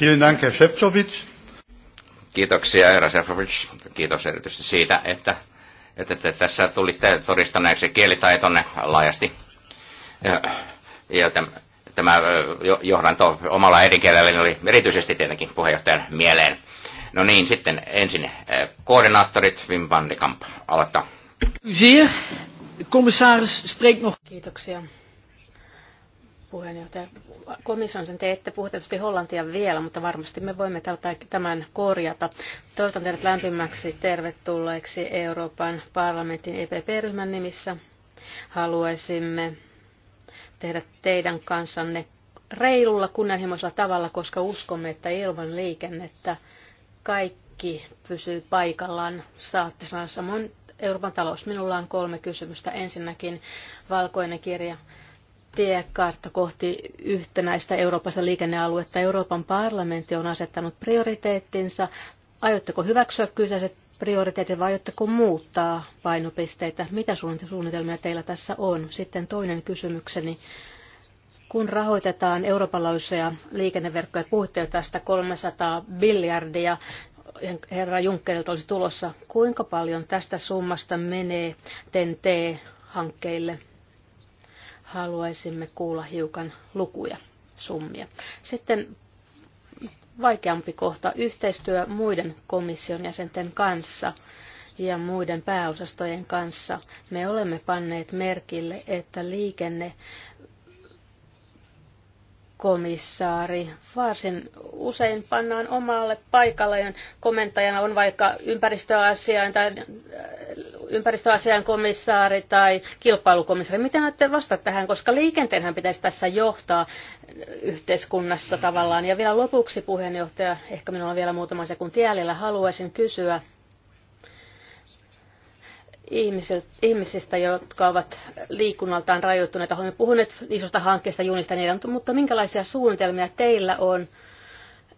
Vielen Dank, Herr Kiitoksia, herra Shevchovic. Kiitos erityisesti siitä, että, että te tässä tulitte todistaneeksi kielitaitonne laajasti. Ja, ja tämän, tämä johdanto omalla äidinkielellä oli erityisesti tietenkin puheenjohtajan mieleen. No niin, sitten ensin koordinaattorit Wim van de Kamp. Aloittaa. Zeer. Commissaris spreekt nog. Kiitoksia puheenjohtaja. Komission sen te ette puhu tietysti hollantia vielä, mutta varmasti me voimme tämän korjata. Toivotan teidät lämpimäksi tervetulleeksi Euroopan parlamentin EPP-ryhmän nimissä. Haluaisimme tehdä teidän kanssanne reilulla kunnianhimoisella tavalla, koska uskomme, että ilman liikennettä kaikki pysyy paikallaan. Saatte sanoa samoin Euroopan talous. Minulla on kolme kysymystä. Ensinnäkin valkoinen kirja tiekartta kohti yhtenäistä Euroopassa liikennealuetta. Euroopan parlamentti on asettanut prioriteettinsa. Aiotteko hyväksyä kyseiset prioriteetit vai aiotteko muuttaa painopisteitä? Mitä suunnitelmia teillä tässä on? Sitten toinen kysymykseni. Kun rahoitetaan Euroopan laajuisia liikenneverkkoja, puhutte jo tästä 300 biljardia, herra Junckerilta olisi tulossa. Kuinka paljon tästä summasta menee TEN-T-hankkeille? haluaisimme kuulla hiukan lukuja, summia. Sitten vaikeampi kohta, yhteistyö muiden komission jäsenten kanssa ja muiden pääosastojen kanssa. Me olemme panneet merkille, että liikenne komissaari. Varsin usein pannaan omalle ja Komentajana on vaikka ympäristöasiain tai äh, ympäristöasian komissaari tai kilpailukomissaari. Miten näette vastata tähän, koska liikenteenhän pitäisi tässä johtaa yhteiskunnassa tavallaan. Ja vielä lopuksi puheenjohtaja, ehkä minulla on vielä muutama sekunti jäljellä, haluaisin kysyä ihmisistä, jotka ovat liikunnaltaan rajoittuneita. Olemme puhuneet isosta hankkeesta junista niillä, mutta minkälaisia suunnitelmia teillä on,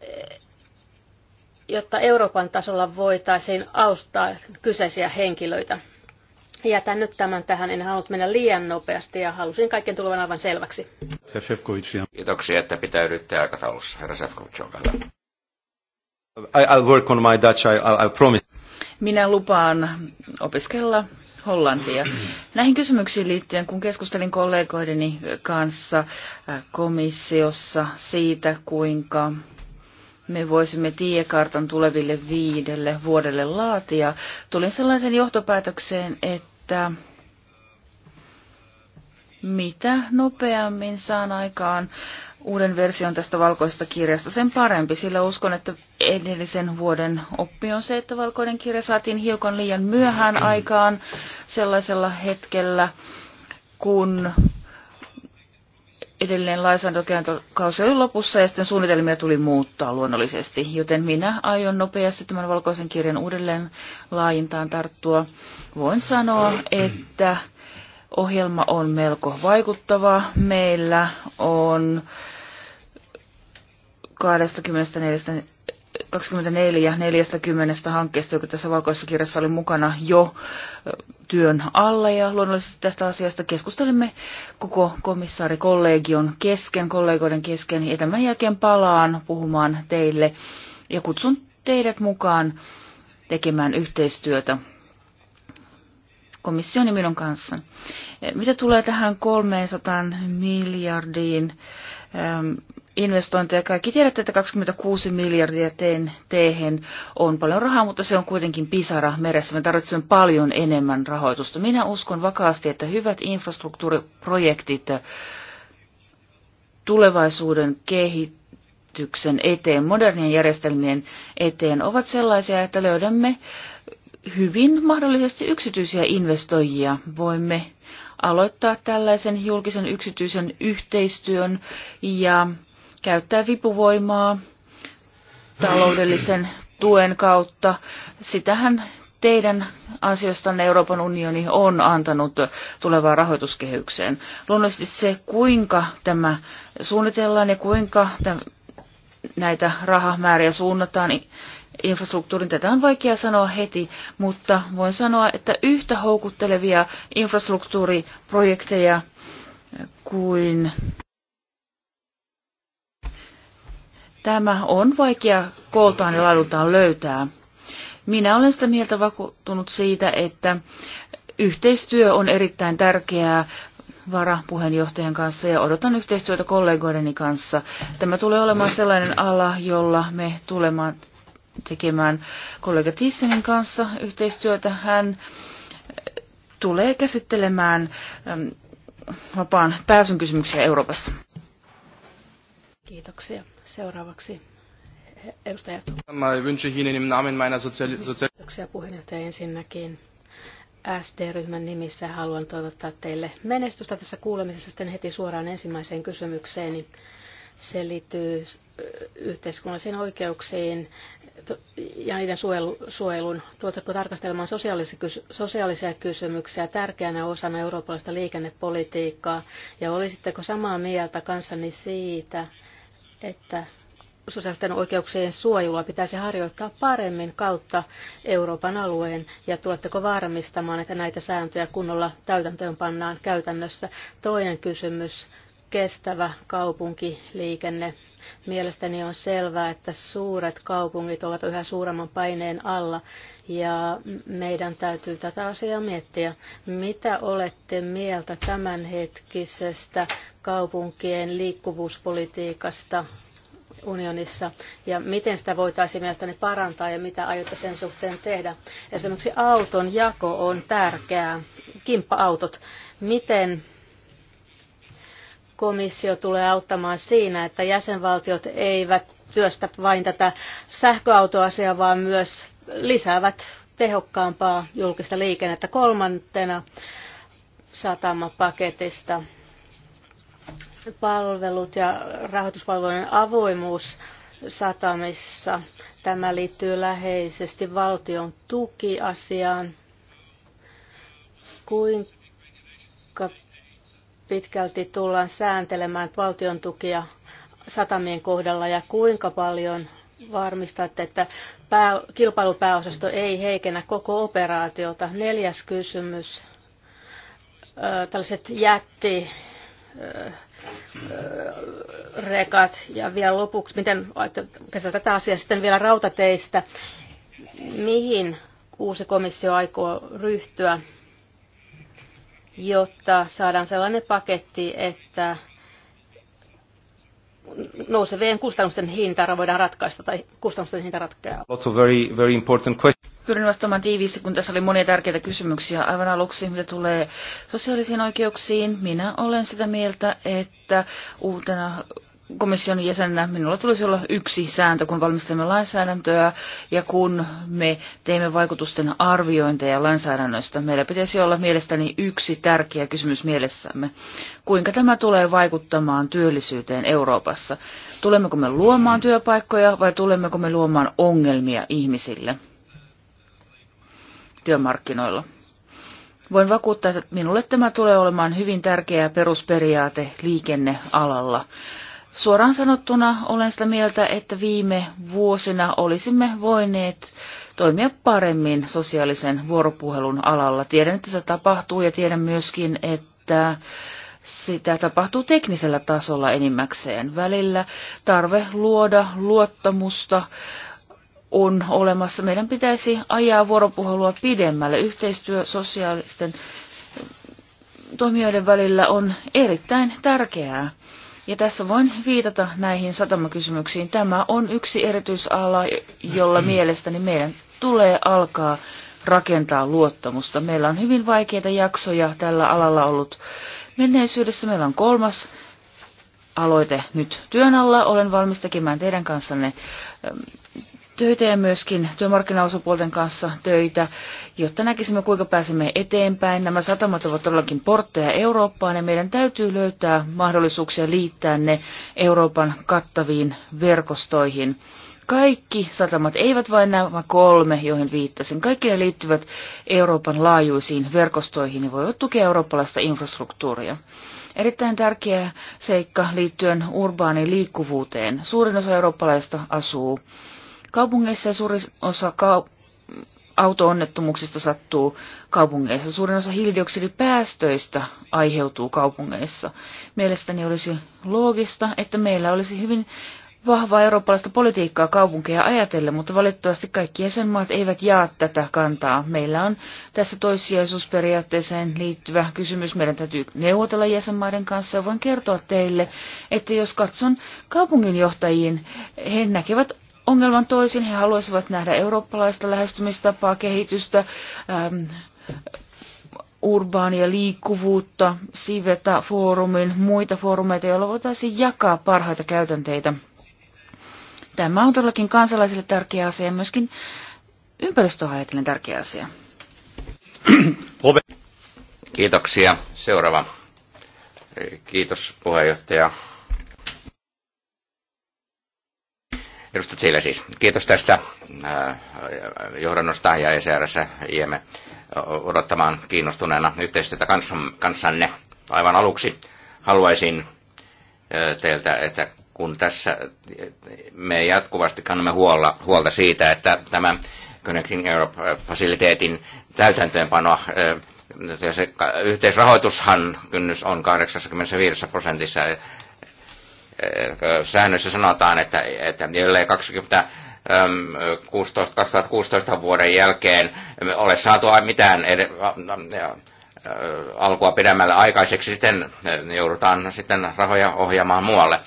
eh, jotta Euroopan tasolla voitaisiin auttaa kyseisiä henkilöitä? Jätän nyt tämän tähän, en halunnut mennä liian nopeasti ja halusin kaiken tulevan aivan selväksi. Kiitoksia, että pitäydytte aikataulussa, herra Sefkovic, olkaa hyvä. I'll work on my Dutch, I, I, I promise. Minä lupaan opiskella Hollantia. Näihin kysymyksiin liittyen, kun keskustelin kollegoideni kanssa komissiossa siitä, kuinka me voisimme tiekartan tuleville viidelle vuodelle laatia, tulin sellaisen johtopäätökseen, että mitä nopeammin saan aikaan uuden version tästä valkoisesta kirjasta, sen parempi, sillä uskon, että edellisen vuoden oppi on se, että valkoinen kirja saatiin hiukan liian myöhään aikaan sellaisella hetkellä, kun edellinen lainsäädäntökausi oli lopussa ja sitten suunnitelmia tuli muuttaa luonnollisesti, joten minä aion nopeasti tämän valkoisen kirjan uudelleen laajintaan tarttua. Voin sanoa, että Ohjelma on melko vaikuttava. Meillä on 24 40 hankkeesta, joka tässä valkoisessa kirjassa oli mukana jo työn alla. Ja luonnollisesti tästä asiasta keskustelemme koko komissaarikollegion kesken, kollegoiden kesken. Ja tämän jälkeen palaan puhumaan teille ja kutsun teidät mukaan tekemään yhteistyötä Komissioni minun kanssa. Eh, mitä tulee tähän 300 miljardiin ehm, investointeja, kaikki tiedätte, että 26 miljardia teen on paljon rahaa, mutta se on kuitenkin pisara meressä. Me tarvitsemme paljon enemmän rahoitusta. Minä uskon vakaasti, että hyvät infrastruktuuriprojektit tulevaisuuden kehityksen eteen, modernien järjestelmien eteen ovat sellaisia, että löydämme hyvin mahdollisesti yksityisiä investoijia. Voimme aloittaa tällaisen julkisen yksityisen yhteistyön ja käyttää vipuvoimaa taloudellisen tuen kautta. Sitähän teidän ansiostanne Euroopan unioni on antanut tulevaan rahoituskehykseen. Luonnollisesti se, kuinka tämä suunnitellaan ja kuinka näitä rahamääriä suunnataan infrastruktuurin. Tätä on vaikea sanoa heti, mutta voin sanoa, että yhtä houkuttelevia infrastruktuuriprojekteja kuin tämä on vaikea kooltaan ja laadultaan löytää. Minä olen sitä mieltä vakuuttunut siitä, että yhteistyö on erittäin tärkeää varapuheenjohtajan kanssa ja odotan yhteistyötä kollegoideni kanssa. Tämä tulee olemaan sellainen ala, jolla me tulemme tekemään kollega Tissenin kanssa yhteistyötä. Hän tulee käsittelemään vapaan pääsyn kysymyksiä Euroopassa. Kiitoksia. Seuraavaksi edustaja Kiitoksia puheenjohtaja ensinnäkin. SD-ryhmän nimissä haluan toivottaa teille menestystä tässä kuulemisessa sitten heti suoraan ensimmäiseen kysymykseeni. Niin se liittyy yhteiskunnallisiin oikeuksiin ja niiden suojelun tuotteko tarkastelemaan sosiaalisia kysymyksiä tärkeänä osana eurooppalaista liikennepolitiikkaa. Ja olisitteko samaa mieltä kanssani siitä, että sosiaalisten oikeuksien suojelua pitäisi harjoittaa paremmin kautta Euroopan alueen ja tuletteko varmistamaan, että näitä sääntöjä kunnolla täytäntöön pannaan käytännössä? Toinen kysymys kestävä kaupunkiliikenne. Mielestäni on selvää, että suuret kaupungit ovat yhä suuremman paineen alla ja meidän täytyy tätä asiaa miettiä. Mitä olette mieltä tämänhetkisestä kaupunkien liikkuvuuspolitiikasta unionissa ja miten sitä voitaisiin mielestäni parantaa ja mitä aiotte sen suhteen tehdä. Esimerkiksi auton jako on tärkeää, kimppa-autot. Miten komissio tulee auttamaan siinä, että jäsenvaltiot eivät työstä vain tätä sähköautoasiaa, vaan myös lisäävät tehokkaampaa julkista liikennettä kolmantena satamapaketista. Palvelut ja rahoituspalvelujen avoimuus satamissa. Tämä liittyy läheisesti valtion tukiasiaan. Kuinka pitkälti tullaan sääntelemään valtion tukia satamien kohdalla ja kuinka paljon varmistatte, että pää, kilpailupääosasto ei heikennä koko operaatiota. Neljäs kysymys. Ö, tällaiset jätti rekat ja vielä lopuksi, miten käsitellään tätä asiaa sitten vielä rautateistä. Mihin uusi komissio aikoo ryhtyä jotta saadaan sellainen paketti, että nousevien kustannusten hinta voidaan ratkaista tai kustannusten hinta ratkeaa. Lots of very, very important questions. Pyrin vastaamaan tiiviisti, kun tässä oli monia tärkeitä kysymyksiä. Aivan aluksi, mitä tulee sosiaalisiin oikeuksiin, minä olen sitä mieltä, että uutena komission jäsenenä minulla tulisi olla yksi sääntö, kun valmistelemme lainsäädäntöä ja kun me teemme vaikutusten arviointeja lainsäädännöstä. Meillä pitäisi olla mielestäni yksi tärkeä kysymys mielessämme. Kuinka tämä tulee vaikuttamaan työllisyyteen Euroopassa? Tulemmeko me luomaan työpaikkoja vai tulemmeko me luomaan ongelmia ihmisille työmarkkinoilla? Voin vakuuttaa, että minulle tämä tulee olemaan hyvin tärkeä perusperiaate liikennealalla. Suoraan sanottuna olen sitä mieltä, että viime vuosina olisimme voineet toimia paremmin sosiaalisen vuoropuhelun alalla. Tiedän, että se tapahtuu ja tiedän myöskin, että sitä tapahtuu teknisellä tasolla enimmäkseen. Välillä tarve luoda luottamusta on olemassa. Meidän pitäisi ajaa vuoropuhelua pidemmälle. Yhteistyö sosiaalisten toimijoiden välillä on erittäin tärkeää. Ja tässä voin viitata näihin satamakysymyksiin. Tämä on yksi erityisala, jolla mielestäni meidän tulee alkaa rakentaa luottamusta. Meillä on hyvin vaikeita jaksoja tällä alalla ollut menneisyydessä. Meillä on kolmas aloite nyt työn alla. Olen valmis tekemään teidän kanssanne töitä ja myöskin työmarkkinaosapuolten kanssa töitä, jotta näkisimme, kuinka pääsemme eteenpäin. Nämä satamat ovat todellakin portteja Eurooppaan ja meidän täytyy löytää mahdollisuuksia liittää ne Euroopan kattaviin verkostoihin. Kaikki satamat, eivät vain nämä kolme, joihin viittasin, kaikki ne liittyvät Euroopan laajuisiin verkostoihin ja voivat tukea eurooppalaista infrastruktuuria. Erittäin tärkeä seikka liittyen urbaaniin liikkuvuuteen. Suurin osa eurooppalaista asuu kaupungeissa ja suurin osa kaup- autoonnettomuuksista sattuu kaupungeissa. Suurin osa hiilidioksidipäästöistä aiheutuu kaupungeissa. Mielestäni olisi loogista, että meillä olisi hyvin vahvaa eurooppalaista politiikkaa kaupunkeja ajatellen, mutta valitettavasti kaikki jäsenmaat eivät jaa tätä kantaa. Meillä on tässä toissijaisuusperiaatteeseen liittyvä kysymys. Meidän täytyy neuvotella jäsenmaiden kanssa ja voin kertoa teille, että jos katson kaupunginjohtajiin, he näkevät ongelman toisin. He haluaisivat nähdä eurooppalaista lähestymistapaa, kehitystä, ähm, urbaania liikkuvuutta, Siveta foorumin, muita foorumeita, joilla voitaisiin jakaa parhaita käytänteitä. Tämä on todellakin kansalaisille tärkeä asia ja myöskin ympäristöä tärkeä asia. Kiitoksia. Seuraava. Kiitos puheenjohtaja Edustat siellä siis. Kiitos tästä johdannosta ja ECRS IEM odottamaan kiinnostuneena yhteistyötä kanssanne. Aivan aluksi haluaisin teiltä, että kun tässä me jatkuvasti kannamme huolta, huolta siitä, että tämä Connecting Europe-fasiliteetin täytäntöönpano, se yhteisrahoitushan kynnys on 85 prosentissa, Äh, säännössä sanotaan, että, että jollei 20 16, 2016 vuoden jälkeen ole saatu mitään ed- alkua pidemmälle aikaiseksi, sitten äh, joudutaan sitten rahoja ohjaamaan muualle.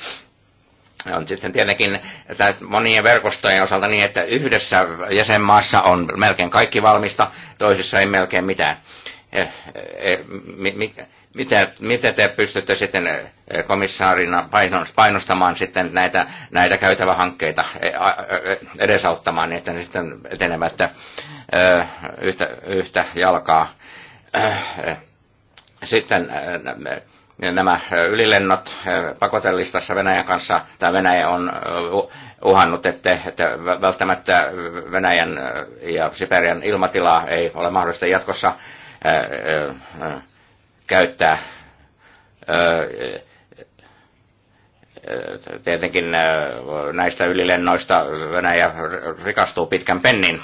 On sitten tietenkin että monien verkostojen osalta niin, että yhdessä jäsenmaassa on melkein kaikki valmista, toisessa ei melkein mitään. Eh, eh, mi, mi, mitä, mitä te pystytte sitten eh, komissaarina painostamaan sitten näitä, näitä käytävähankkeita e, e, e, edesauttamaan, niin että ne sitten etenevät eh, yhtä, yhtä jalkaa? Eh, sitten nämä ylilennot pakotellistassa Venäjän kanssa, tai Venäjä on uhannut, että, että välttämättä Venäjän ja Siperian ilmatilaa ei ole mahdollista jatkossa käyttää. Tietenkin näistä ylilennoista Venäjä rikastuu pitkän pennin,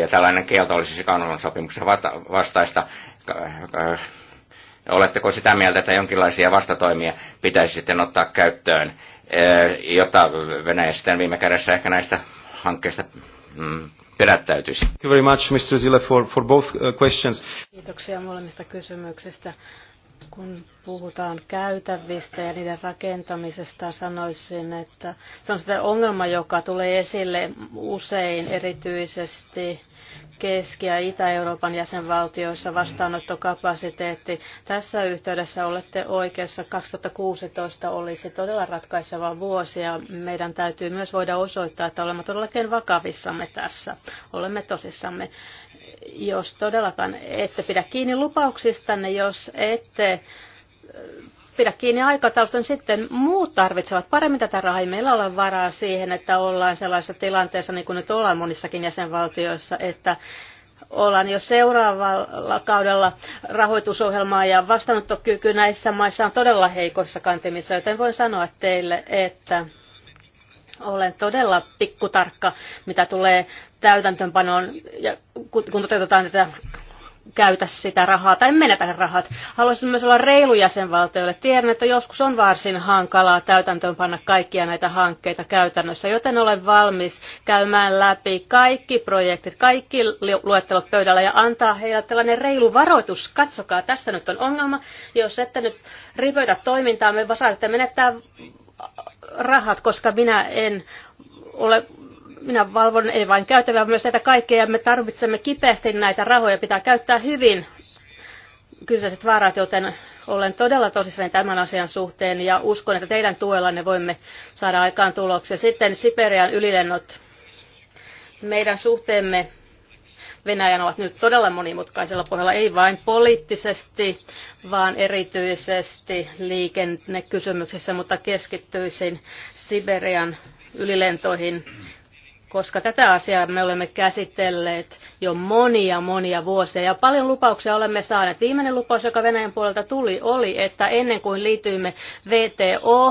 ja tällainen kielto olisi Chicagon sopimuksen vastaista. Oletteko sitä mieltä, että jonkinlaisia vastatoimia pitäisi sitten ottaa käyttöön, jotta Venäjä sitten viime kädessä ehkä näistä hankkeista mm, pidättäytyisi. Thank you very much, Mr. Zille, for, for both uh, questions. Kiitoksia molemmista kysymyksistä. Kun puhutaan käytävistä ja niiden rakentamisesta, sanoisin, että se on sitä ongelma, joka tulee esille usein erityisesti Keski- ja Itä-Euroopan jäsenvaltioissa vastaanottokapasiteetti. Tässä yhteydessä olette oikeassa. 2016 olisi todella ratkaiseva vuosi ja meidän täytyy myös voida osoittaa, että olemme todellakin vakavissamme tässä. Olemme tosissamme jos todellakaan ette pidä kiinni lupauksistanne, jos ette äh, pidä kiinni aikataulusta, niin sitten muut tarvitsevat paremmin tätä rahaa. Ei meillä ole varaa siihen, että ollaan sellaisessa tilanteessa, niin kuin nyt ollaan monissakin jäsenvaltioissa, että ollaan jo seuraavalla kaudella rahoitusohjelmaa ja vastaanottokyky näissä maissa on todella heikoissa kantimissa, joten voin sanoa teille, että olen todella pikkutarkka, mitä tulee täytäntöönpanoon, ja kun toteutetaan tätä käytä sitä rahaa tai menetä rahat. Haluaisin myös olla reilu jäsenvaltioille. Tiedän, että joskus on varsin hankalaa täytäntöönpanna kaikkia näitä hankkeita käytännössä, joten olen valmis käymään läpi kaikki projektit, kaikki luettelot pöydällä ja antaa heille tällainen reilu varoitus. Katsokaa, tässä nyt on ongelma. Jos ette nyt ripöitä toimintaa, me saatte menettää rahat, koska minä en ole minä valvon ei vain käytävää, myös näitä kaikkea, ja me tarvitsemme kipeästi näitä rahoja, pitää käyttää hyvin kyseiset vaarat, joten olen todella tosissani tämän asian suhteen ja uskon, että teidän tuellanne voimme saada aikaan tuloksia. Sitten Siperian ylilennot. Meidän suhteemme Venäjän ovat nyt todella monimutkaisella pohjalla, ei vain poliittisesti, vaan erityisesti liikennekysymyksissä, mutta keskittyisin Siberian ylilentoihin koska tätä asiaa me olemme käsitelleet jo monia monia vuosia ja paljon lupauksia olemme saaneet. Viimeinen lupaus, joka Venäjän puolelta tuli, oli, että ennen kuin liityimme VTO,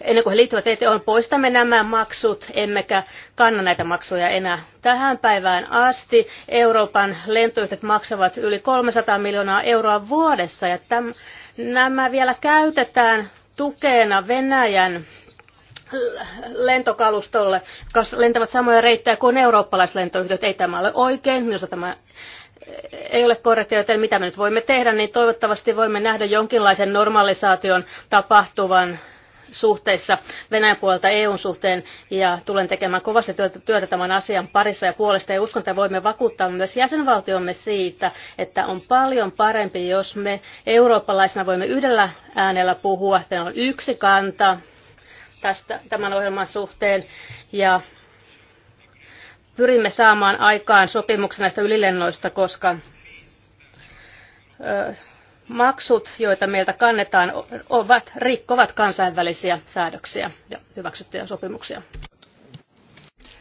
ennen kuin he liittyvät VTO, poistamme nämä maksut, emmekä kanna näitä maksuja enää. Tähän päivään asti Euroopan lentoyhtiöt maksavat yli 300 miljoonaa euroa vuodessa ja täm, nämä vielä käytetään tukena Venäjän lentokalustolle, koska lentävät samoja reittejä kuin eurooppalaiset lentoyhtiöt. Ei tämä ole oikein, minusta tämä eh, ei ole korrekti, joten mitä me nyt voimme tehdä, niin toivottavasti voimme nähdä jonkinlaisen normalisaation tapahtuvan suhteissa Venäjän puolelta EUn suhteen ja tulen tekemään kovasti työtä, työtä tämän asian parissa ja puolesta ja uskon, että voimme vakuuttaa myös jäsenvaltiomme siitä, että on paljon parempi, jos me eurooppalaisina voimme yhdellä äänellä puhua, että on yksi kanta, tästä, tämän ohjelman suhteen ja pyrimme saamaan aikaan sopimuksen näistä ylilennoista, koska ö, maksut, joita meiltä kannetaan, ovat, rikkovat kansainvälisiä säädöksiä ja hyväksyttyjä sopimuksia.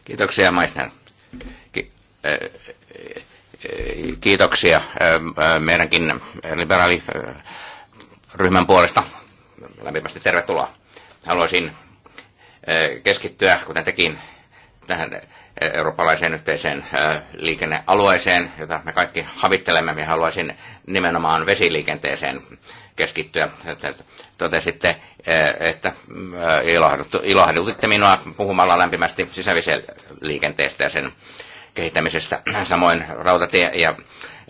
Kiitoksia Meissner. Ki- kiitoksia meidänkin liberaaliryhmän puolesta. Lämpimästi tervetuloa. Haluaisin keskittyä, kuten tekin, tähän eurooppalaiseen yhteiseen liikennealueeseen, jota me kaikki havittelemme. Minä haluaisin nimenomaan vesiliikenteeseen keskittyä. Totesitte, että ilahdutitte minua puhumalla lämpimästi sisävisen liikenteestä ja sen kehittämisestä. Samoin rautatie- ja,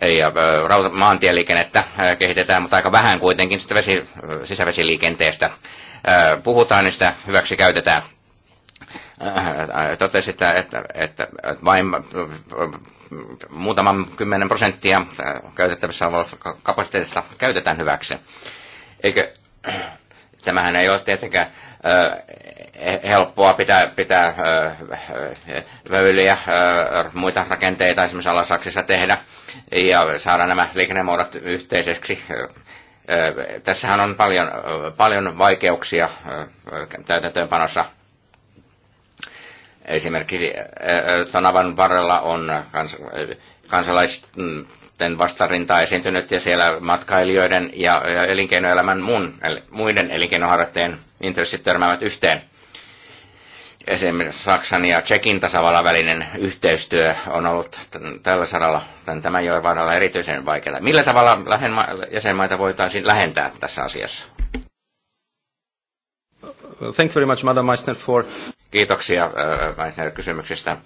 ja rauta, maantieliikennettä kehitetään, mutta aika vähän kuitenkin sitä vesi, sisävesiliikenteestä puhutaan, niin sitä hyväksi käytetään. Totesi, että, että, että vain muutaman kymmenen prosenttia käytettävissä olevasta kapasiteetista käytetään hyväksi. Eikö, tämähän ei ole tietenkään helppoa pitää, pitää väyliä, muita rakenteita esimerkiksi Alasaksissa tehdä ja saada nämä liikennemuodot yhteiseksi. Tässähän on paljon, paljon vaikeuksia täytäntöönpanossa. Esimerkiksi Tonavan varrella on kans, kansalaisten vastarinta esiintynyt ja siellä matkailijoiden ja elinkeinoelämän muun, muiden elinkeinoharjoittajien intressit törmäävät yhteen. Esimerkiksi Saksan ja Tsekin tasavallan välinen yhteistyö on ollut tällä saralla, tämän, joen varrella erityisen vaikeaa. Millä tavalla jäsenmaita voitaisiin lähentää tässä asiassa? Thank you very much, Madam Meissner, for... Kiitoksia äh, Meissner kysymyksestä.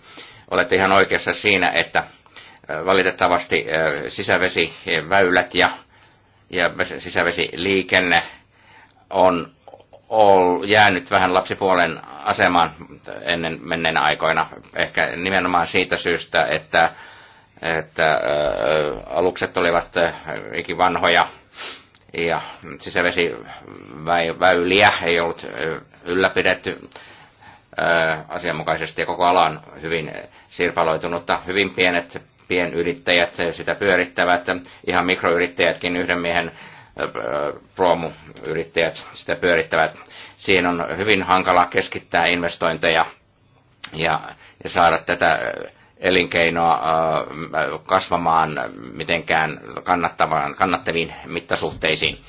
Olette ihan oikeassa siinä, että äh, valitettavasti äh, sisävesiväylät ja, ja sisävesiliikenne on ollut jäänyt vähän lapsipuolen asemaan ennen menneen aikoina, ehkä nimenomaan siitä syystä, että, että alukset olivat ikivanhoja ja sisävesiväyliä ei ollut ylläpidetty asianmukaisesti ja koko alan hyvin sirpaloitunutta. Hyvin pienet pienyrittäjät sitä pyörittävät, ihan mikroyrittäjätkin yhden miehen proomuyrittäjät sitä pyörittävät. Siinä on hyvin hankala keskittää investointeja ja, ja saada tätä äh, elinkeinoa äh, kasvamaan mitenkään kannattavaan, kannattaviin mittasuhteisiin.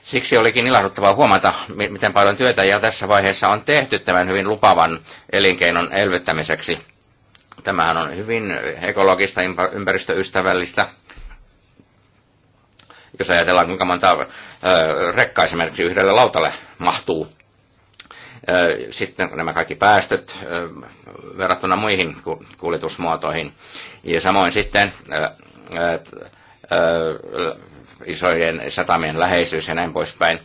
Siksi olikin ilahduttavaa huomata, miten paljon työtä ja tässä vaiheessa on tehty tämän hyvin lupavan elinkeinon elvyttämiseksi. Tämähän on hyvin ekologista, ympäristöystävällistä jos ajatellaan, kuinka monta rekkaa esimerkiksi yhdelle lautalle mahtuu, sitten nämä kaikki päästöt verrattuna muihin kuljetusmuotoihin. Ja samoin sitten isojen satamien läheisyys ja näin poispäin.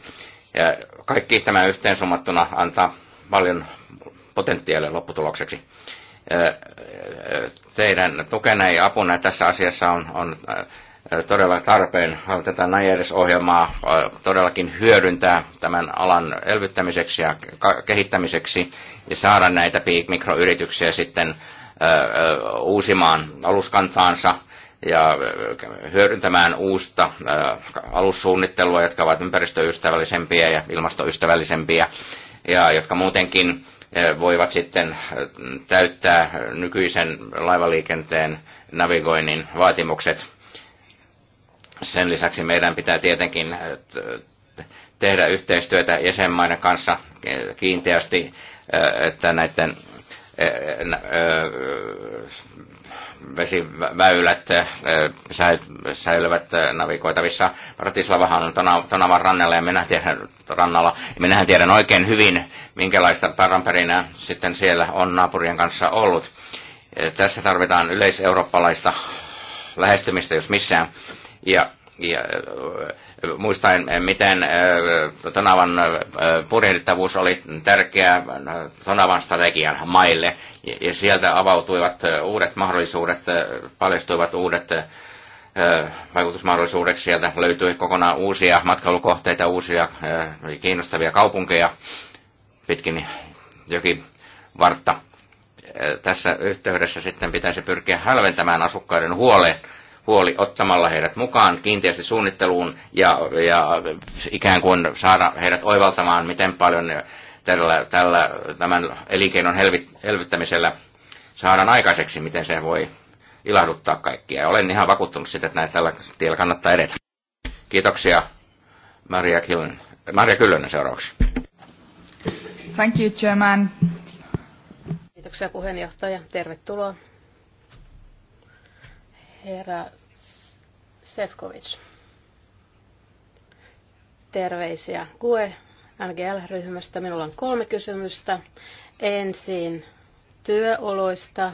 Ja kaikki tämä yhteensummattuna antaa paljon potentiaalia lopputulokseksi. Teidän tukena ja apuna tässä asiassa on, on todella tarpeen tätä NAJERS-ohjelmaa todellakin hyödyntää tämän alan elvyttämiseksi ja kehittämiseksi ja saada näitä mikroyrityksiä sitten uusimaan aluskantaansa ja hyödyntämään uusta alussuunnittelua, jotka ovat ympäristöystävällisempiä ja ilmastoystävällisempiä ja jotka muutenkin voivat sitten täyttää nykyisen laivaliikenteen navigoinnin vaatimukset sen lisäksi meidän pitää tietenkin äh, tehdä yhteistyötä jäsenmaiden kanssa kiinteästi, äh, että näiden äh, vesiväylät säilyvät navigoitavissa. Bratislavahan on Tonavan rannalla ja minä tiedän, rannalla. minähän tiedän oikein hyvin, minkälaista paranperinää sitten siellä on naapurien kanssa ollut. Tässä tarvitaan yleiseurooppalaista lähestymistä, jos missään ja, ja muistaen, miten äh, Tonavan äh, purjehdittavuus oli tärkeä äh, Tonavan strategian maille, ja sieltä avautuivat uudet mahdollisuudet, paljastuivat uudet vaikutusmahdollisuudeksi. Sieltä löytyi kokonaan uusia matkailukohteita, uusia kiinnostavia kaupunkeja pitkin vartta Tässä yhteydessä sitten pitäisi pyrkiä hälventämään asukkaiden huoleen huoli ottamalla heidät mukaan kiinteästi suunnitteluun ja, ja ikään kuin saada heidät oivaltamaan, miten paljon tällä, tällä tämän elinkeinon elvyttämisellä saadaan aikaiseksi, miten se voi ilahduttaa kaikkia. olen ihan vakuuttunut siitä, että näitä tällä tiellä kannattaa edetä. Kiitoksia Maria, Kyllön, Maria Kyllönen seuraavaksi. Thank you, Chairman. Kiitoksia puheenjohtaja. Tervetuloa herra Sefkovic. Terveisiä GUE NGL-ryhmästä. Minulla on kolme kysymystä. Ensin työoloista,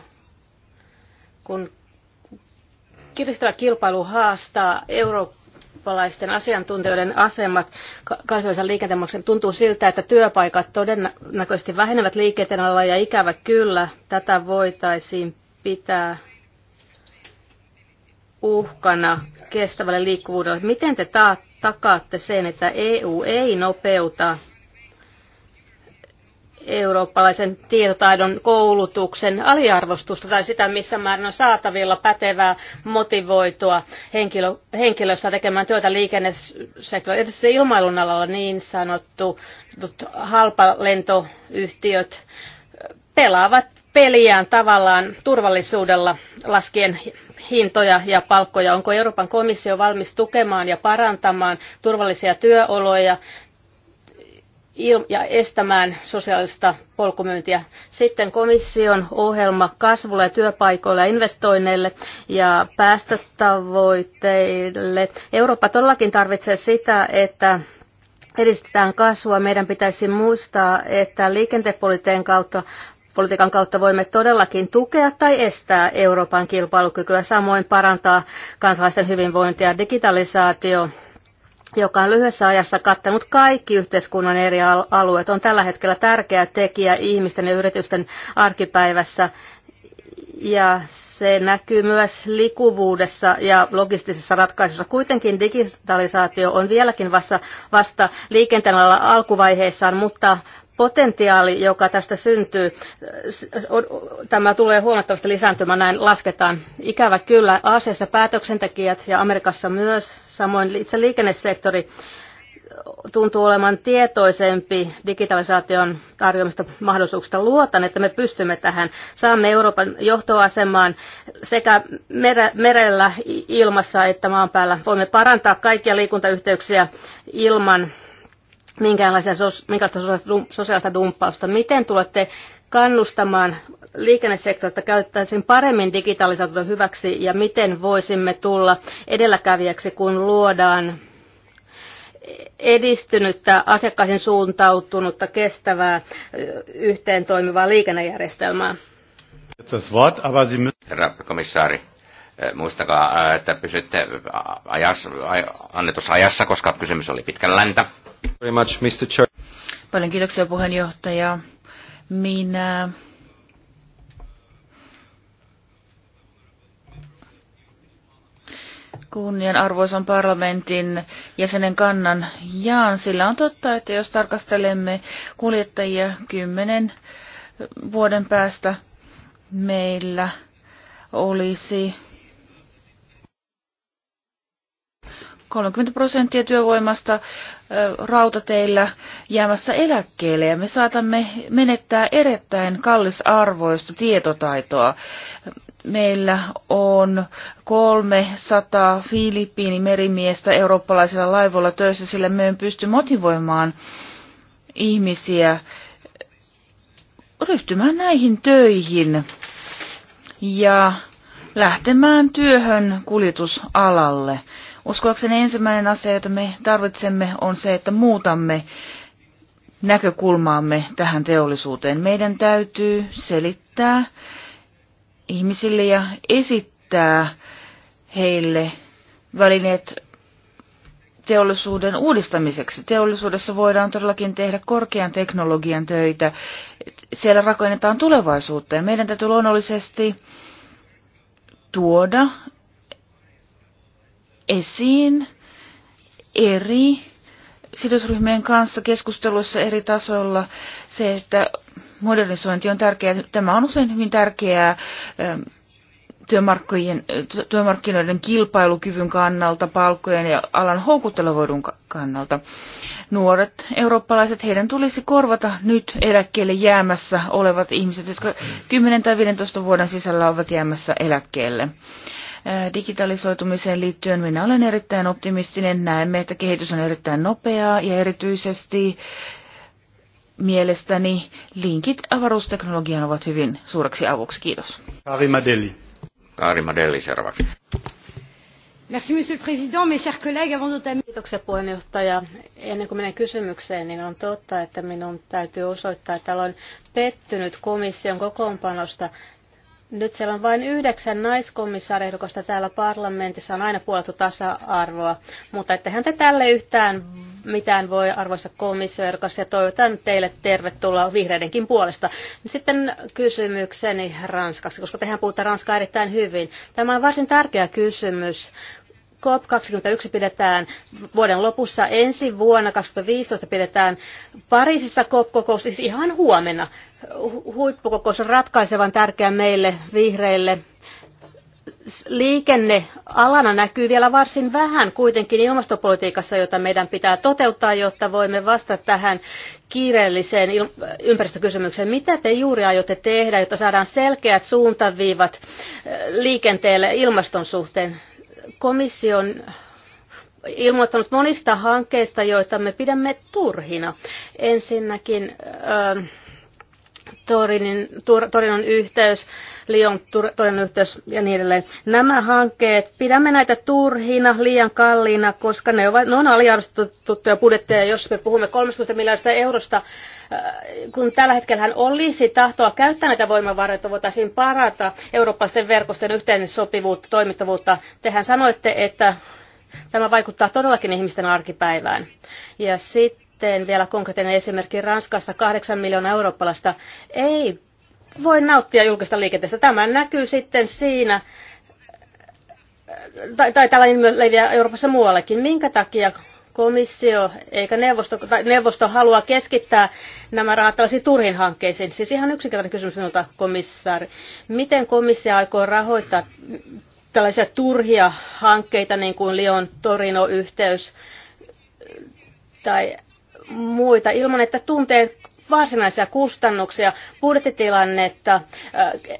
kun kiristävä kilpailu haastaa eurooppalaisten asiantuntijoiden asemat kansallisen liikenteemaksen. Tuntuu siltä, että työpaikat todennäköisesti vähenevät liikenteen alalla ja ikävä kyllä tätä voitaisiin pitää uhkana kestävälle liikkuvuudelle. Miten te ta- takaatte sen, että EU ei nopeuta eurooppalaisen tietotaidon koulutuksen aliarvostusta tai sitä, missä määrin on saatavilla pätevää, motivoitua henkilö, henkilöstä tekemään työtä liikennesektorilla. Erityisesti ilmailun alalla niin sanottu halpalentoyhtiöt pelaavat peliään tavallaan turvallisuudella laskien hintoja ja palkkoja. Onko Euroopan komissio valmis tukemaan ja parantamaan turvallisia työoloja ja estämään sosiaalista polkumyyntiä. Sitten komission ohjelma kasvulle ja työpaikoille ja investoinneille ja päästötavoitteille. Eurooppa todellakin tarvitsee sitä, että edistetään kasvua. Meidän pitäisi muistaa, että liikentepolitiikan kautta politiikan kautta voimme todellakin tukea tai estää Euroopan kilpailukykyä, samoin parantaa kansalaisten hyvinvointia. Digitalisaatio joka on lyhyessä ajassa kattanut kaikki yhteiskunnan eri alueet, on tällä hetkellä tärkeä tekijä ihmisten ja yritysten arkipäivässä. Ja se näkyy myös likuvuudessa ja logistisessa ratkaisussa. Kuitenkin digitalisaatio on vieläkin vasta, vasta liikenteen alalla alkuvaiheessaan, mutta potentiaali, joka tästä syntyy, tämä tulee huomattavasti lisääntymään, näin lasketaan. Ikävä kyllä, Aasiassa päätöksentekijät ja Amerikassa myös, samoin itse liikennesektori, tuntuu olevan tietoisempi digitalisaation tarjoamista mahdollisuuksista. Luotan, että me pystymme tähän. Saamme Euroopan johtoasemaan sekä merellä, ilmassa että maan päällä. Voimme parantaa kaikkia liikuntayhteyksiä ilman minkäänlaisia minkälaista sosiaalista dumppausta. Miten tulette kannustamaan liikennesektorilta käyttäisiin paremmin digitalisaatiota hyväksi ja miten voisimme tulla edelläkävijäksi, kun luodaan edistynyttä, asiakkaisen suuntautunutta, kestävää, yhteen toimivaa liikennejärjestelmää. Herra komissaari, muistakaa, että pysytte ajas, annetussa ajassa, koska kysymys oli pitkän läntä. Very much, Mr. Chair. Paljon kiitoksia puheenjohtaja. Minä arvoisan parlamentin jäsenen kannan jaan. Sillä on totta, että jos tarkastelemme kuljettajia kymmenen vuoden päästä, meillä olisi 30 prosenttia työvoimasta rautateillä jäämässä eläkkeelle ja me saatamme menettää erittäin kallisarvoista tietotaitoa. Meillä on 300 Filippiini merimiestä eurooppalaisilla laivoilla töissä, sillä me emme pysty motivoimaan ihmisiä ryhtymään näihin töihin ja lähtemään työhön kuljetusalalle. Uskoakseni ensimmäinen asia, jota me tarvitsemme, on se, että muutamme näkökulmaamme tähän teollisuuteen. Meidän täytyy selittää ihmisille ja esittää heille välineet teollisuuden uudistamiseksi. Teollisuudessa voidaan todellakin tehdä korkean teknologian töitä. Siellä rakennetaan tulevaisuutta ja meidän täytyy luonnollisesti tuoda esiin eri sidosryhmien kanssa keskusteluissa eri tasolla se, että modernisointi on tärkeää. Tämä on usein hyvin tärkeää ähm, työmarkkinoiden kilpailukyvyn kannalta, palkkojen ja alan houkuttelevuuden kannalta. Nuoret eurooppalaiset, heidän tulisi korvata nyt eläkkeelle jäämässä olevat ihmiset, jotka 10 tai 15 vuoden sisällä ovat jäämässä eläkkeelle digitalisoitumiseen liittyen minä olen erittäin optimistinen. Näemme, että kehitys on erittäin nopeaa ja erityisesti mielestäni linkit avaruusteknologiaan ovat hyvin suureksi avuksi. Kiitos. Kari Madeli. Kari Madeli seuraavaksi. Merci, monsieur le président, mes chers collègues, avant d'entamer... Kiitoksia puheenjohtaja. Ennen kuin menen kysymykseen, niin on totta, että minun täytyy osoittaa, että olen pettynyt komission kokoonpanosta nyt siellä on vain yhdeksän naiskomissaarehdokasta täällä parlamentissa, on aina puolettu tasa-arvoa, mutta ettehän te tälle yhtään mitään voi, arvoisa komissaarehdokas ja toivotan teille tervetuloa vihreidenkin puolesta. Sitten kysymykseni ranskaksi, koska tehän puhutaan ranskaa erittäin hyvin. Tämä on varsin tärkeä kysymys COP21 pidetään vuoden lopussa. Ensi vuonna 2015 pidetään Pariisissa COP-kokous, siis ihan huomenna. Huippukokous on ratkaisevan tärkeä meille vihreille. Liikenne alana näkyy vielä varsin vähän kuitenkin ilmastopolitiikassa, jota meidän pitää toteuttaa, jotta voimme vastata tähän kiireelliseen ympäristökysymykseen. Mitä te juuri aiotte tehdä, jotta saadaan selkeät suuntaviivat eh, liikenteelle ilmaston suhteen? komission ilmoittanut monista hankkeista, joita me pidämme turhina. Ensinnäkin ähm, Torinon yhteys, Lyon Torinon yhteys ja niin edelleen. Nämä hankkeet, pidämme näitä turhina, liian kalliina, koska ne, ovat, ne on aliarvostettuja budjetteja. Jos me puhumme 30 miljardista eurosta, Äh, kun tällä hetkellä olisi tahtoa käyttää näitä voimavaroja, että voitaisiin parata eurooppalaisten verkosten yhteensopivuutta, toimittavuutta. Tehän sanoitte, että tämä vaikuttaa todellakin ihmisten arkipäivään. Ja sitten vielä konkreettinen esimerkki Ranskassa, kahdeksan miljoonaa eurooppalaista ei voi nauttia julkista liikenteestä. Tämä näkyy sitten siinä, äh, tai, tai tällainen leviää Euroopassa muuallekin. Minkä takia komissio eikä neuvosto, tai neuvosto halua keskittää nämä rahat tällaisiin turhiin hankkeisiin. Siis ihan yksinkertainen kysymys minulta, komissaari. Miten komissio aikoo rahoittaa tällaisia turhia hankkeita, niin kuin Lion Torino-yhteys tai muita, ilman että tuntee varsinaisia kustannuksia, budjettitilannetta,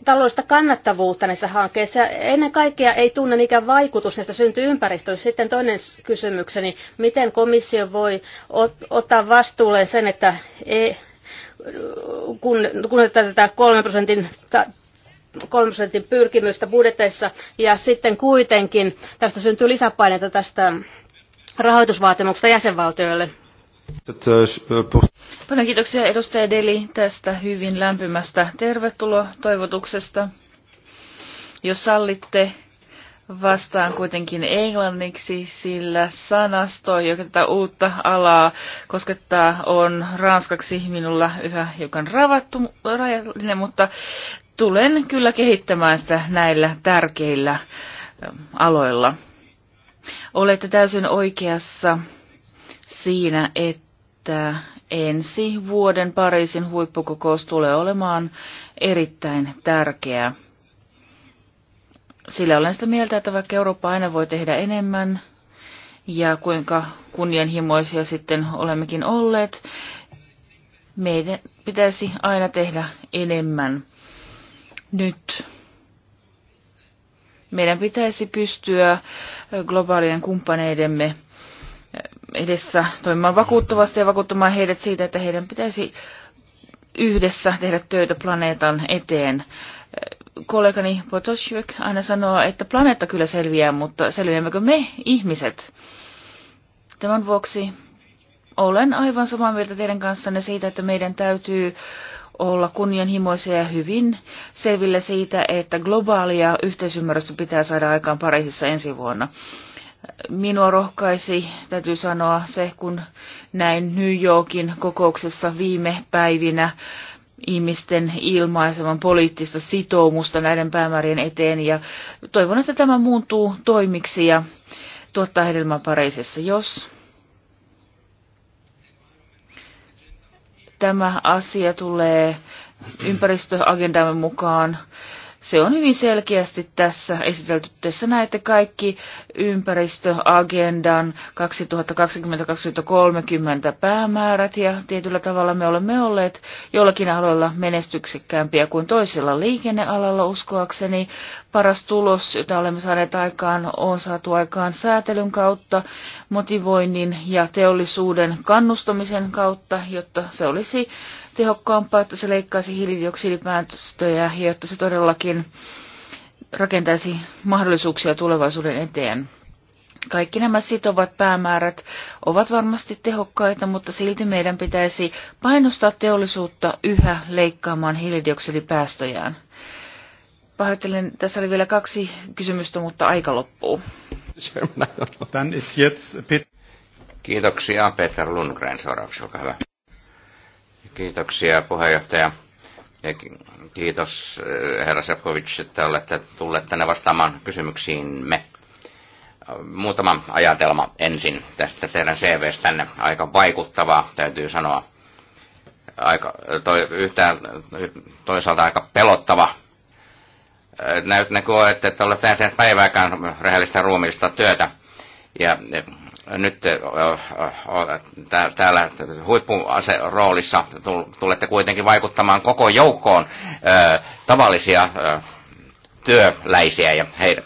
taloudellista kannattavuutta näissä hankkeissa. Ennen kaikkea ei tunne, mikä vaikutus näistä syntyy ympäristöön. Sitten toinen kysymykseni, miten komissio voi ottaa vastuulle sen, että ei, kun, kun tätä kolmen prosentin 3 prosentin pyrkimystä budjeteissa ja sitten kuitenkin tästä syntyy lisäpaineita tästä rahoitusvaatimuksesta jäsenvaltioille. Äh, Paljon kiitoksia edustaja Deli tästä hyvin lämpimästä tervetuloa toivotuksesta. Jos sallitte, vastaan kuitenkin englanniksi, sillä sanasto, joka tätä uutta alaa koskettaa, on ranskaksi minulla yhä hiukan ravattu, rajallinen, mutta tulen kyllä kehittämään sitä näillä tärkeillä aloilla. Olette täysin oikeassa siinä, että ensi vuoden Pariisin huippukokous tulee olemaan erittäin tärkeä. Sillä olen sitä mieltä, että vaikka Eurooppa aina voi tehdä enemmän ja kuinka kunnianhimoisia sitten olemmekin olleet, meidän pitäisi aina tehdä enemmän. Nyt meidän pitäisi pystyä globaalien kumppaneidemme edessä toimimaan vakuuttavasti ja vakuuttamaan heidät siitä, että heidän pitäisi yhdessä tehdä töitä planeetan eteen. Kollegani Potosvik aina sanoo, että planeetta kyllä selviää, mutta selviämmekö me ihmiset? Tämän vuoksi olen aivan samaa mieltä teidän kanssanne siitä, että meidän täytyy olla kunnianhimoisia ja hyvin selville siitä, että globaalia yhteisymmärrystä pitää saada aikaan Pariisissa ensi vuonna minua rohkaisi, täytyy sanoa se, kun näin New Yorkin kokouksessa viime päivinä ihmisten ilmaiseman poliittista sitoumusta näiden päämäärien eteen ja toivon, että tämä muuntuu toimiksi ja tuottaa hedelmää Pariisissa, jos tämä asia tulee ympäristöagendamme mukaan se on hyvin selkeästi tässä esitelty. Tässä näette kaikki ympäristöagendan 2020-2030 päämäärät ja tietyllä tavalla me olemme olleet jollakin aloilla menestyksekkäämpiä kuin toisella liikennealalla uskoakseni. Paras tulos, jota olemme saaneet aikaan, on saatu aikaan säätelyn kautta, motivoinnin ja teollisuuden kannustamisen kautta, jotta se olisi tehokkaampaa, että se leikkaisi hiilidioksidipäätöstöjä ja että se todellakin rakentaisi mahdollisuuksia tulevaisuuden eteen. Kaikki nämä sitovat päämäärät ovat varmasti tehokkaita, mutta silti meidän pitäisi painostaa teollisuutta yhä leikkaamaan hiilidioksidipäästöjään. Pahoittelen, tässä oli vielä kaksi kysymystä, mutta aika loppuu. Kiitoksia Peter Lundgren seuraavaksi, olkaa hyvä. Kiitoksia puheenjohtaja. Ja kiitos eh, herra Sefkovic, että olette tulleet tänne vastaamaan kysymyksiimme. Muutama ajatelma ensin tästä teidän CVstänne. Aika vaikuttavaa, täytyy sanoa. Aika, toi, yhtään, toisaalta aika pelottava. Eh, näyt näkyy, että olette tehneet päivääkään rehellistä ruumiillista työtä. Ja eh, nyt täällä huippuroolissa tulette kuitenkin vaikuttamaan koko joukkoon tavallisia työläisiä ja heidän,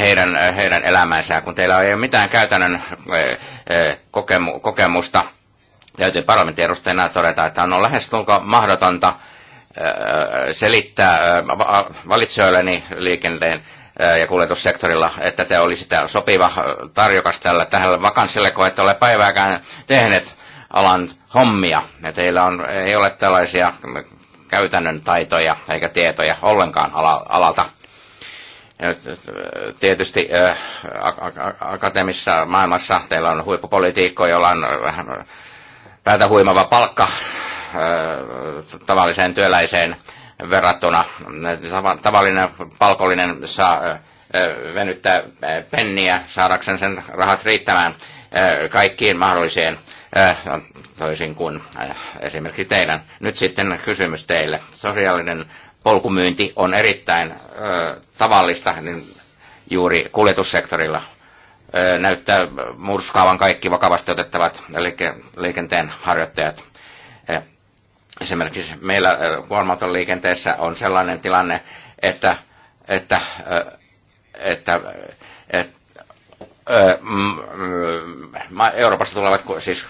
heidän, heidän elämänsä, kun teillä ei ole mitään käytännön kokemusta. Täytyy parlamentin edustajana todeta, että on lähes mahdotonta selittää valitsijoilleni liikenteen ja kuljetussektorilla, että te olisitte sopiva tarjokas tällä tähän vakanssille, kun ette ole päivääkään tehneet alan hommia. Ja teillä on, ei ole tällaisia käytännön taitoja eikä tietoja ollenkaan alalta. Tietysti akateemisessa maailmassa teillä on huippupolitiikko, jolla on päätä huimava palkka tavalliseen työläiseen verrattuna tavallinen palkollinen saa venyttää penniä saadakseen sen rahat riittämään kaikkiin mahdolliseen toisin kuin esimerkiksi teidän. Nyt sitten kysymys teille. Sosiaalinen polkumyynti on erittäin tavallista niin juuri kuljetussektorilla. Näyttää murskaavan kaikki vakavasti otettavat liikenteen harjoittajat Esimerkiksi meillä kuormaton äh, liikenteessä on sellainen tilanne, että, että, äh, että, äh, että mm, Euroopasta tulevat siis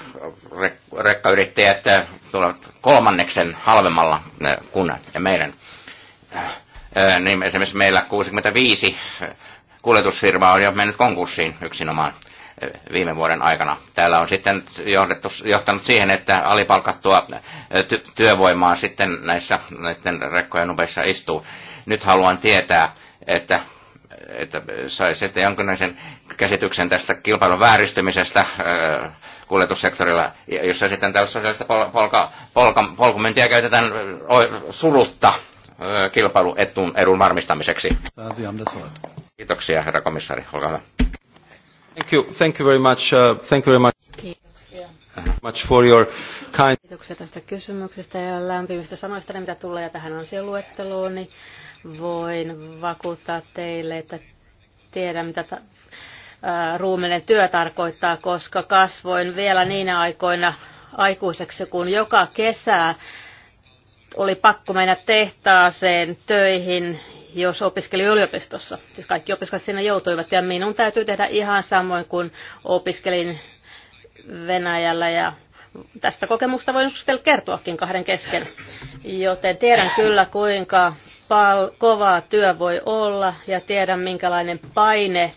rekkayrittäjät tulevat kolmanneksen halvemmalla kuin meidän. Niin esimerkiksi meillä 65 kuljetusfirmaa on jo mennyt konkurssiin yksinomaan viime vuoden aikana. Täällä on sitten johdettu, johtanut siihen, että alipalkattua ty- työvoimaa sitten näissä näiden rekkojen nubeissa istuu. Nyt haluan tietää, että että saisi sitten jonkinlaisen käsityksen tästä kilpailun vääristymisestä kuljetussektorilla, jossa sitten tällaista sosiaalista polka, polka, polkumyntiä käytetään surutta kilpailuetun edun varmistamiseksi. Kiitoksia, herra komissaari. Olkaa hyvä. Thank you, thank you very much. Uh, thank you very much. Kiitoksia. Much for your kind... Kiitoksia tästä kysymyksestä ja lämpimistä sanoista, mitä tulee tähän ansioluetteloon, niin voin vakuuttaa teille, että tiedän, mitä ta- ruuminen työ tarkoittaa, koska kasvoin vielä niinä aikoina aikuiseksi, kun joka kesä oli pakko mennä tehtaaseen töihin jos opiskeli yliopistossa. Siis kaikki opiskelijat sinne joutuivat ja minun täytyy tehdä ihan samoin kuin opiskelin Venäjällä ja tästä kokemusta voin joskus teille kertoakin kahden kesken. Joten tiedän kyllä kuinka pal- kovaa työ voi olla ja tiedän minkälainen paine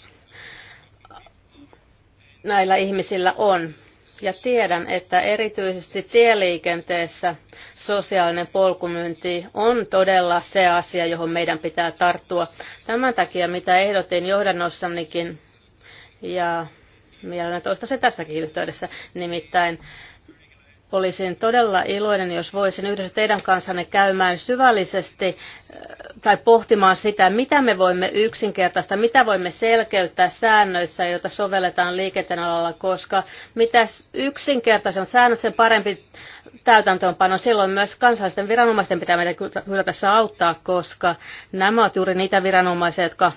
näillä ihmisillä on. Ja tiedän, että erityisesti tieliikenteessä sosiaalinen polkumyynti on todella se asia, johon meidän pitää tarttua. Tämän takia, mitä ehdotin johdannossanikin, ja mielelläni toista se tässäkin yhteydessä, nimittäin Olisin todella iloinen, jos voisin yhdessä teidän kanssanne käymään syvällisesti äh, tai pohtimaan sitä, mitä me voimme yksinkertaista, mitä voimme selkeyttää säännöissä, joita sovelletaan liikenteen alalla, koska mitä yksinkertaisen säännöt, sen parempi täytäntöönpano. Silloin myös kansallisten viranomaisten pitää meitä kyllä tässä auttaa, koska nämä ovat juuri niitä viranomaisia, jotka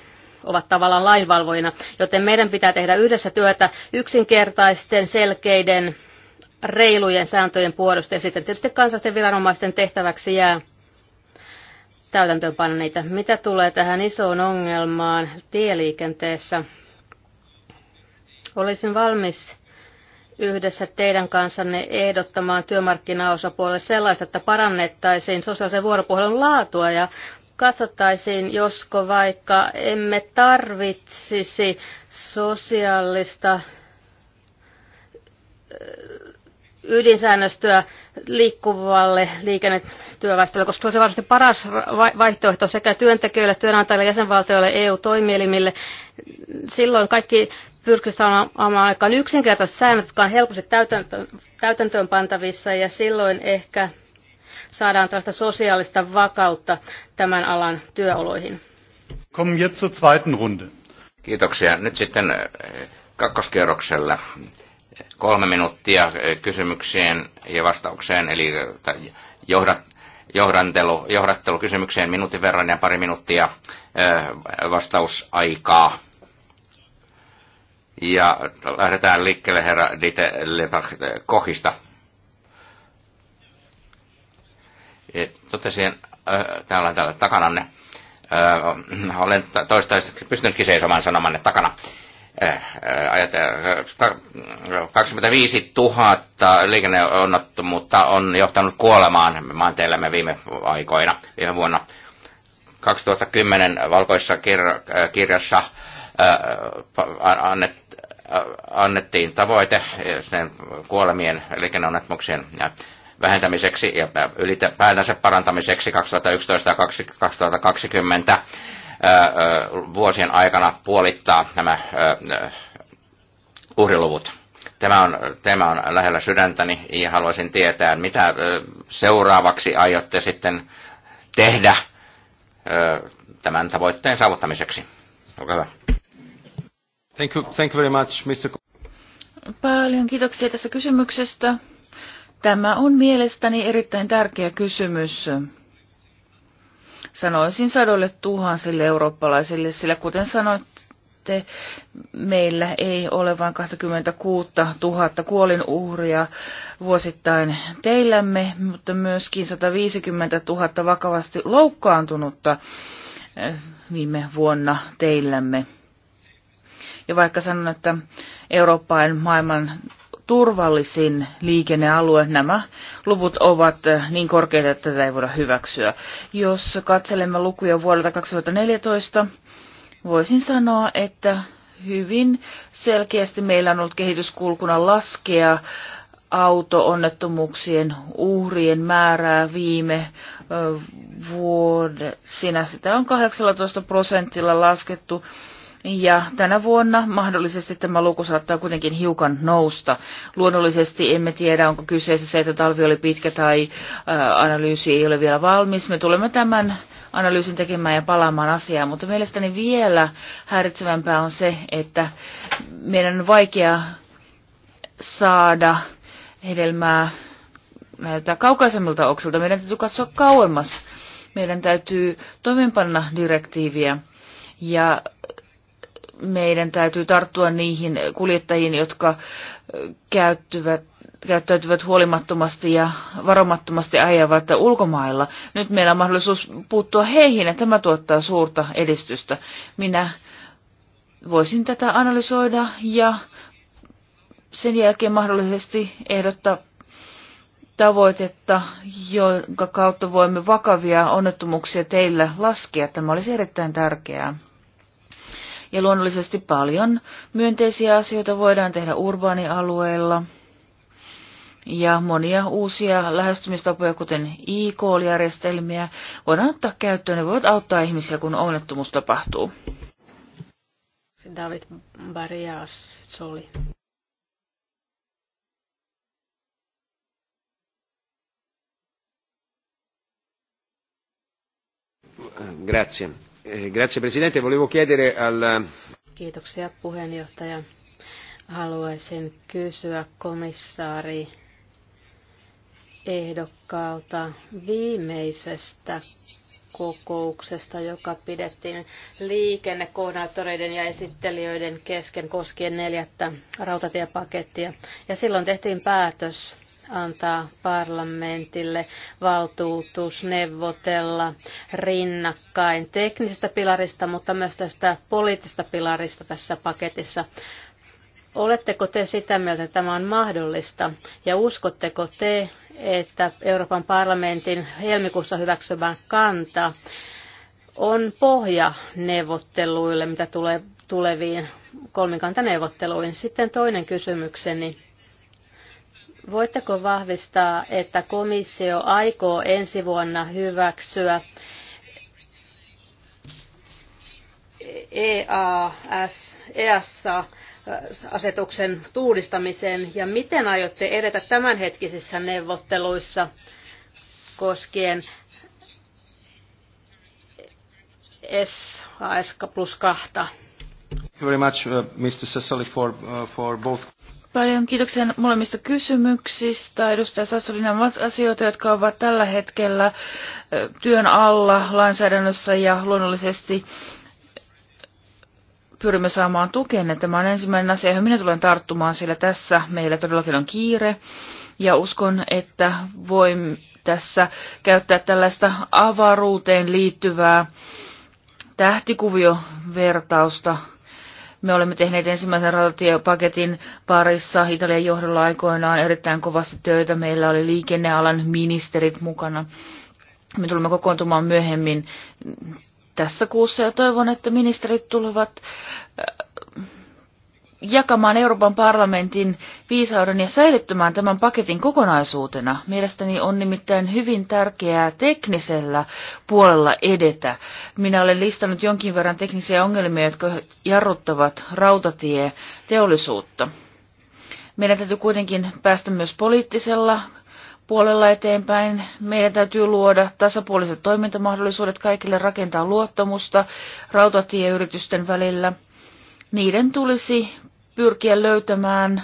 ovat tavallaan lainvalvoina, joten meidän pitää tehdä yhdessä työtä yksinkertaisten, selkeiden reilujen sääntöjen puolesta. Ja sitten tietysti kansallisten viranomaisten tehtäväksi jää täytäntöönpanna niitä. Mitä tulee tähän isoon ongelmaan tieliikenteessä? Olisin valmis yhdessä teidän kanssanne ehdottamaan työmarkkinaosapuolelle sellaista, että parannettaisiin sosiaalisen vuoropuhelun laatua ja katsottaisiin, josko vaikka emme tarvitsisi sosiaalista ydinsäännöstöä liikkuvalle liikennetyöväestölle, koska se on varmasti paras vaihtoehto sekä työntekijöille, työnantajille, jäsenvaltioille, EU-toimielimille. Silloin kaikki pyrkivät saamaan aikaan yksinkertaiset säännöt, jotka on helposti täytäntöön, täytäntöön pantavissa ja silloin ehkä saadaan tällaista sosiaalista vakautta tämän alan työoloihin. Kommen jetzt zur zweiten Runde. Kiitoksia. Nyt sitten äh, kakkoskierroksella kolme minuuttia eh, kysymykseen ja vastaukseen, eli johdat, johdantelu, johdattelu kysymykseen minuutin verran ja pari minuuttia eh, vastausaikaa. Ja lähdetään liikkeelle herra Dite Lepach Kohista. Eh, totesin täällä, täällä takananne. Olen toistaiseksi pystynytkin seisomaan sanomanne takana. 25 äh, 000 äh, äh, liikenneonnettomuutta on johtanut kuolemaan maanteillämme viime aikoina, viime vuonna. 2010 valkoisessa kirjassa annettiin tavoite sen kuolemien liikenneonnettomuuksien vähentämiseksi ja ylipäätänsä parantamiseksi 2011 ja 2020 vuosien aikana puolittaa nämä uhriluvut. Tämä on, tämä on lähellä sydäntäni ja haluaisin tietää, mitä seuraavaksi aiotte sitten tehdä tämän tavoitteen saavuttamiseksi. Olkaa hyvä. Thank you, thank you very much, Mr. Paljon kiitoksia tästä kysymyksestä. Tämä on mielestäni erittäin tärkeä kysymys sanoisin sadolle tuhansille eurooppalaisille, sillä kuten sanoitte, meillä ei ole vain 26 000 kuolinuhria vuosittain teillämme, mutta myöskin 150 000 vakavasti loukkaantunutta eh, viime vuonna teillämme. Ja vaikka sanon, että Eurooppaan maailman turvallisin liikennealue. Nämä luvut ovat eh, niin korkeita, että tätä ei voida hyväksyä. Jos katselemme lukuja vuodelta 2014, voisin sanoa, että hyvin selkeästi meillä on ollut kehityskulkuna laskea auto-onnettomuuksien uhrien määrää viime eh, vuodessa. Sitä on 18 prosentilla laskettu ja tänä vuonna mahdollisesti tämä luku saattaa kuitenkin hiukan nousta. Luonnollisesti emme tiedä, onko kyseessä se, että talvi oli pitkä tai äh, analyysi ei ole vielä valmis. Me tulemme tämän analyysin tekemään ja palaamaan asiaan, mutta mielestäni vielä häiritsevämpää on se, että meidän on vaikea saada hedelmää näiltä kaukaisemmilta oksilta. Meidän täytyy katsoa kauemmas. Meidän täytyy toimeenpanna direktiiviä ja meidän täytyy tarttua niihin kuljettajiin, jotka käyttyvät käyttäytyvät huolimattomasti ja varomattomasti ajavat ulkomailla. Nyt meillä on mahdollisuus puuttua heihin ja tämä tuottaa suurta edistystä. Minä voisin tätä analysoida ja sen jälkeen mahdollisesti ehdottaa tavoitetta, jonka kautta voimme vakavia onnettomuuksia teillä laskea. Tämä olisi erittäin tärkeää. Ja luonnollisesti paljon myönteisiä asioita voidaan tehdä urbaanialueella. Ja monia uusia lähestymistapoja, kuten e-call-järjestelmiä, voidaan ottaa käyttöön. Ne voivat auttaa ihmisiä, kun onnettomuus tapahtuu. David Barrias Soli. Grazie. Eh, grazie Presidente. Volevo chiedere al... Kiitoksia puheenjohtaja. Haluaisin kysyä komissaari ehdokkaalta viimeisestä kokouksesta, joka pidettiin liikennekoordinaattoreiden ja esittelijöiden kesken koskien neljättä rautatiepakettia. Ja silloin tehtiin päätös antaa parlamentille valtuutus neuvotella rinnakkain teknisestä pilarista, mutta myös tästä poliittisesta pilarista tässä paketissa. Oletteko te sitä mieltä, että tämä on mahdollista ja uskotteko te, että Euroopan parlamentin helmikuussa hyväksymä kanta on pohja neuvotteluille, mitä tulee tuleviin kolmikantaneuvotteluihin. Sitten toinen kysymykseni Voitteko vahvistaa, että komissio aikoo ensi vuonna hyväksyä EAS, EASA äh, asetuksen uudistamisen ja miten aiotte edetä tämänhetkisissä neuvotteluissa koskien SAS plus kahta? Thank you very much, uh, Mr. Sassoli, for, uh, for both. Paljon kiitoksia molemmista kysymyksistä. Edustaja Sassolina, nämä ovat asioita, jotka ovat tällä hetkellä työn alla lainsäädännössä ja luonnollisesti pyrimme saamaan tukenne. Niin tämä on ensimmäinen asia, johon minä tulen tarttumaan, sillä tässä meillä todellakin on kiire. Ja uskon, että voin tässä käyttää tällaista avaruuteen liittyvää tähtikuviovertausta vertausta me olemme tehneet ensimmäisen rautatiepaketin parissa Italian johdolla aikoinaan erittäin kovasti töitä. Meillä oli liikennealan ministerit mukana. Me tulemme kokoontumaan myöhemmin tässä kuussa ja toivon, että ministerit tulevat jakamaan Euroopan parlamentin viisauden ja säilyttämään tämän paketin kokonaisuutena. Mielestäni on nimittäin hyvin tärkeää teknisellä puolella edetä. Minä olen listannut jonkin verran teknisiä ongelmia, jotka jarruttavat rautatieteollisuutta. Meidän täytyy kuitenkin päästä myös poliittisella puolella eteenpäin. Meidän täytyy luoda tasapuoliset toimintamahdollisuudet kaikille rakentaa luottamusta rautatieyritysten välillä – niiden tulisi pyrkiä löytämään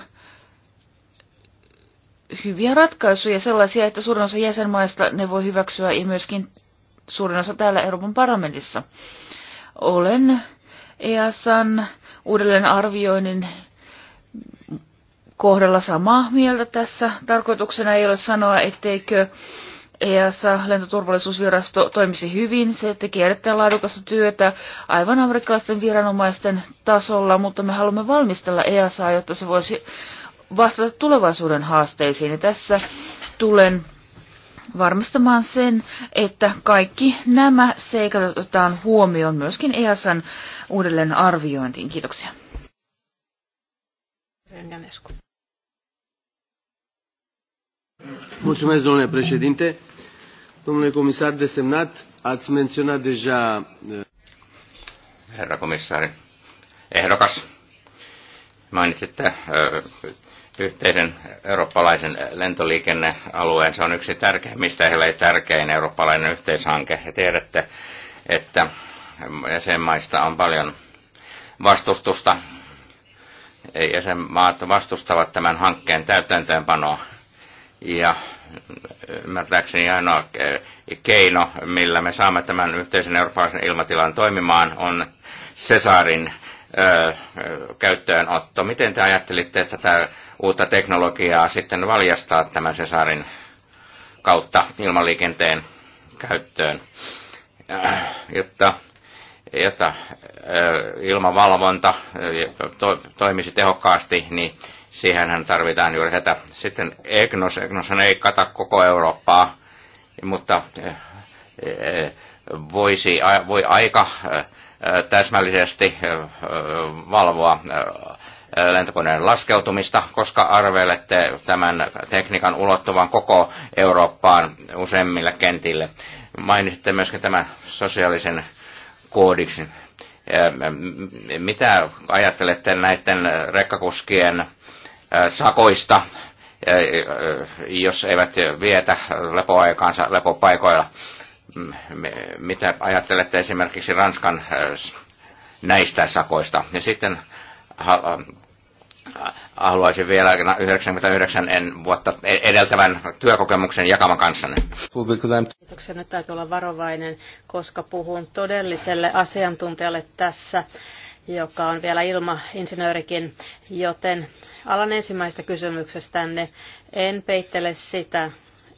hyviä ratkaisuja, sellaisia, että suurin osa jäsenmaista ne voi hyväksyä ja myöskin suurin osa täällä Euroopan parlamentissa. Olen EASan uudelleen arvioinnin kohdalla samaa mieltä tässä. Tarkoituksena ei ole sanoa, etteikö EASA, lentoturvallisuusvirasto, toimisi hyvin. Se teki erittäin laadukasta työtä aivan amerikkalaisten viranomaisten tasolla, mutta me haluamme valmistella Easa, jotta se voisi vastata tulevaisuuden haasteisiin. Ja tässä tulen varmistamaan sen, että kaikki nämä seikat otetaan huomioon myöskin EASan uudelleen arviointiin. Kiitoksia. Mulțumesc, domnule președinte. Domnule comisar desemnat, ați menționat deja... Eh, Herra comisar, ehdokas, mainitsitte eh, yhteisen eurooppalaisen lentoliikennealueen. Se on yksi tärkeimmistä, ei tärkein eurooppalainen yhteishanke. Ja tiedätte, että jäsenmaista on paljon vastustusta. Ei Jäsenmaat vastustavat tämän hankkeen täytäntöönpanoa. Ja ymmärtääkseni ainoa eh, keino, millä me saamme tämän yhteisen eurooppalaisen ilmatilan toimimaan, on Cesarin eh, käyttöönotto. Miten te ajattelitte, että tätä uutta teknologiaa sitten valjastaa tämän Cesarin kautta ilmaliikenteen käyttöön, eh, jotta, jotta ilmavalvonta toimisi tehokkaasti, niin Siihenhän tarvitaan juuri tätä. Sitten EGNOS. EGNOS ei kata koko Eurooppaa, mutta eh, eh, voisi, voi aika eh, täsmällisesti valvoa lentokoneen laskeutumista, koska arvelette tämän tekniikan ulottuvan koko Eurooppaan useimmille kentille. Mainitsitte myöskin tämän sosiaalisen koodiksi. Mitä ajattelette näiden rekkakuskien sakoista, jos eivät vietä lepoaikaansa lepopaikoilla. Mitä ajattelette esimerkiksi Ranskan näistä sakoista? Ja sitten haluaisin vielä 99 en vuotta e-, edeltävän työkokemuksen jakama kanssanne. Kiitoksia. Nyt täytyy olla varovainen, koska puhun todelliselle asiantuntijalle tässä joka on vielä ilmainsinöörikin, joten alan ensimmäisestä kysymyksestänne. En peittele sitä,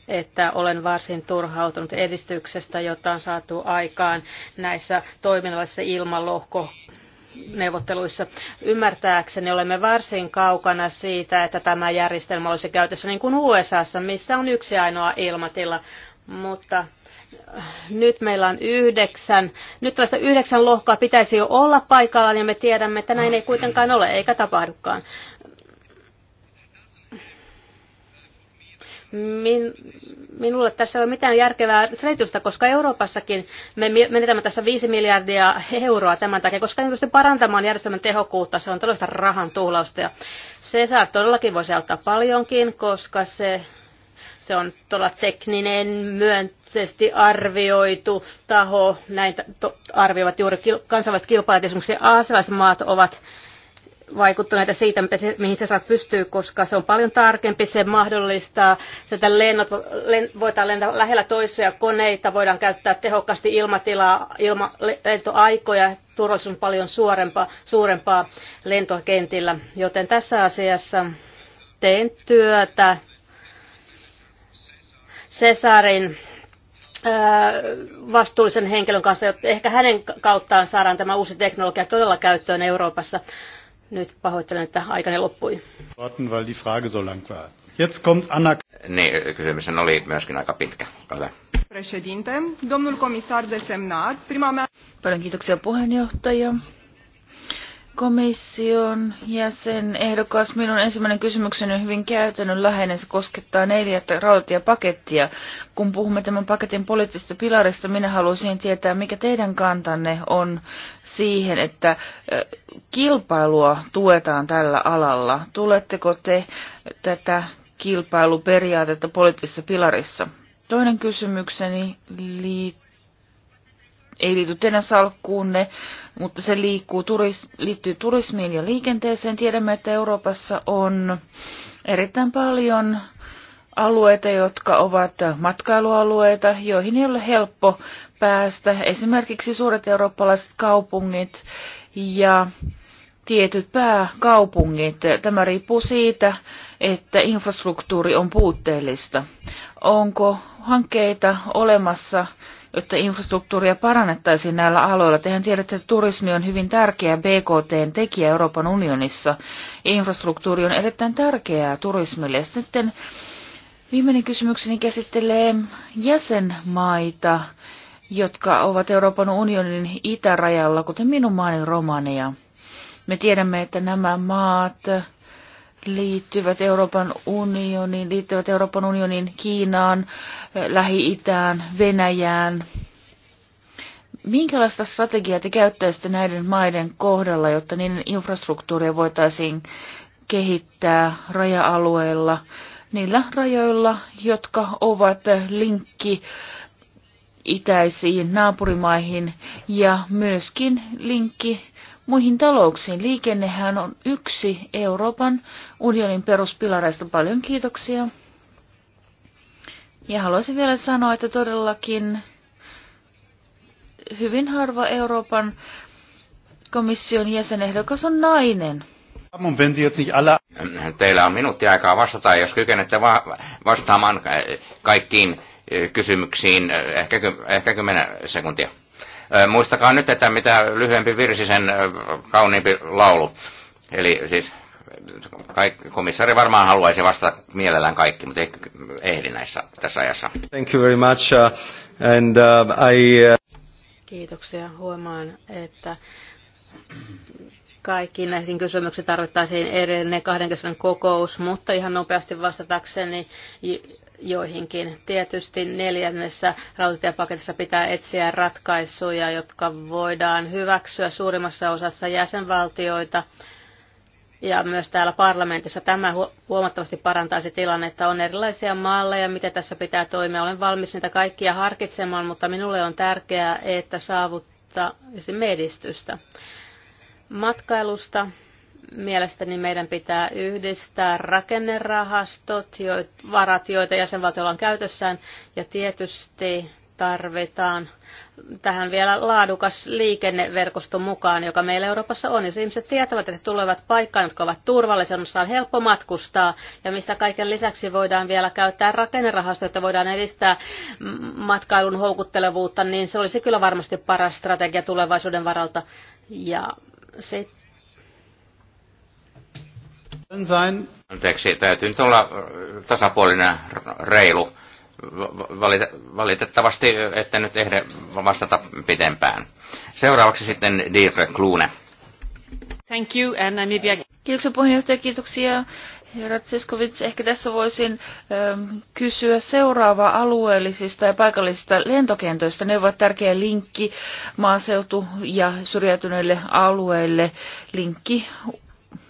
että olen varsin turhautunut edistyksestä, jota on saatu aikaan näissä toiminnallisissa ilmalohko neuvotteluissa. Ymmärtääkseni olemme varsin kaukana siitä, että tämä järjestelmä olisi käytössä niin kuin USAssa, missä on yksi ainoa ilmatila, mutta nyt meillä on yhdeksän, nyt tällaista yhdeksän lohkoa pitäisi jo olla paikalla ja me tiedämme, että näin ei kuitenkaan ole eikä tapahdukaan. Min, minulle tässä ei ole mitään järkevää selitystä, koska Euroopassakin me menetämme tässä 5 miljardia euroa tämän takia, koska ei pysty parantamaan järjestelmän tehokkuutta, se on todellista rahan tuhlausta. Ja Cesar todellakin voisi auttaa paljonkin, koska se se on tuolla tekninen, myönteisesti arvioitu taho. Näitä to, arvioivat juuri kansainväliset kilpailijat. Esimerkiksi aasialaiset maat ovat vaikuttuneita siitä, mitä se, mihin se saa pystyy, koska se on paljon tarkempi, se mahdollistaa, että lennot len, voidaan lentää lähellä toisia koneita, voidaan käyttää tehokkaasti ilmatilaa, ilma, lentoaikoja, turvallisuus on paljon suurempaa, suurempaa lentokentillä. Joten tässä asiassa teen työtä Cesarin vastuullisen henkilön kanssa, että ehkä hänen kauttaan saadaan tämä uusi teknologia todella käyttöön Euroopassa. Nyt pahoittelen, että aikani loppui. Niin, kysymys oli myöskin aika pitkä. Ole. domnul comisar semnat, prima mea... Paljon kiitoksia puheenjohtaja. Komission jäsen ehdokas, minun ensimmäinen kysymykseni on hyvin käytännönläheinen. Se koskettaa neljättä rautatiepakettia. Kun puhumme tämän paketin poliittisesta pilarista, minä haluaisin tietää, mikä teidän kantanne on siihen, että kilpailua tuetaan tällä alalla. Tuletteko te tätä kilpailuperiaatetta poliittisessa pilarissa? Toinen kysymykseni liittyy ei liity teidän salkkuunne, mutta se liikkuu, turis, liittyy turismiin ja liikenteeseen. Tiedämme, että Euroopassa on erittäin paljon alueita, jotka ovat matkailualueita, joihin ei ole helppo päästä. Esimerkiksi suuret eurooppalaiset kaupungit ja tietyt pääkaupungit. Tämä riippuu siitä, että infrastruktuuri on puutteellista. Onko hankkeita olemassa jotta infrastruktuuria parannettaisiin näillä aloilla. Tehän tiedätte, että turismi on hyvin tärkeä BKT-tekijä Euroopan unionissa. Infrastruktuuri on erittäin tärkeää turismille. Ja sitten viimeinen kysymykseni käsittelee jäsenmaita, jotka ovat Euroopan unionin itärajalla, kuten minun maani Romania. Me tiedämme, että nämä maat liittyvät Euroopan unioniin, liittyvät Euroopan unionin Kiinaan, Lähi-Itään, Venäjään. Minkälaista strategiaa te käyttäisitte näiden maiden kohdalla, jotta niiden infrastruktuuria voitaisiin kehittää raja-alueilla, niillä rajoilla, jotka ovat linkki itäisiin naapurimaihin ja myöskin linkki muihin talouksiin. Liikennehän on yksi Euroopan unionin peruspilareista. Paljon kiitoksia. Ja haluaisin vielä sanoa, että todellakin hyvin harva Euroopan komission jäsenehdokas on nainen. Teillä on minuutti aikaa vastata, jos kykenette va- vastaamaan kaikkiin eh, kysymyksiin, eh, ehkä, ehkä kymmenen sekuntia. Muistakaa nyt, että mitä lyhyempi virsi, sen kauniimpi laulu. Eli siis kaikki, komissari varmaan haluaisi vastata mielellään kaikki, mutta ei ehdi näissä, tässä ajassa. Thank you very much. Uh, and, uh, I, uh... Kiitoksia. Huomaan, että kaikki näihin kysymyksiin tarvittaisiin edelleen kahden kokous, mutta ihan nopeasti vastatakseni joihinkin. Tietysti neljännessä rautatiepaketissa pitää etsiä ratkaisuja, jotka voidaan hyväksyä suurimmassa osassa jäsenvaltioita. Ja myös täällä parlamentissa tämä huomattavasti parantaisi tilannetta. On erilaisia malleja, miten tässä pitää toimia. Olen valmis niitä kaikkia harkitsemaan, mutta minulle on tärkeää, että saavuttaisimme edistystä. Matkailusta mielestäni meidän pitää yhdistää rakennerahastot, varat, joita jäsenvaltioilla on käytössään, ja tietysti tarvitaan tähän vielä laadukas liikenneverkosto mukaan, joka meillä Euroopassa on. Jos ihmiset tietävät, että he tulevat paikkaan, jotka ovat turvallisia, missä on helppo matkustaa ja missä kaiken lisäksi voidaan vielä käyttää rakennerahastoja, että voidaan edistää matkailun houkuttelevuutta, niin se olisi kyllä varmasti paras strategia tulevaisuuden varalta. Ja sitten Anteeksi, täytyy nyt olla äh, tasapuolinen, reilu. Valitettavasti äh, ette nyt ehde vastata pitempään. Seuraavaksi sitten Dirk Kluune. Thank you, and maybe I... Kiitoksia puheenjohtaja, kiitoksia. Herra Tseskovits, ehkä tässä voisin ö, ähm, kysyä seuraavaa alueellisista ja paikallisista lentokentoista. Ne ovat tärkeä linkki maaseutu- ja syrjäytyneille alueille, linkki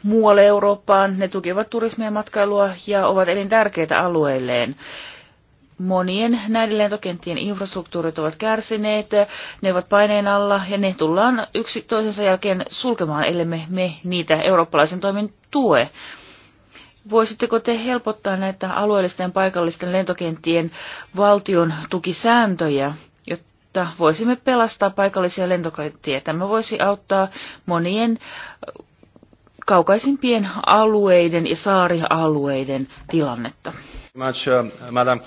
muualle Eurooppaan. Ne tukevat turismia ja matkailua ja ovat elintärkeitä alueilleen. Monien näiden lentokenttien infrastruktuurit ovat kärsineet, ne ovat paineen alla ja ne tullaan yksi toisensa jälkeen sulkemaan, ellemme me niitä eurooppalaisen toimin tue. Voisitteko te helpottaa näitä alueellisten ja paikallisten lentokenttien valtion tukisääntöjä, jotta voisimme pelastaa paikallisia lentokenttiä? Tämä voisi auttaa monien kaukaisimpien alueiden ja saarialueiden tilannetta. Much, uh, Madame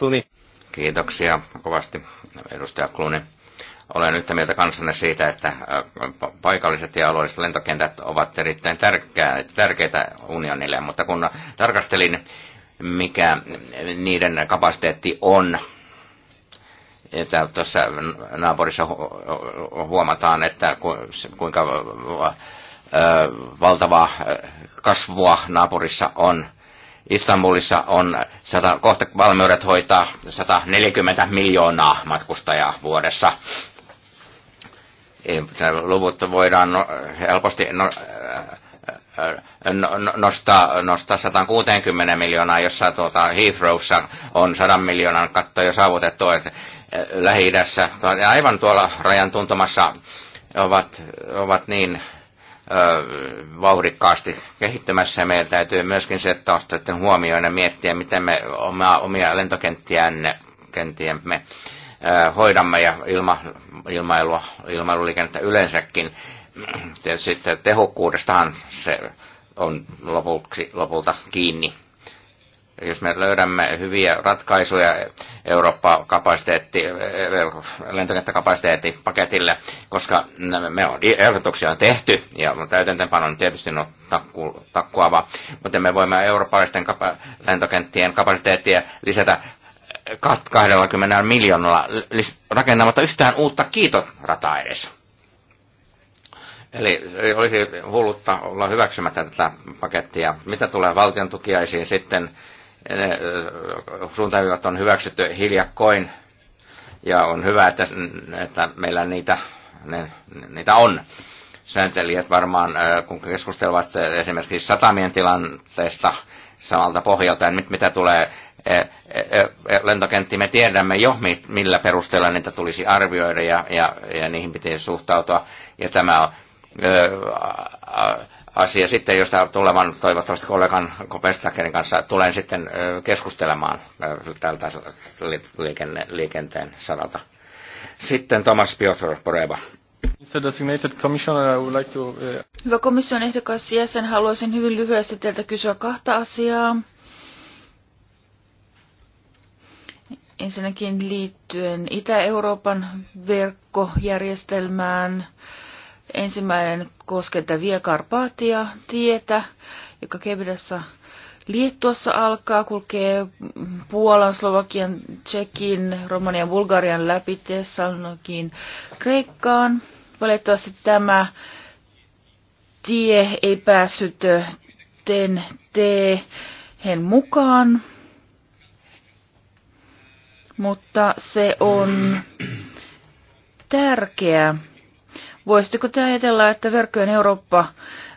Kiitoksia kovasti, edustaja Kluni. Olen yhtä mieltä kansanne siitä, että uh, paikalliset ja alueelliset lentokentät ovat erittäin tärkeitä unionille, mutta kun tarkastelin, mikä niiden kapasiteetti on, että tuossa naapurissa huomataan, että kuinka uh, valtavaa kasvua naapurissa on. Istanbulissa on 100, kohta valmiudet hoitaa 140 miljoonaa matkustajaa vuodessa. Luvut voidaan no, helposti no, no, no, nostaa, nostaa 160 miljoonaa, jossa tuota Heathrowssa on 100 miljoonan katto jo saavutettu. Lähi-idässä, aivan tuolla rajan tuntumassa ovat, ovat niin vauhdikkaasti kehittymässä. Meillä täytyy myöskin se että huomioida miettiä, miten me omia lentokenttiämme hoidamme ja ilma, ilmailua, ilmailuliikennettä yleensäkin. Sitten tehokkuudestahan se on lopulta kiinni jos me löydämme hyviä ratkaisuja Eurooppa-kapasiteetti, lentokenttäkapasiteetti paketille, koska me on, ehdotuksia on tehty ja täytäntöönpano on tietysti no, takku, takkuava, mutta me voimme eurooppalaisten kapa, lentokenttien kapasiteettia lisätä 20 miljoonalla rakentamatta yhtään uutta kiitorataa edes. Eli olisi hullutta olla hyväksymättä tätä pakettia. Mitä tulee valtion tukiaisiin sitten, ne suuntaviivat on hyväksytty hiljakkoin, ja on hyvä, että, että meillä niitä, ne, niitä on. Sääntelijät varmaan, kun keskustelevat esimerkiksi satamien tilanteesta samalta pohjalta, nyt mitä tulee lentokenttiin, me tiedämme jo, millä perusteella niitä tulisi arvioida ja, ja, ja niihin pitäisi suhtautua. Ja tämä asia sitten, josta tulevan toivottavasti kollegan Kopestakerin kanssa tulen sitten keskustelemaan tältä liikenne, liikenteen saralta. Sitten Thomas Piotr Poreva. Uh, Hyvä komission ehdokas jäsen, haluaisin hyvin lyhyesti teiltä kysyä kahta asiaa. Ensinnäkin liittyen Itä-Euroopan verkkojärjestelmään. Ensimmäinen koskee tätä Via Carpatia tietä, joka Kebidassa Liettuassa alkaa, kulkee Puolan, Slovakian, Tsekin, Romanian, Bulgarian läpi Tessalonikin, Kreikkaan. Valitettavasti tämä tie ei päässyt ten hen mukaan, mutta se on tärkeä Voisitteko te ajatella, että verkkojen Eurooppa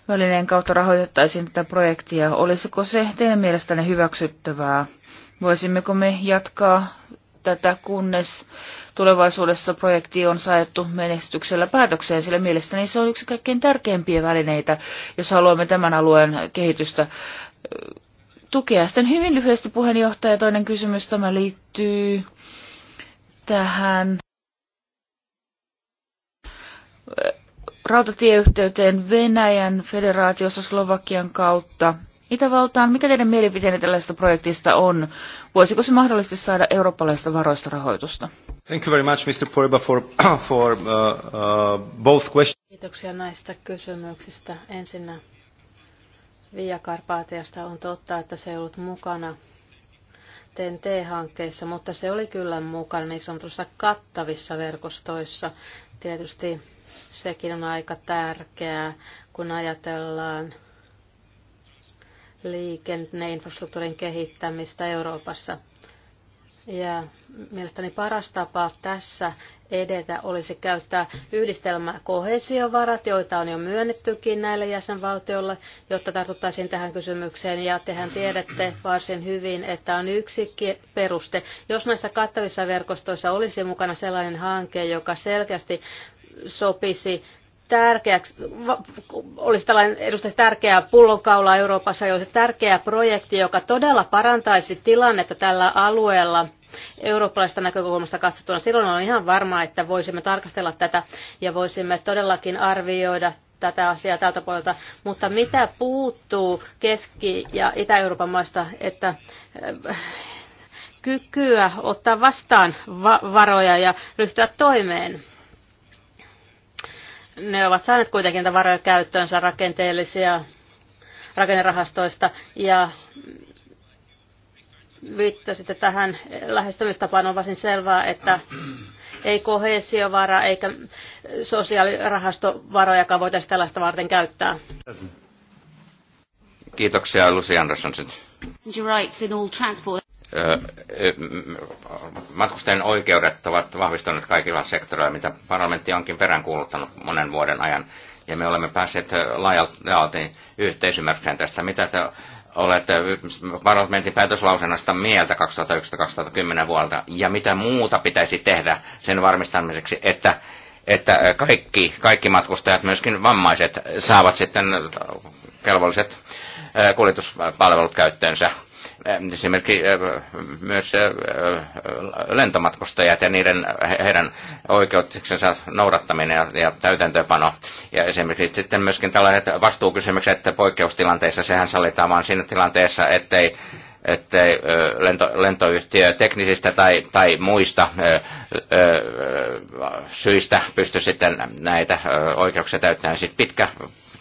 välineen kautta rahoitettaisiin tätä projektia? Olisiko se teidän mielestänne hyväksyttävää? Voisimmeko me jatkaa tätä, kunnes tulevaisuudessa projekti on saettu menestyksellä päätökseen, sillä mielestäni se on yksi kaikkein tärkeimpiä välineitä, jos haluamme tämän alueen kehitystä tukea. Sitten hyvin lyhyesti puheenjohtaja, toinen kysymys tämä liittyy tähän rautatieyhteyteen Venäjän federaatiossa Slovakian kautta Itävaltaan. Mikä teidän mielipiteenne tällaista projektista on? Voisiko se mahdollisesti saada eurooppalaista varoista rahoitusta? Thank you very much, Mr. Porba, for, for uh, uh, both questions. Kiitoksia näistä kysymyksistä. Ensinnä Via Karpaatiasta on totta, että se ei ollut mukana tnt hankkeessa mutta se oli kyllä mukana niin sanotussa kattavissa verkostoissa. Tietysti Sekin on aika tärkeää, kun ajatellaan liikenneinfrastruktuurin kehittämistä Euroopassa. Ja mielestäni paras tapa tässä edetä olisi käyttää yhdistelmä kohesiovarat, joita on jo myönnettykin näille jäsenvaltioille, jotta tartuttaisiin tähän kysymykseen. Ja tehän tiedätte varsin hyvin, että on yksi peruste. Jos näissä kattavissa verkostoissa olisi mukana sellainen hanke, joka selkeästi sopisi tärkeäksi, olisi tällainen edustaisi tärkeää pullonkaula Euroopassa, ja olisi tärkeä projekti, joka todella parantaisi tilannetta tällä alueella eurooppalaisesta näkökulmasta katsottuna. Silloin on ihan varma, että voisimme tarkastella tätä ja voisimme todellakin arvioida tätä asiaa tältä puolelta, mutta mitä puuttuu Keski- ja Itä-Euroopan maista, että äh, kykyä ottaa vastaan varoja ja ryhtyä toimeen ne ovat saaneet kuitenkin niitä varoja käyttöönsä rakenteellisia rakennerahastoista ja viittasitte tähän lähestymistapaan, on varsin selvää, että ei kohesiovara eikä sosiaalirahastovarojakaan voitaisiin tällaista varten käyttää. Kiitoksia Lucy Andersson. You're right, in all transport matkustajien oikeudet ovat vahvistuneet kaikilla sektoreilla, mitä parlamentti onkin peräänkuuluttanut monen vuoden ajan. Ja me olemme päässeet laajalti yhteisymmärrykseen tästä. Mitä te olette parlamentin päätöslausennosta mieltä 2011-2010 vuodelta? Ja mitä muuta pitäisi tehdä sen varmistamiseksi, että, että kaikki, kaikki matkustajat, myöskin vammaiset, saavat sitten kelvolliset kuljetuspalvelut käyttöönsä Äh, esimerkiksi äh, myös äh, lentomatkustajat ja niiden, heidän oikeutuksensa noudattaminen ja, ja täytäntöpano. Ja esimerkiksi sitten myöskin tällaiset vastuukysymykset poikkeustilanteissa, sehän sallitaan vain siinä tilanteessa, ettei ettei lento, lentoyhtiö teknisistä tai, tai muista ö, ö, syistä pysty sitten näitä oikeuksia täyttämään. Sitten siis pitkä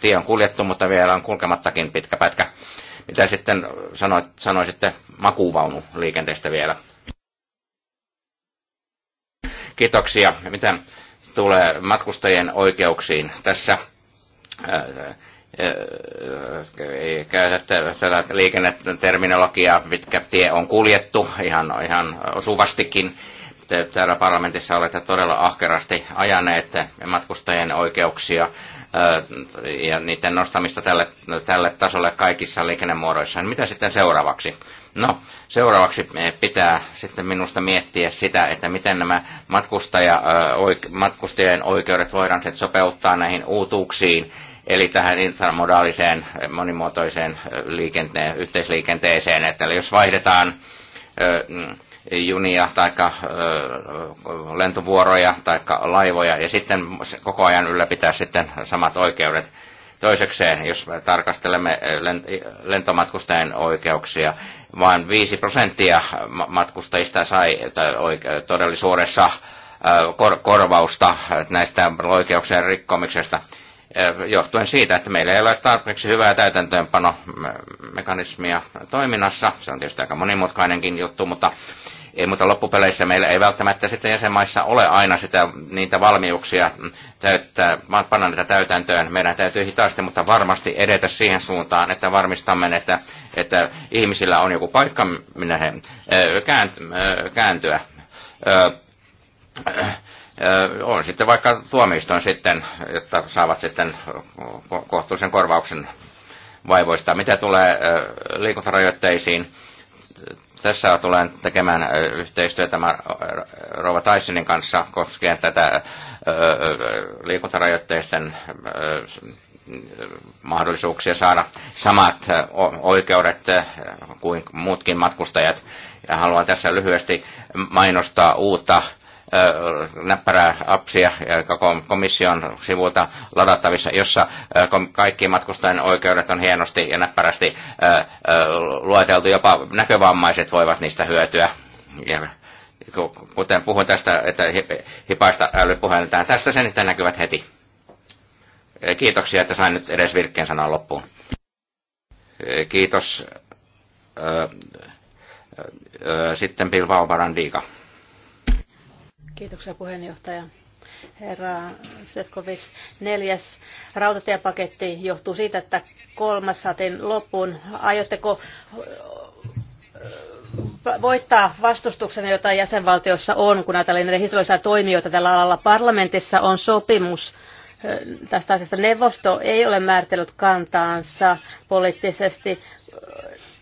tie on kuljettu, mutta vielä on kulkemattakin pitkä pätkä mitä sitten sanoit, sanoisitte liikenteestä vielä? Kiitoksia. Mitä tulee matkustajien oikeuksiin tässä? Äh, äh, äh, käytätte liikenneterminologiaa, mitkä tie on kuljettu ihan, ihan osuvastikin. Te täällä parlamentissa olette todella ahkerasti ajaneet matkustajien oikeuksia ja niiden nostamista tälle, tälle tasolle kaikissa liikennemuodoissa. Niin mitä sitten seuraavaksi? No, seuraavaksi pitää sitten minusta miettiä sitä, että miten nämä matkustaja, matkustajien oikeudet voidaan sitten sopeuttaa näihin uutuuksiin, eli tähän intermodaaliseen monimuotoiseen liikenteen, yhteisliikenteeseen, että jos vaihdetaan junia tai lentovuoroja tai laivoja ja sitten koko ajan ylläpitää sitten samat oikeudet. Toisekseen, jos tarkastelemme lentomatkustajien oikeuksia, vain 5 prosenttia matkustajista sai todellisuudessa korvausta näistä oikeuksien rikkomisesta johtuen siitä, että meillä ei ole tarpeeksi hyvää täytäntöönpanomekanismia toiminnassa. Se on tietysti aika monimutkainenkin juttu, mutta ei, mutta loppupeleissä meillä ei välttämättä sitten jäsenmaissa ole aina sitä, niitä valmiuksia täyttää, panna niitä täytäntöön. Meidän täytyy hitaasti, mutta varmasti edetä siihen suuntaan, että varmistamme, että, että ihmisillä on joku paikka, minne he kääntyä on sitten vaikka tuomioistuin sitten, että saavat sitten kohtuullisen korvauksen vaivoista. Mitä tulee liikuntarajoitteisiin, tässä tulen tekemään yhteistyötä Rova Tysonin kanssa koskien tätä liikuntarajoitteisten mahdollisuuksia saada samat oikeudet kuin muutkin matkustajat. Ja haluan tässä lyhyesti mainostaa uutta näppärää appsia komission sivulta ladattavissa, jossa kaikki matkustajan oikeudet on hienosti ja näppärästi lueteltu. Jopa näkövammaiset voivat niistä hyötyä. Ja kuten puhuin tästä, että hipaista älypuhelintaan, tästä sen että näkyvät heti. Kiitoksia, että sain nyt edes virkkeen sanan loppuun. Kiitos. Sitten Bilbao Barandiika. Kiitoksia puheenjohtaja. Herra Sefkovic, neljäs rautatiepaketti johtuu siitä, että kolmas saatiin loppuun. Aiotteko äh, voittaa vastustuksen, jota jäsenvaltiossa on, kun ajatellaan näitä historiallisia toimijoita tällä alalla. Parlamentissa on sopimus äh, tästä asiasta. Neuvosto ei ole määritellyt kantaansa poliittisesti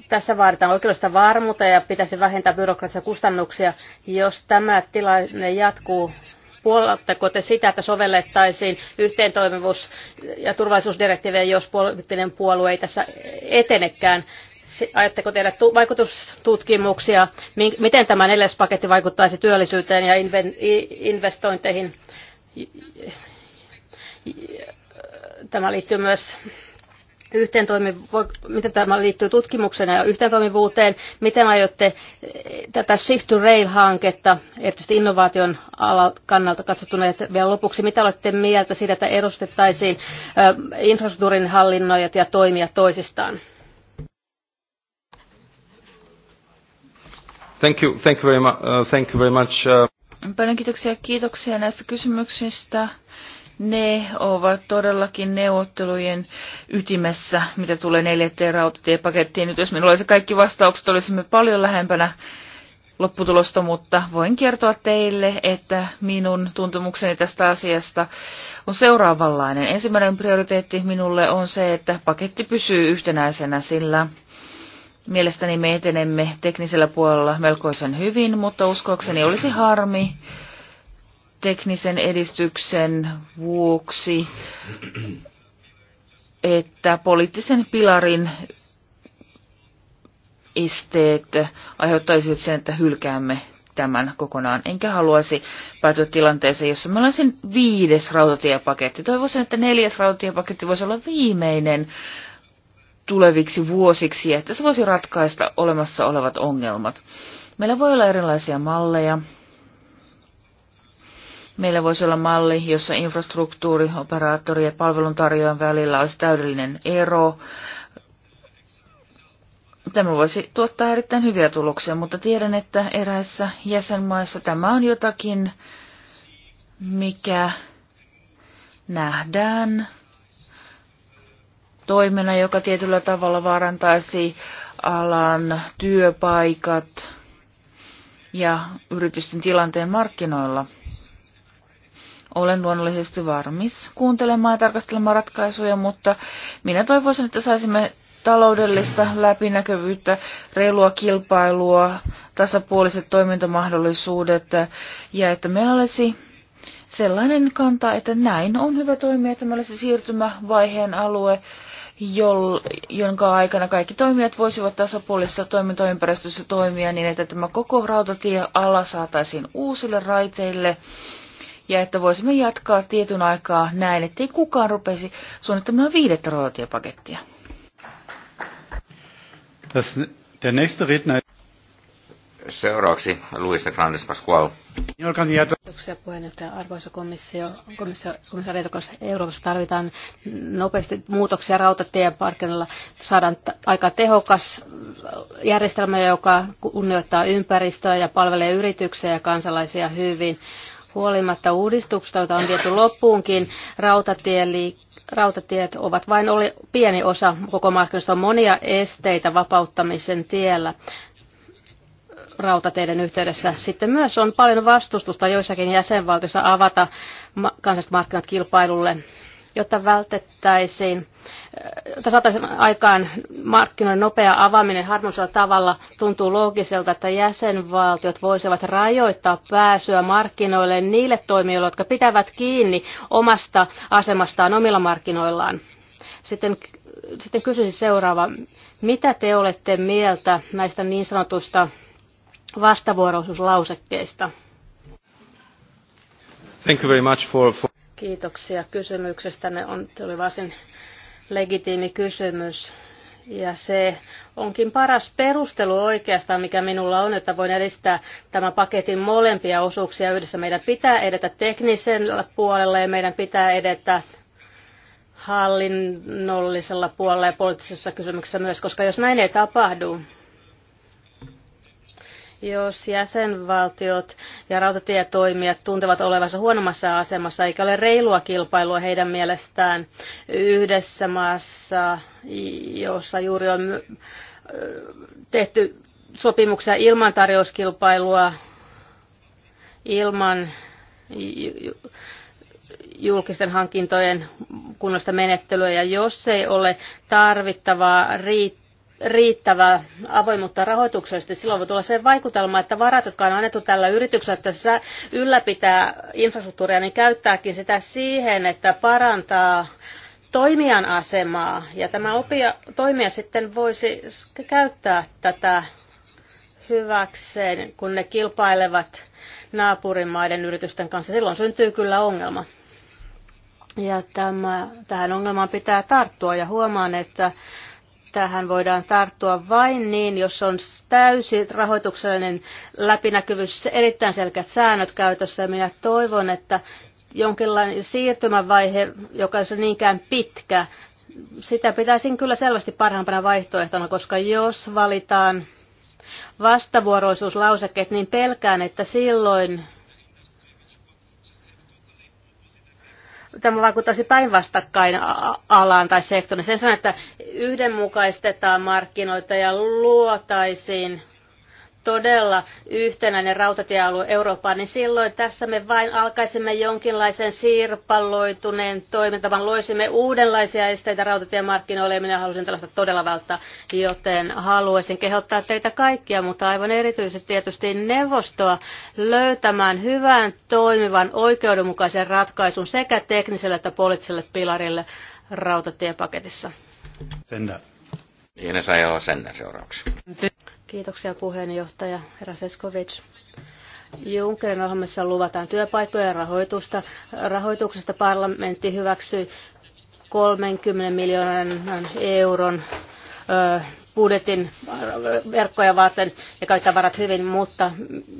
tässä vaaditaan oikeudellista varmuutta ja pitäisi vähentää byrokratisia kustannuksia. Jos tämä tilanne jatkuu, puolatteko te sitä, että sovellettaisiin yhteentoimivuus- ja turvallisuusdirektiivejä, jos poliittinen puolue ei tässä etenekään? Ajatteko tehdä vaikutustutkimuksia, miten tämä neljäs paketti vaikuttaisi työllisyyteen ja investointeihin? Tämä liittyy myös yhteen miten tämä liittyy tutkimukseen ja yhteentoimivuuteen, miten aiotte eh, tätä Shift to Rail-hanketta, erityisesti innovaation kannalta katsottuna, ja vielä lopuksi, mitä olette mieltä siitä, että erostettaisiin eh, infrastruktuurin hallinnoijat ja toimia toisistaan? Thank you, thank you very, mu- uh, thank you very much. Uh... Paljon kiitoksia, kiitoksia näistä kysymyksistä. Ne ovat todellakin neuvottelujen ytimessä, mitä tulee neljätteen rautatiepakettiin. Nyt jos minulla olisi kaikki vastaukset, olisimme paljon lähempänä lopputulosta, mutta voin kertoa teille, että minun tuntumukseni tästä asiasta on seuraavanlainen. Ensimmäinen prioriteetti minulle on se, että paketti pysyy yhtenäisenä, sillä mielestäni me etenemme teknisellä puolella melkoisen hyvin, mutta uskoakseni olisi harmi, teknisen edistyksen vuoksi että poliittisen pilarin esteet aiheuttaisivat sen, että hylkäämme tämän kokonaan. Enkä haluaisi päätyä tilanteeseen, jossa meillä olisin viides rautatiepaketti. Toivoisin, että neljäs rautatiepaketti voisi olla viimeinen tuleviksi vuosiksi, että se voisi ratkaista olemassa olevat ongelmat. Meillä voi olla erilaisia malleja, Meillä voisi olla malli, jossa infrastruktuuri, operaattori ja palveluntarjoajan välillä olisi täydellinen ero. Tämä voisi tuottaa erittäin hyviä tuloksia, mutta tiedän, että eräissä jäsenmaissa tämä on jotakin, mikä nähdään toimena, joka tietyllä tavalla vaarantaisi alan työpaikat ja yritysten tilanteen markkinoilla olen luonnollisesti varmis kuuntelemaan ja tarkastelemaan ratkaisuja, mutta minä toivoisin, että saisimme taloudellista läpinäkyvyyttä, reilua kilpailua, tasapuoliset toimintamahdollisuudet ja että meillä olisi sellainen kanta, että näin on hyvä toimia, että meillä olisi siirtymävaiheen alue, jol, jonka aikana kaikki toimijat voisivat tasapuolisessa toimintaympäristössä toimia niin, että tämä koko rautatieala saataisiin uusille raiteille ja että voisimme jatkaa tietyn aikaa näin, ettei kukaan rupesi suunnittamaan viidettä royaltiepakettia. Seuraavaksi Luis de Grandes Pascual. Kiitoksia puheenjohtaja. Arvoisa komissio, komissio, komissio koska Euroopassa tarvitaan nopeasti muutoksia rautatien parkkinalla. Saadaan aika tehokas järjestelmä, joka kunnioittaa ympäristöä ja palvelee yrityksiä ja kansalaisia hyvin. Huolimatta uudistuksista, joita on viety loppuunkin, rautatiet ovat vain oli pieni osa koko markkinoista. On monia esteitä vapauttamisen tiellä rautateiden yhteydessä. Sitten myös on paljon vastustusta joissakin jäsenvaltioissa avata kansalliset markkinat kilpailulle jotta vältettäisiin, jotta saataisiin aikaan markkinoiden nopea avaaminen harmonisella tavalla, tuntuu loogiselta, että jäsenvaltiot voisivat rajoittaa pääsyä markkinoille niille toimijoille, jotka pitävät kiinni omasta asemastaan omilla markkinoillaan. Sitten, sitten kysyisin seuraava. Mitä te olette mieltä näistä niin sanotusta vastavuoroisuuslausekkeista? Thank you very much for, for... Kiitoksia Ne On, tuli varsin legitiimi kysymys. Ja se onkin paras perustelu oikeastaan, mikä minulla on, että voin edistää tämän paketin molempia osuuksia yhdessä. Meidän pitää edetä teknisellä puolella ja meidän pitää edetä hallinnollisella puolella ja poliittisessa kysymyksessä myös, koska jos näin ei tapahdu, jos jäsenvaltiot ja rautatietoimijat tuntevat olevansa huonommassa asemassa, eikä ole reilua kilpailua heidän mielestään yhdessä maassa, jossa juuri on tehty sopimuksia ilman tarjouskilpailua, ilman julkisten hankintojen kunnosta menettelyä ja jos ei ole tarvittavaa riittävää riittävää avoimuutta rahoituksellisesti, silloin voi tulla se vaikutelma, että varat, jotka on annettu tällä yrityksellä, että se ylläpitää infrastruktuuria, niin käyttääkin sitä siihen, että parantaa toimijan asemaa. Ja tämä opia, toimija sitten voisi käyttää tätä hyväkseen, kun ne kilpailevat naapurimaiden yritysten kanssa. Silloin syntyy kyllä ongelma. Ja tämä, tähän ongelmaan pitää tarttua ja huomaan, että Tähän voidaan tarttua vain niin, jos on täysi rahoituksellinen läpinäkyvyys, erittäin selkeät säännöt käytössä. Minä toivon, että jonkinlainen siirtymävaihe, joka on niinkään pitkä, sitä pitäisin kyllä selvästi parhaimpana vaihtoehtona, koska jos valitaan vastavuoroisuuslausekkeet, niin pelkään, että silloin tämä vaikuttaisi päinvastakkain alaan tai sektoriin. Sen sanon, että yhdenmukaistetaan markkinoita ja luotaisiin todella yhtenäinen rautatiealue Eurooppaan, niin silloin tässä me vain alkaisimme jonkinlaisen sirpalloituneen toimintavan, loisimme uudenlaisia esteitä rautatiemarkkinoille, ja minä halusin tällaista todella välttää, joten haluaisin kehottaa teitä kaikkia, mutta aivan erityisesti tietysti neuvostoa löytämään hyvän, toimivan, oikeudenmukaisen ratkaisun sekä tekniselle että poliittiselle pilarille rautatiepaketissa. Sender. Ines Ajala Sender seuraavaksi. Kiitoksia puheenjohtaja Raseskovic. Junckerin ohjelmassa luvataan työpaikkojen rahoitusta. Rahoituksesta parlamentti hyväksyi 30 miljoonan euron budjetin verkkoja varten ja kaikki varat hyvin, mutta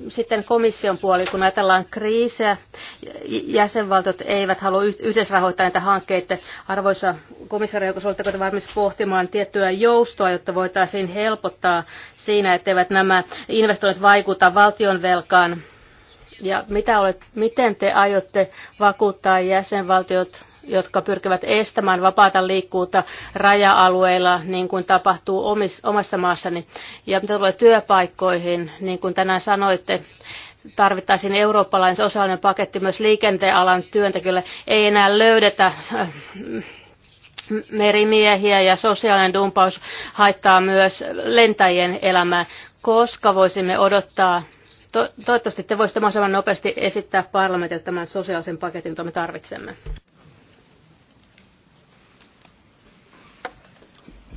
sitten komission puoli, kun ajatellaan kriisiä, jäsenvaltiot eivät halua yhdessä rahoittaa näitä hankkeita. Arvoisa komissaari, joko oletteko te varmasti pohtimaan tiettyä joustoa, jotta voitaisiin helpottaa siinä, etteivät nämä investoinnit vaikuta valtion velkaan? Ja mitä olet, miten te aiotte vakuuttaa jäsenvaltiot jotka pyrkivät estämään vapaata liikkuutta raja-alueilla, niin kuin tapahtuu omis, omassa maassani. Ja mitä tulee työpaikkoihin, niin kuin tänään sanoitte, tarvittaisiin eurooppalainen sosiaalinen paketti myös liikenteen alan työntekijöille. Ei enää löydetä äh, merimiehiä ja sosiaalinen dumpaus haittaa myös lentäjien elämää. Koska voisimme odottaa, to- toivottavasti te voisitte mahdollisimman nopeasti esittää parlamentille tämän sosiaalisen paketin, jota me tarvitsemme.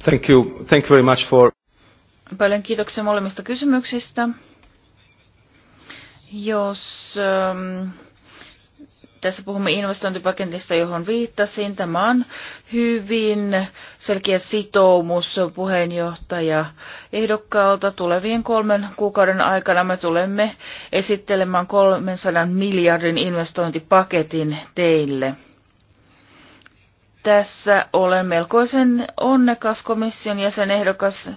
Thank you. Thank you very much for... Paljon kiitoksia molemmista kysymyksistä. Jos ähm, tässä puhumme investointipaketista, johon viittasin, tämä on hyvin selkeä sitoumus puheenjohtaja ehdokkaalta. Tulevien kolmen kuukauden aikana me tulemme esittelemään 300 miljardin investointipaketin teille tässä olen melkoisen onnekas komission jäsenehdokas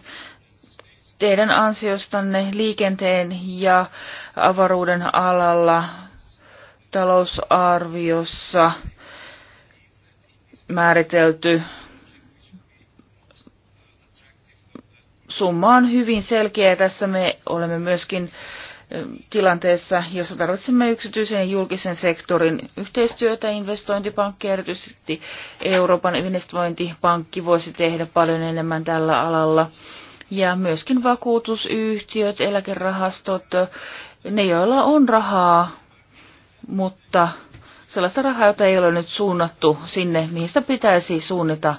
teidän ansiostanne liikenteen ja avaruuden alalla talousarviossa määritelty summa on hyvin selkeä. Tässä me olemme myöskin äh, tilanteessa, jossa tarvitsemme yksityisen ja julkisen sektorin yhteistyötä. Investointipankki, erityisesti Euroopan investointipankki, voisi tehdä paljon enemmän tällä alalla. Ja myöskin vakuutusyhtiöt, eläkerahastot, ne joilla on rahaa, mutta sellaista rahaa, jota ei ole nyt suunnattu sinne, mihin sitä pitäisi suunnata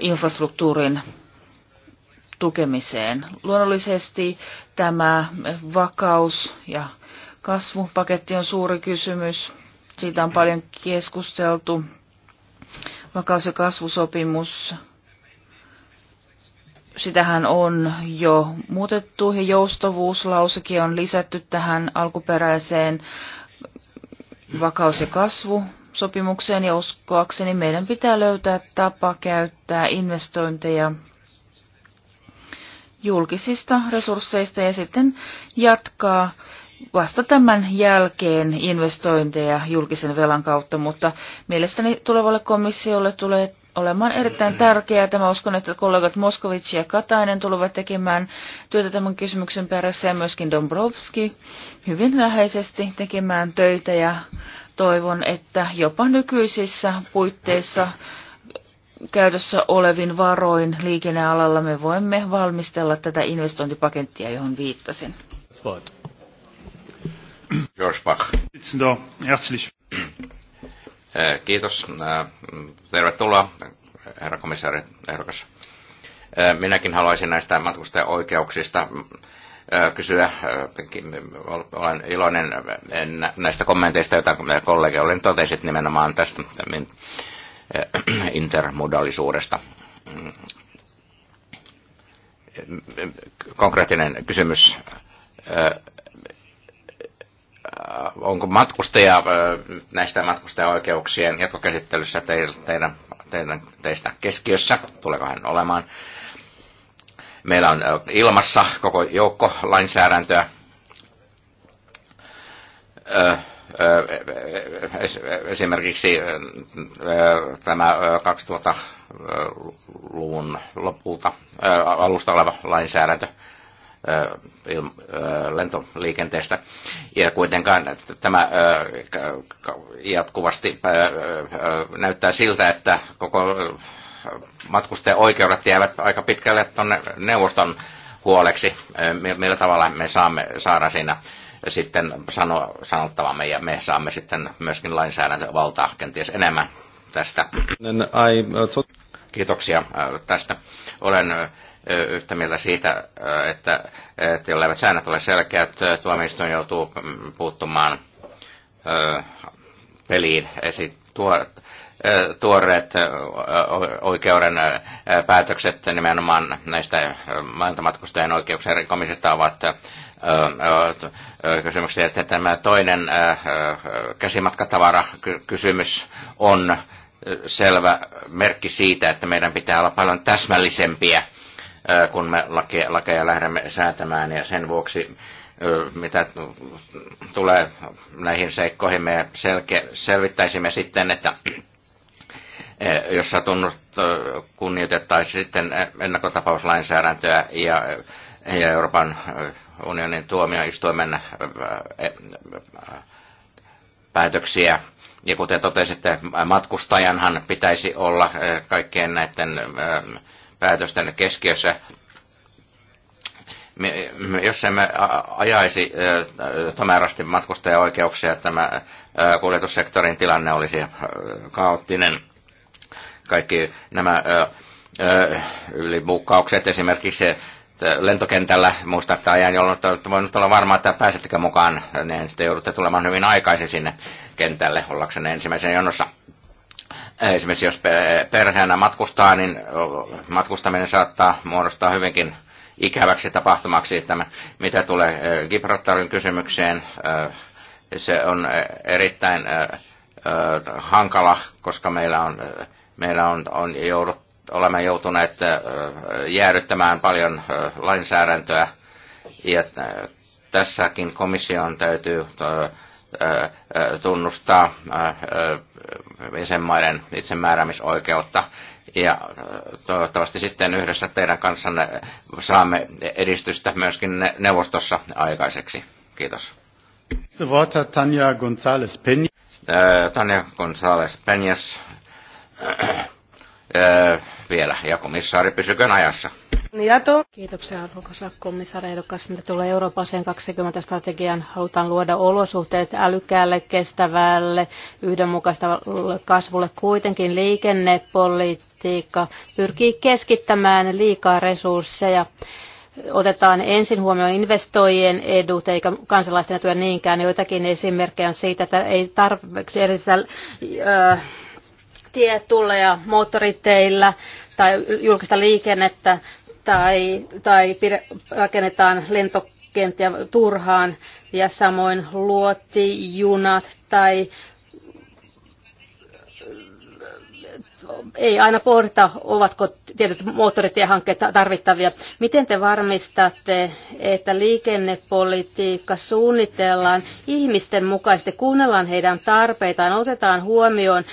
infrastruktuurin tukemiseen. Luonnollisesti tämä vakaus- ja kasvupaketti on suuri kysymys. Siitä on paljon keskusteltu. Vakaus- ja kasvusopimus, sitähän on jo muutettu ja joustavuuslausekin on lisätty tähän alkuperäiseen vakaus- ja kasvusopimukseen ja uskoakseni meidän pitää löytää tapa käyttää investointeja – julkisista resursseista ja sitten jatkaa vasta tämän jälkeen investointeja julkisen velan kautta, mutta mielestäni tulevalle komissiolle tulee olemaan erittäin tärkeää. Tämä uskon, että kollegat Moskovic ja Katainen tulevat tekemään työtä tämän kysymyksen perässä ja myöskin Dombrovski hyvin läheisesti tekemään töitä ja toivon, että jopa nykyisissä puitteissa käytössä olevin varoin liikennealalla me voimme valmistella tätä investointipakettia, johon viittasin. George eh, Kiitos. Eh, tervetuloa, herra komissaari ehdokas. Eh, minäkin haluaisin näistä matkustajaoikeuksista kysyä. Olen iloinen näistä kommenteista, joita kollegi olen totesit nimenomaan tästä Eh, intermodallisuudesta. Konkreettinen kysymys eh, onko matkustaja eh, näistä matkustajaoikeuksien jatkokäsittelyssä teidän, teidän, teistä keskiössä, tuleeko hän olemaan. Meillä on ilmassa koko joukko lainsäädäntöä, Äh, äh, äh, esimerkiksi tämä 2000-luvun lopulta alusta oleva lainsäädäntö lentoliikenteestä. Ja kuitenkaan tämä jatkuvasti näyttää siltä, että koko matkustajan oikeudet jäävät aika pitkälle tuonne neuvoston huoleksi, millä tavalla me saamme saada siinä sitten sano, sanottavamme ja me saamme sitten myöskin lainsäädäntövaltaa kenties enemmän tästä. Kiitoksia tästä. Olen yhtä mieltä siitä, että, että jolleivät säännöt ole selkeät, tuomioistuin joutuu mm, puuttumaan peliin. Esi, tuoreet oikeuden päätökset nimenomaan näistä maailmanmatkustajien oikeuksien rikkomisesta ovat kysymyksiä. Sitten tämä toinen käsimatkatavarakysymys on selvä merkki siitä, että meidän pitää olla paljon täsmällisempiä, kun me lakeja, lakeja lähdemme säätämään, ja sen vuoksi mitä tulee näihin seikkoihin, me selvittäisimme sitten, että jos satunnut kunnioitettaisiin sitten ennakkotapauslainsäädäntöä ja, ja Euroopan unionin tuomioistuimen äh, äh, päätöksiä. Ja kuten totesitte, matkustajanhan pitäisi olla äh, kaikkien näiden päätösten keskiössä. Jos emme ajaisi tomerasti matkustajaoikeuksia, tämä kuljetussektorin tilanne olisi kaoottinen. Kaikki nämä ylibukkaukset esimerkiksi lentokentällä, että ajan, jolloin olette voineet olla varma, että pääsettekö mukaan, niin sitten joudutte tulemaan hyvin aikaisin sinne kentälle ollaksenne ensimmäisen jonossa. Äh, esimerkiksi jos perheenä matkustaa, niin matkustaminen saattaa muodostaa hyvinkin ikäväksi tapahtumaksi, että mitä tulee Gibraltarin kysymykseen. Se on erittäin hankala, koska meillä on, meillä on, on jouduttu olemme joutuneet jäädyttämään paljon lainsäädäntöä ja tässäkin komission täytyy tunnustaa jäsenmaiden itsemääräämisoikeutta. Ja toivottavasti sitten yhdessä teidän kanssanne saamme edistystä myöskin neuvostossa aikaiseksi. Kiitos. Tanja González Peñas. Tanja González Peñas öö, vielä. Ja komissaari, pysyköön ajassa. Jato. Kiitoksia arvokas komissaari ehdokas. Mitä tulee Euroopan 20 strategian, halutaan luoda olosuhteet älykkäälle, kestävälle, yhdenmukaiselle kasvulle. Kuitenkin liikennepolitiikka pyrkii keskittämään liikaa resursseja otetaan ensin huomioon investoijien edut eikä kansalaisten etuja niinkään. Joitakin esimerkkejä on siitä, että ei tarpeeksi erilaisilla tietulleja moottoriteillä tai julkista liikennettä tai, tai rakennetaan lentokenttiä turhaan ja samoin luotijunat tai ei aina pohdita, ovatko tietyt moottoritiehankkeet tarvittavia. Miten te varmistatte, että liikennepolitiikka suunnitellaan ihmisten mukaisesti, kuunnellaan heidän tarpeitaan, otetaan huomioon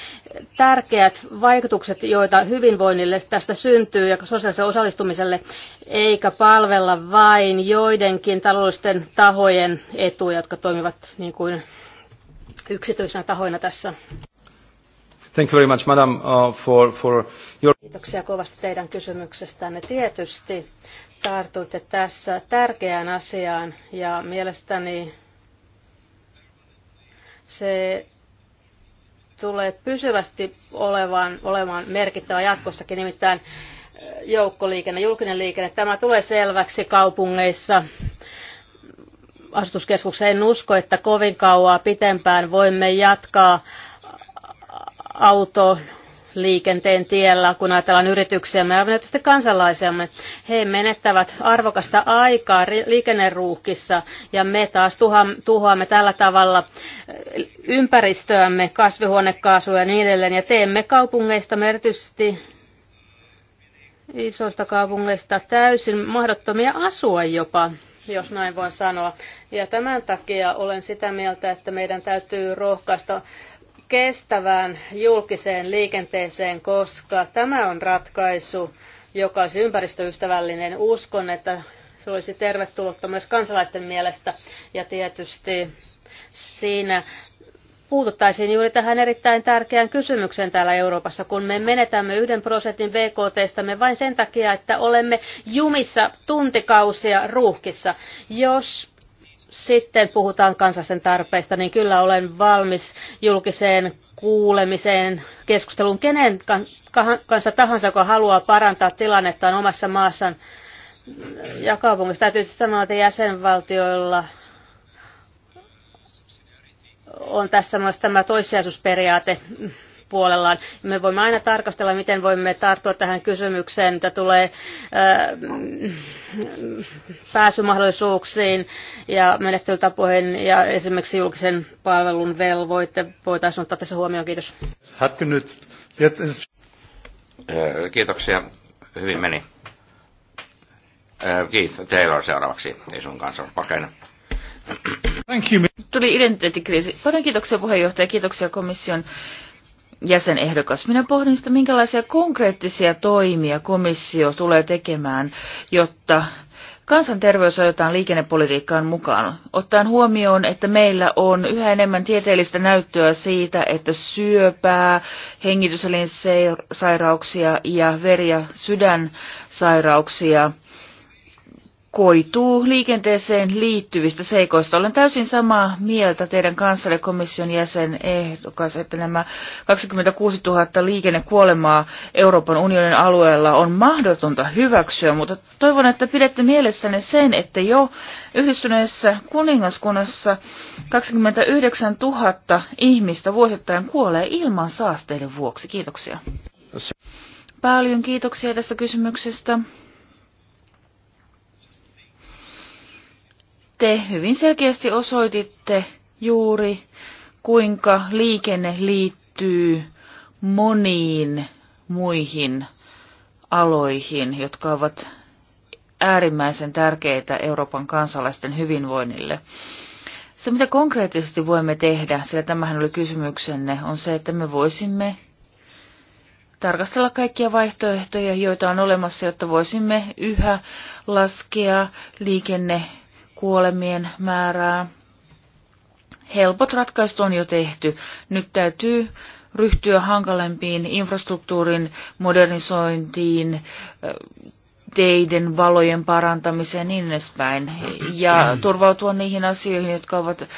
tärkeät vaikutukset, joita hyvinvoinnille tästä syntyy ja sosiaaliselle osallistumiselle, eikä palvella vain joidenkin taloudellisten tahojen etuja, jotka toimivat niin kuin yksityisenä tahoina tässä. Thank you very much, madam, uh, for, for your... Kiitoksia kovasti teidän kysymyksestänne. Tietysti tartuitte tässä tärkeään asiaan ja mielestäni se tulee pysyvästi olevan, olemaan merkittävä jatkossakin, nimittäin äh, joukkoliikenne, julkinen liikenne. Tämä tulee selväksi kaupungeissa, asutuskeskuksessa. En usko, että kovin kauaa pitempään voimme jatkaa auto liikenteen tiellä, kun ajatellaan yrityksiä, me tietysti kansalaisiamme. He menettävät arvokasta aikaa liikenneruuhkissa ja me taas tuhoamme tällä tavalla eh, ympäristöämme, kasvihuonekaasuja ja niin edelleen ja teemme kaupungeista erityisesti isoista kaupungeista täysin mahdottomia asua jopa jos näin voin sanoa. Ja tämän takia olen sitä mieltä, että meidän täytyy rohkaista kestävään julkiseen liikenteeseen, koska tämä on ratkaisu, joka olisi ympäristöystävällinen. Uskon, että se olisi tervetullutta myös kansalaisten mielestä. Ja tietysti siinä puututtaisiin juuri tähän erittäin tärkeään kysymykseen täällä Euroopassa, kun me menetämme yhden prosentin me vain sen takia, että olemme jumissa tuntikausia ruuhkissa. Jos sitten puhutaan kansallisten tarpeista, niin kyllä olen valmis julkiseen kuulemiseen, keskusteluun kenen kanssa tahansa, joka haluaa parantaa tilannettaan omassa maassaan ja kaupungissa. Täytyy siis sanoa, että jäsenvaltioilla on tässä myös tämä toissijaisuusperiaate puolellaan. Me voimme aina tarkastella, miten voimme tarttua tähän kysymykseen, mitä tulee äh, pääsymahdollisuuksiin ja menettelytapoihin ja esimerkiksi julkisen palvelun velvoitte voitaisiin ottaa tässä huomioon. Kiitos. Äh, kiitoksia. Hyvin meni. Äh, Keith Taylor seuraavaksi, ei sun kanssa pakene. Thank you. Tuli identiteettikriisi. Paljon kiitoksia puheenjohtaja, kiitoksia komission jäsenehdokas. Minä pohdin sitä, minkälaisia konkreettisia toimia komissio tulee tekemään, jotta kansanterveys ajetaan liikennepolitiikkaan mukaan, ottaen huomioon, että meillä on yhä enemmän tieteellistä näyttöä siitä, että syöpää, hengityselinsairauksia ja veri- ja sydänsairauksia – koituu liikenteeseen liittyvistä seikoista. Olen täysin samaa mieltä teidän kanssanne komission jäsen ehdokas, että nämä 26 000 liikennekuolemaa Euroopan unionin alueella on mahdotonta hyväksyä, mutta toivon, että pidätte mielessänne sen, että jo yhdistyneessä kuningaskunnassa 29 000 ihmistä vuosittain kuolee ilman saasteiden vuoksi. Kiitoksia. Paljon kiitoksia tästä kysymyksestä. te hyvin selkeästi osoititte juuri, kuinka liikenne liittyy moniin muihin aloihin, jotka ovat äärimmäisen tärkeitä Euroopan kansalaisten hyvinvoinnille. Se, mitä konkreettisesti voimme tehdä, sillä tämähän oli kysymyksenne, on se, että me voisimme tarkastella kaikkia vaihtoehtoja, joita on olemassa, jotta voisimme yhä laskea liikenne kuolemien määrää. Helpot ratkaisut on jo tehty. Nyt täytyy ryhtyä hankalempiin infrastruktuurin modernisointiin, teiden valojen parantamiseen niin edespäin. Ja turvautua niihin asioihin, jotka ovat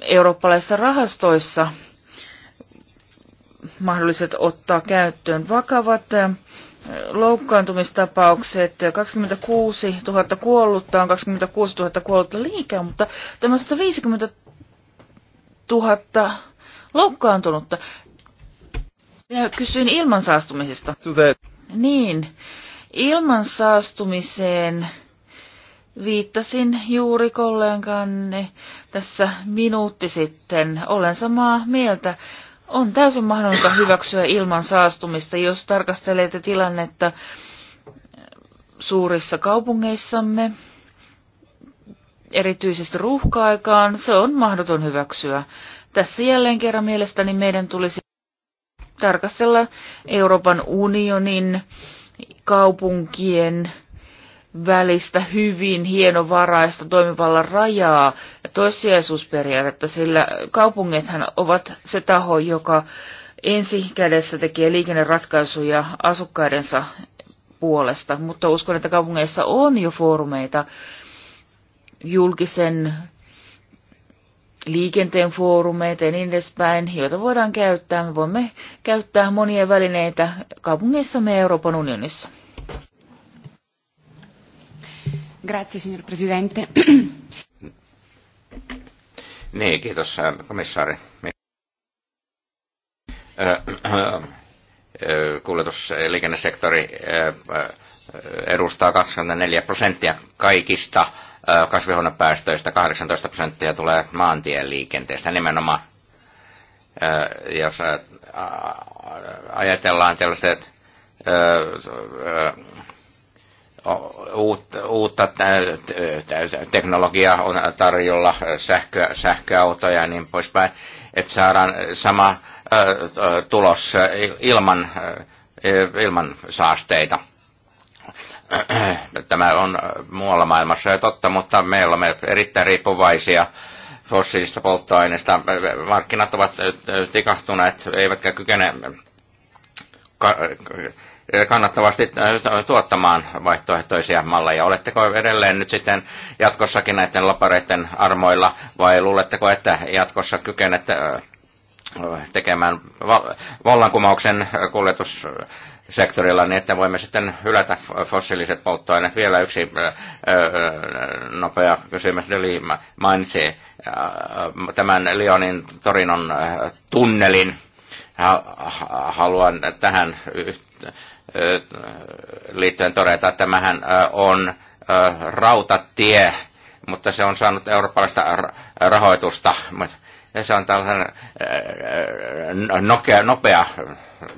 eurooppalaisissa rahastoissa mahdolliset ottaa käyttöön vakavat loukkaantumistapaukset, 26 000 kuollutta on 26 000 kuollutta liikaa, mutta tämä 150 000 loukkaantunutta. Minä kysyin ilmansaastumisesta. Niin, ilmansaastumiseen viittasin juuri kolleganne tässä minuutti sitten. Olen samaa mieltä on täysin mahdollista hyväksyä ilman saastumista, jos tarkastelee tilannetta suurissa kaupungeissamme, erityisesti ruuhka-aikaan, se on mahdoton hyväksyä. Tässä jälleen kerran mielestäni meidän tulisi tarkastella Euroopan unionin kaupunkien välistä hyvin hienovaraista toimivalla rajaa toissijaisuusperiaatetta, sillä kaupungethan ovat se taho, joka ensi kädessä tekee liikenneratkaisuja asukkaidensa puolesta, mutta uskon, että kaupungeissa on jo foorumeita, julkisen liikenteen foorumeita ja niin edespäin, joita voidaan käyttää. Me voimme käyttää monia välineitä kaupungeissamme ja Euroopan unionissa. Grazie, signor Presidente. Niin, kiitos komissaari. Kuljetus- ja liikennesektori edustaa 24 prosenttia kaikista kasvihuonepäästöistä, 18 prosenttia tulee maantien liikenteestä nimenomaan. Jos ajatellaan tällaiset uutta teknologiaa on tarjolla, sähkö, sähköautoja ja niin poispäin, että saadaan sama tulos ilman, ilman saasteita. Tämä on muualla maailmassa jo totta, mutta me olemme erittäin riippuvaisia fossiilista polttoaineista. Markkinat ovat tikahtuneet, eivätkä kykene kannattavasti tuottamaan vaihtoehtoisia malleja. Oletteko edelleen nyt sitten jatkossakin näiden lapareiden armoilla vai luuletteko, että jatkossa kykenet tekemään vallankumouksen kuljetus sektorilla, niin että voimme sitten hylätä fossiiliset polttoaineet. Vielä yksi nopea kysymys. Eli mainitsi tämän Lyonin Torinon tunnelin. Haluan tähän liittyen todeta, että tämähän on rautatie, mutta se on saanut eurooppalaista rahoitusta. Se on tällainen nokea, nopea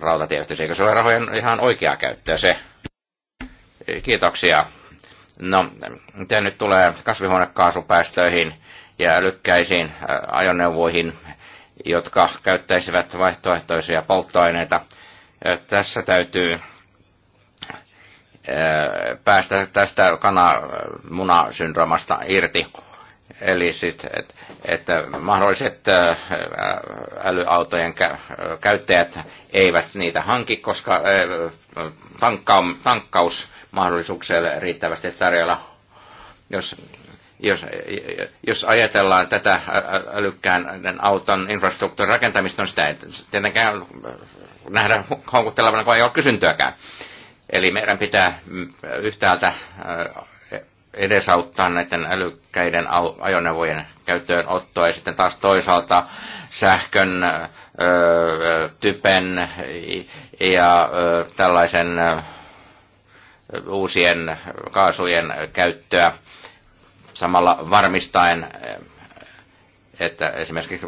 rautatie, eikö se ole rahojen ihan oikeaa käyttöä se? Kiitoksia. No, miten nyt tulee kasvihuonekaasupäästöihin ja lykkäisiin ajoneuvoihin, jotka käyttäisivät vaihtoehtoisia polttoaineita? Tässä täytyy Äh, päästä tästä kana irti. Eli että et, että mahdolliset äh, äh, älyautojen käyttäjät eivät niitä hanki, koska tankkausmahdollisuuksia riittävästi tarjolla. Jos, jos, jos ajatellaan tätä älykkään auton infrastruktuurin rakentamista, on no sitä ei tietenkään nähdä houkuttelevana, kun ei ole kysyntyäkään. Eli meidän pitää mm, yhtäältä edesauttaa näiden älykkäiden ajoneuvojen käyttöönottoa ja sitten taas toisaalta sähkön, typen ja tällaisen uusien kaasujen käyttöä samalla varmistaen, että esimerkiksi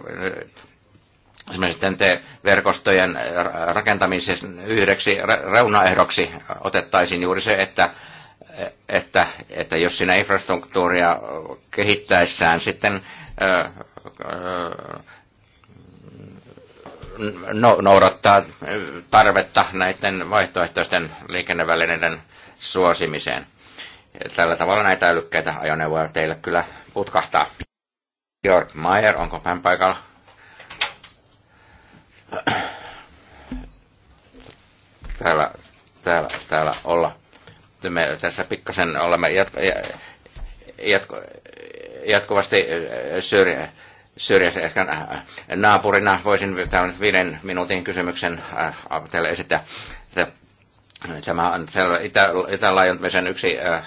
esimerkiksi TEN-verkostojen äh, rakentamisen yhdeksi reunaehdoksi otettaisiin juuri se, että, että, että jos siinä infrastruktuuria kehittäessään sitten äh, äh, no-, noudattaa tarvetta näiden vaihtoehtoisten liikennevälineiden suosimiseen. Tällä tavalla näitä älykkäitä ajoneuvoja teille kyllä putkahtaa. Georg Mayer, onko hän paikalla? täällä, täällä, täällä olla. Me tässä pikkasen olemme jatko, jatko, jatkuvasti syrjä, äh, syrjässä. Ehkä äh, naapurina voisin tämän viiden minuutin kysymyksen äh, teille esittää. Tämä on selvä itä, yksi äh,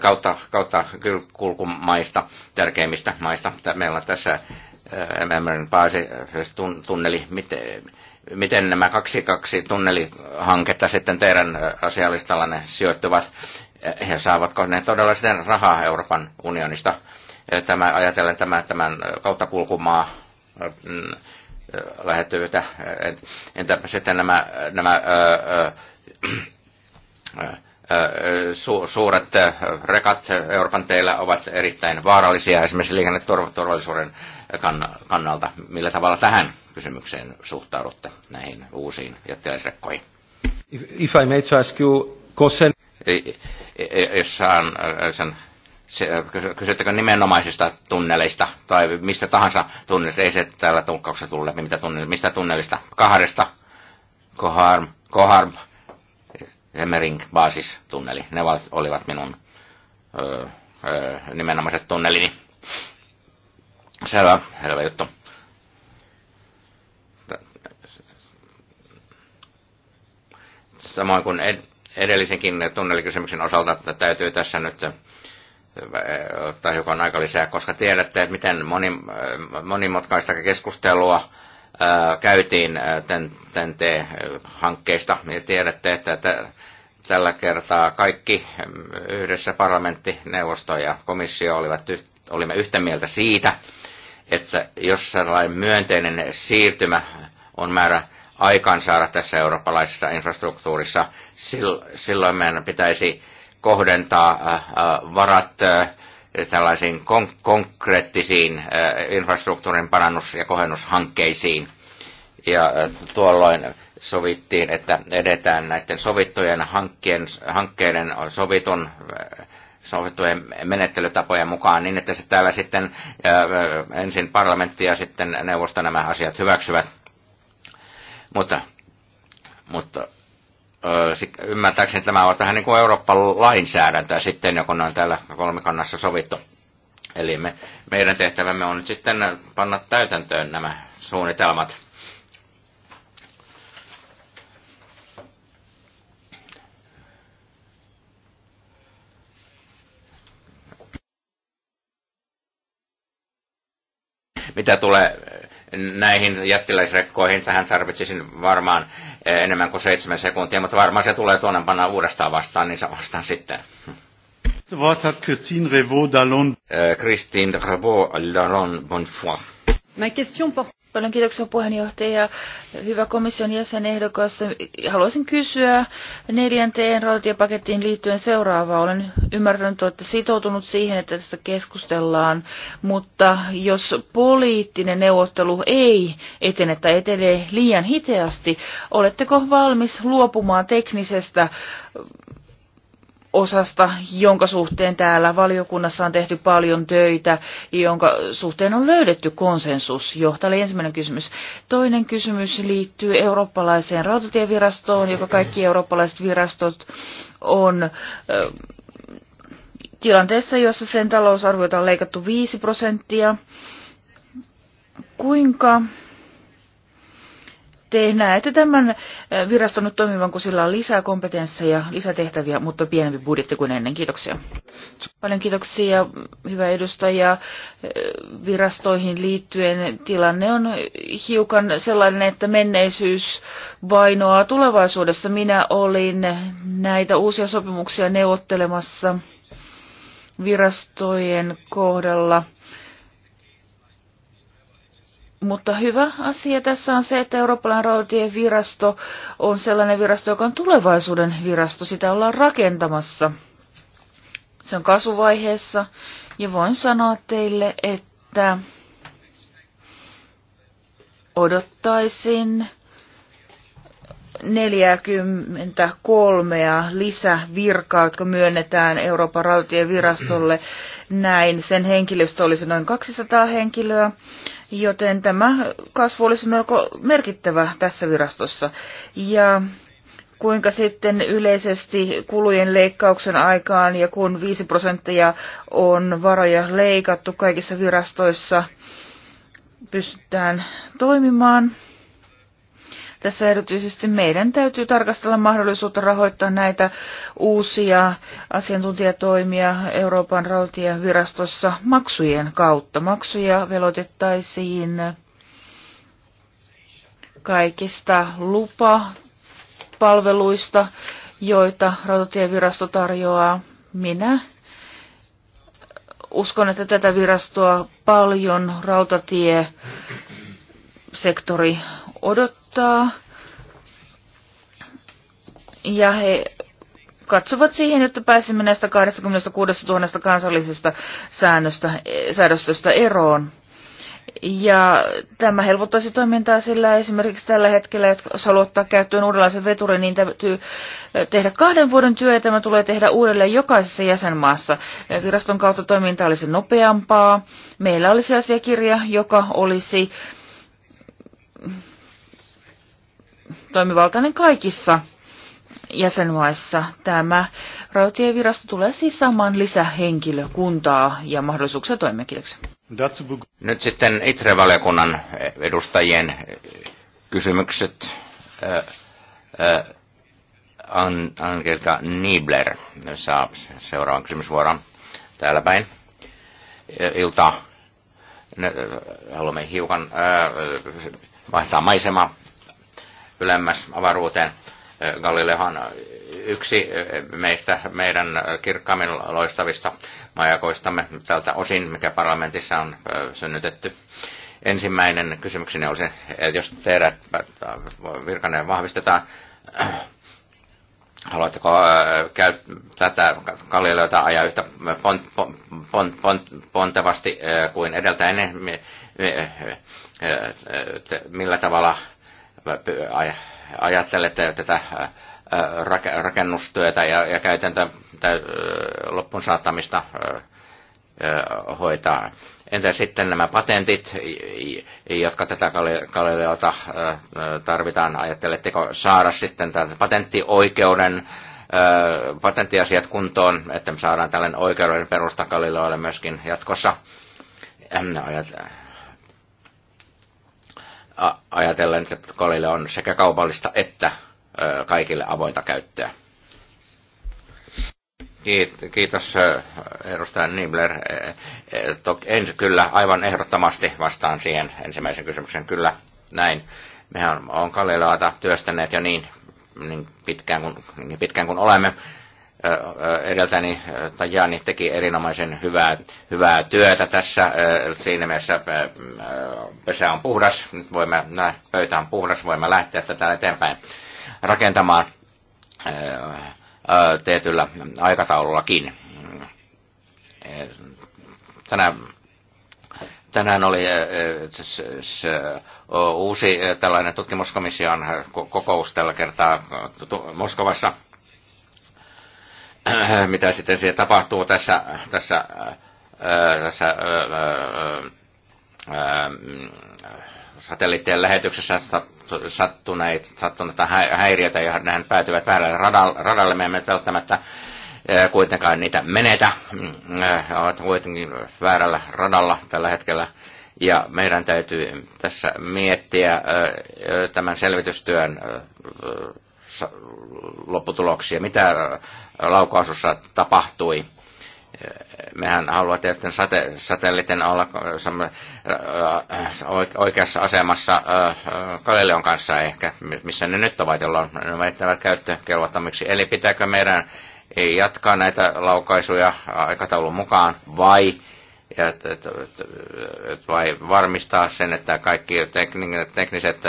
kautta, kautta kulkumaista, tärkeimmistä maista. Meillä on tässä Mämmönen tunneli, miten, miten nämä kaksi kaksi tunnelihanketta sitten teidän asialistallanne sijoittuvat ja saavatko ne todella sitten rahaa Euroopan unionista? Tämä, ajatellen tämän, tämän kulkumaa mm, lähettyvyyttä. Entä sitten nämä, nämä ö, ö, su, suuret rekat Euroopan teillä ovat erittäin vaarallisia esimerkiksi liikenneturvallisuuden kannalta. Millä tavalla tähän kysymykseen suhtaudutte näihin uusiin jättiläisrekkoihin? If, if I may to ask you, Kosen... E, e, jos saan sen kysyttekö nimenomaisista tunneleista tai mistä tahansa tunnelista, ei se täällä tulkkauksessa tule, mitä tunnelista, mistä tunnelista, kahdesta, Koharm, Koharm, Emmering, Basis, tunneli, ne olivat minun ö, ö, nimenomaiset tunnelini. Selvä, selvä juttu. Samoin kuin edellisenkin tunnelikysymyksen osalta täytyy tässä nyt äh, ottaa hiukan aika lisää, koska tiedätte, että miten moni, äh, monimutkaista keskustelua äh, käytiin tnt hankkeista ja tiedätte, että tällä kertaa kaikki yhdessä parlamentti, neuvosto ja komissio olivat, olimme yhtä mieltä siitä, että jos sellainen myönteinen siirtymä on määrä aikaansaada tässä eurooppalaisessa infrastruktuurissa, silloin meidän pitäisi kohdentaa äh, äh, varat äh, tällaisiin konkreettisiin infrastruktuurin parannus- ja kohennushankkeisiin. Ja tuolloin sovittiin, että edetään näiden sovittujen hankkeiden sovitun sovittujen menettelytapojen mukaan niin, että se täällä sitten ensin parlamentti ja sitten neuvosto nämä asiat hyväksyvät. Mutta, mutta ymmärtääkseni tämä on tähän niin kuin Euroopan lainsäädäntöä sitten, kun on täällä kolmikannassa sovittu. Eli me, meidän tehtävämme on nyt sitten panna täytäntöön nämä suunnitelmat. Mitä tulee eh, näihin jättiläisrekkoihin, tähän tarvitsisin varmaan eh, enemmän kuin seitsemän sekuntia, mutta varmaan se tulee tuonne panna uudestaan vastaan, niin se vastaan sitten. Hm. Christine Revaud-Dallon. Eh, Christine Revaud-Dallon, bonne foi. Ma question porte Paljon kiitoksia puheenjohtaja. Hyvä komission jäsenehdokas. Haluaisin kysyä neljänteen rautatiepakettiin liittyen seuraavaa. Olen ymmärtänyt, että sitoutunut siihen, että tässä keskustellaan, mutta jos poliittinen neuvottelu ei etene tai etenee liian hiteästi, oletteko valmis luopumaan teknisestä osasta, jonka suhteen täällä valiokunnassa on tehty paljon töitä, jonka suhteen on löydetty konsensus jo. Tämä oli ensimmäinen kysymys. Toinen kysymys liittyy eurooppalaiseen rautatievirastoon, joka kaikki eurooppalaiset virastot on tilanteessa, jossa sen talousarviota on leikattu 5 prosenttia. Kuinka te näette tämän äh, viraston nyt toimivan, kun sillä on lisää kompetensseja, lisätehtäviä, mutta pienempi budjetti kuin ennen. Kiitoksia. Paljon kiitoksia, hyvä edustaja. Äh, virastoihin liittyen tilanne on hiukan sellainen, että menneisyys vainoaa tulevaisuudessa. Minä olin näitä uusia sopimuksia neuvottelemassa virastojen kohdalla – mutta hyvä asia tässä on se, että Eurooppalainen rautatievirasto on sellainen virasto, joka on tulevaisuuden virasto. Sitä ollaan rakentamassa. Se on kasvuvaiheessa. Ja voin sanoa teille, että odottaisin 43 lisävirkaa, jotka myönnetään Euroopan rautatievirastolle. Näin sen henkilöstö olisi noin 200 henkilöä, joten tämä kasvu olisi melko merkittävä tässä virastossa. Ja kuinka sitten yleisesti kulujen leikkauksen aikaan ja kun 5 prosenttia on varoja leikattu kaikissa virastoissa, pystytään toimimaan. Tässä erityisesti meidän täytyy tarkastella mahdollisuutta rahoittaa näitä uusia asiantuntijatoimia Euroopan rautatievirastossa maksujen kautta. Maksuja velotettaisiin kaikista lupapalveluista, joita rautatievirasto tarjoaa. Minä uskon, että tätä virastoa paljon rautatie sektori odottaa kohtaa. Ja he katsovat siihen, että pääsimme näistä 26 000 kansallisesta säännöstä, säädöstöstä eroon. Ja tämä helpottaisi toimintaa, sillä esimerkiksi tällä hetkellä, jos haluat ottaa käyttöön uudenlaisen veturin, niin täytyy tehdä kahden vuoden työ, ja tämä tulee tehdä uudelleen jokaisessa jäsenmaassa. Viraston kautta toiminta olisi nopeampaa. Meillä olisi asiakirja, joka olisi toimivaltainen kaikissa jäsenmaissa. Tämä rautievirasto tulee siis saamaan lisähenkilökuntaa ja mahdollisuuksia toimia. Nyt sitten ITRE-valiokunnan edustajien kysymykset. Angelika Niebler saa seuraavan kysymysvuoron täällä päin. Ilta, haluamme hiukan vaihtaa maisemaa ylemmäs avaruuteen. Galileohan yksi meistä, meidän kirkkaammin loistavista majakoistamme tältä osin, mikä parlamentissa on synnytetty. Ensimmäinen kysymykseni olisi, että jos teidät virkaneen vahvistetaan, haluatteko käyttää tätä Galileota ajaa yhtä pont, pont, pont, pontevasti kuin edeltäinen, millä tavalla ajattelette tätä rakennustyötä ja, ja käytäntö loppun saattamista hoitaa. Entä sitten nämä patentit, jotka tätä Galileota tarvitaan? Ajatteletteko saada sitten tämän patenttioikeuden, patenttiasiat kuntoon, että me saadaan tällainen oikeuden perusta Galileolle myöskin jatkossa? ajatellen, että kolille on sekä kaupallista että kaikille avointa käyttöä. Kiitos edustaja Nibler. En kyllä aivan ehdottomasti vastaan siihen ensimmäisen kysymyksen. Kyllä näin. Mehän on Kallilaata työstäneet jo niin, niin pitkään, kuin, niin pitkään kuin olemme edeltäni Tajani teki erinomaisen hyvää, hyvää työtä tässä. Siinä mielessä pesä on puhdas, nyt voimme, pöytä on puhdas, voimme lähteä tätä eteenpäin rakentamaan tietyllä aikataulullakin. Tänään, tänään oli uusi tällainen tutkimuskomission kokous tällä kertaa Moskovassa Äh, mitä sitten siellä tapahtuu tässä, tässä, äh, tässä äh, satelliittien lähetyksessä sattuneita, sattuneita häiriöitä, ja ne päätyvät väärälle radalle. Me emme välttämättä kuitenkaan niitä menetä, mm, ovat kuitenkin väärällä radalla tällä hetkellä. Ja meidän täytyy tässä miettiä tämän selvitystyön lopputuloksia, mitä äh, laukaisussa tapahtui. Äh, mehän haluamme tietysti sate, satelliitin olla äh, oikeassa asemassa Galileon kanssa ehkä, missä ne nyt ovat, jolloin ne väittävät käyttökelvottomiksi. Eli pitääkö meidän jatkaa näitä laukaisuja aikataulun mukaan vai et, et, et, vai varmistaa sen, että kaikki tekniset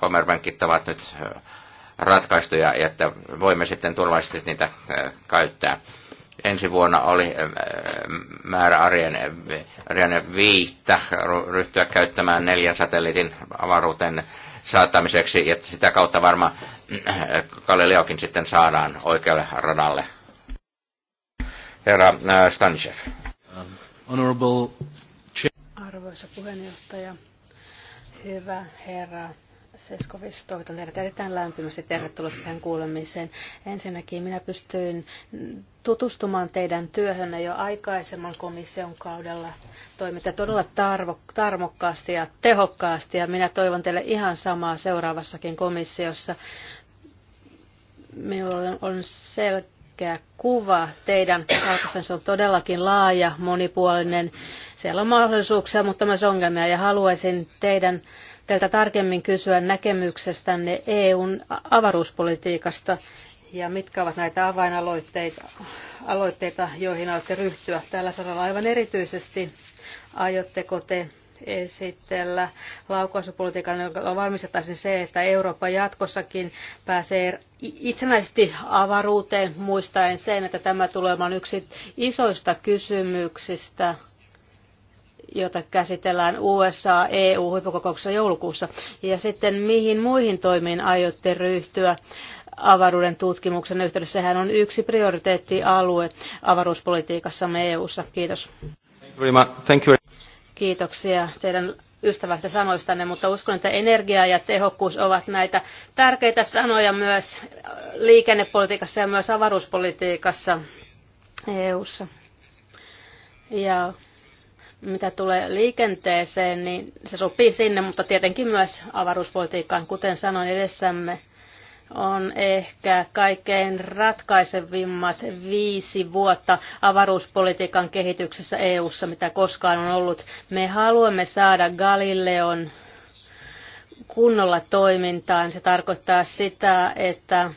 komervenkit ovat nyt ratkaistuja, että voimme sitten turvallisesti niitä käyttää. Ensi vuonna oli määrä Ariane 5 ryhtyä käyttämään neljän satelliitin avaruuteen saattamiseksi, ja sitä kautta varmaan Galileokin sitten saadaan oikealle radalle. Herra Stanishev. Arvoisa puheenjohtaja, hyvä herra Seskovis, toivotan teidät erittäin lämpimästi tervetulleeksi tähän kuulemiseen. Ensinnäkin minä pystyin tutustumaan teidän työhönne jo aikaisemman komission kaudella. Toimitte todella tarvo, tarmokkaasti ja tehokkaasti ja minä toivon teille ihan samaa seuraavassakin komissiossa. Minulla on selkeä kuva. Teidän se on todellakin laaja, monipuolinen. Siellä on mahdollisuuksia, mutta myös ongelmia ja haluaisin teidän teiltä tarkemmin kysyä näkemyksestänne EUn avaruuspolitiikasta ja mitkä ovat näitä avainaloitteita, aloitteita, joihin aiotte ryhtyä tällä saralla aivan erityisesti. Aiotteko te esitellä laukaisupolitiikan, jolla varmistettaisiin se, että Eurooppa jatkossakin pääsee itsenäisesti avaruuteen, muistaen sen, että tämä tulee olemaan yksi isoista kysymyksistä – jota käsitellään USA-EU-huippukokouksessa joulukuussa. Ja sitten mihin muihin toimiin aiotte ryhtyä avaruuden tutkimuksen yhteydessä? Sehän on yksi prioriteettialue avaruuspolitiikassamme EU-ssa. Kiitos. Kiitoksia teidän ystävästä sanoistanne, mutta uskon, että energia ja tehokkuus ovat näitä tärkeitä sanoja myös liikennepolitiikassa ja myös avaruuspolitiikassa EU-ssa. Ja mitä tulee liikenteeseen, niin se sopii sinne, mutta tietenkin myös avaruuspolitiikkaan. Kuten sanoin, edessämme on ehkä kaikkein ratkaisevimmat viisi vuotta avaruuspolitiikan kehityksessä EU:ssa, mitä koskaan on ollut. Me haluamme saada Galileon kunnolla toimintaan. Se tarkoittaa sitä, että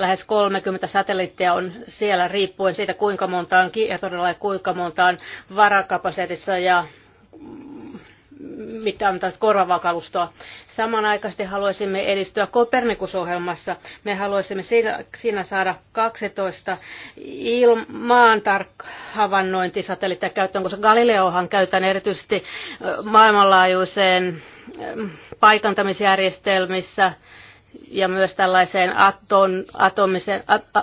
lähes 30 satelliittia on siellä riippuen siitä, kuinka monta on kiertorilla ja kuinka monta on varakapasiteetissa ja mm, mitä on tästä korvaavaa kalustoa. Samanaikaisesti haluaisimme edistyä Kopernikus-ohjelmassa. Me haluaisimme siinä, siinä saada 12 il- maantarkhavannointisatelliittia käyttöön, koska Galileohan käytetään erityisesti maailmanlaajuiseen paikantamisjärjestelmissä – ja myös tällaiseen aton, atomisen, a, a,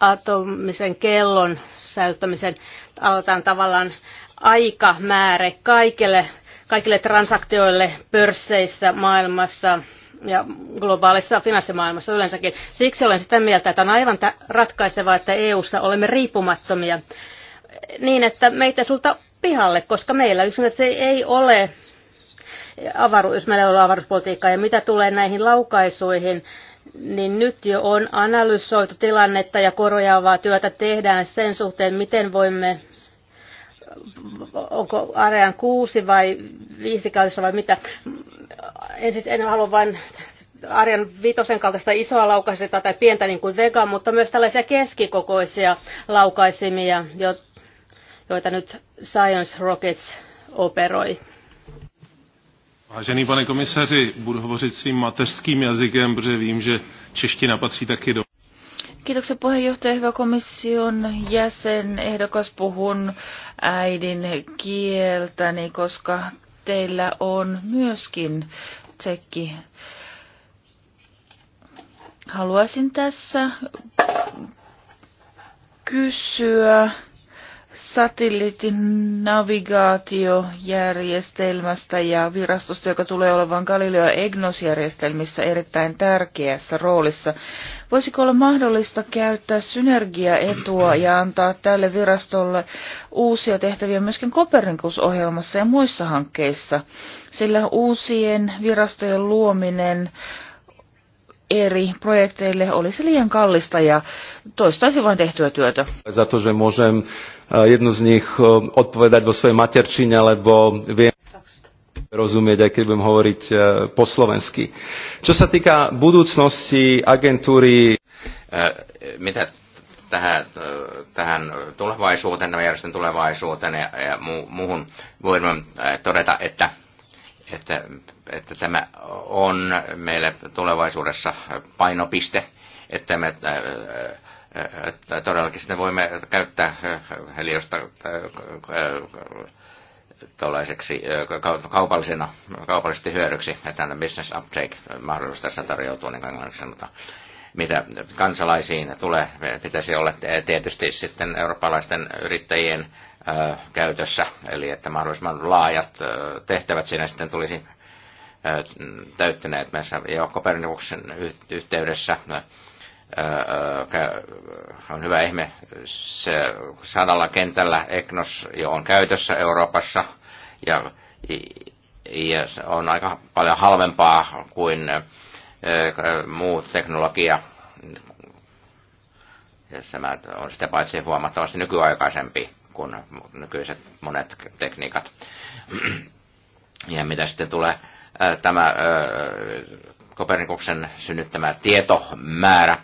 atomisen kellon säilyttämisen aletaan tavallaan aikamäärä kaikille, kaikille transaktioille pörsseissä maailmassa ja globaalissa finanssimaailmassa yleensäkin. Siksi olen sitä mieltä, että on aivan ratkaisevaa, että EU:ssa olemme riippumattomia niin, että meitä sulta pihalle, koska meillä yksinkertaisesti ei ole avaru, jos meillä on avaruuspolitiikkaa. Ja mitä tulee näihin laukaisuihin, niin nyt jo on analysoitu tilannetta ja korjaavaa työtä tehdään sen suhteen, miten voimme onko arean kuusi vai viisi käytössä vai mitä. En siis en halua vain Arjan viitosen kaltaista isoa laukaisetta tai pientä niin kuin Vega, mutta myös tällaisia keskikokoisia laukaisimia, joita nyt Science Rockets operoi. Vážený pane komisaři, budu hovořit svým mateřským jazykem, protože vím, že čeština patří taky do... Kiitoksia puheenjohtaja, hyvä komission jäsen, ehdokas puhun äidin kieltäni, koska teillä on myöskin tsekki. Haluaisin tässä kysyä, satelliittinavigaatiojärjestelmästä ja virastosta, joka tulee olevan Galileo Egnos-järjestelmissä erittäin tärkeässä roolissa. Voisiko olla mahdollista käyttää synergiaetua ja antaa tälle virastolle uusia tehtäviä myöskin Kopernikus-ohjelmassa ja muissa hankkeissa, sillä uusien virastojen luominen eri projekteille olisi liian kallista ja toistaisi vain tehtyä työtä. Zato, to, jednu z nich e, odpovedať vo svojej materčine, lebo viem rozumieť, aj keď budem hovoriť e, po slovensky. Čo sa týka budúcnosti agentúry... Mitä tähän, tähän tulevaisuuteen, tämän järjestön tulevaisuuteen ja, ja muuhun voimme todeta, että, että, että tämä on meille tulevaisuudessa painopiste, että me äh, että todellakin sitten voimme käyttää heliosta tuollaiseksi kaupallisena, kaupallisesti hyödyksi, että tämä business uptake mahdollisuus tässä tarjoutuu, niin kuin sanotaan. Mitä kansalaisiin tulee, pitäisi olla tietysti sitten eurooppalaisten yrittäjien käytössä, eli että mahdollisimman laajat tehtävät siinä sitten tulisi täyttäneet meissä Joukko yhteydessä on hyvä ihme, se sadalla kentällä EGNOS jo on käytössä Euroopassa ja, ja se on aika paljon halvempaa kuin muu teknologia. Ja tämä on sitä paitsi huomattavasti nykyaikaisempi kuin nykyiset monet tekniikat. Ja mitä sitten tulee tämä Kopernikuksen synnyttämä tietomäärä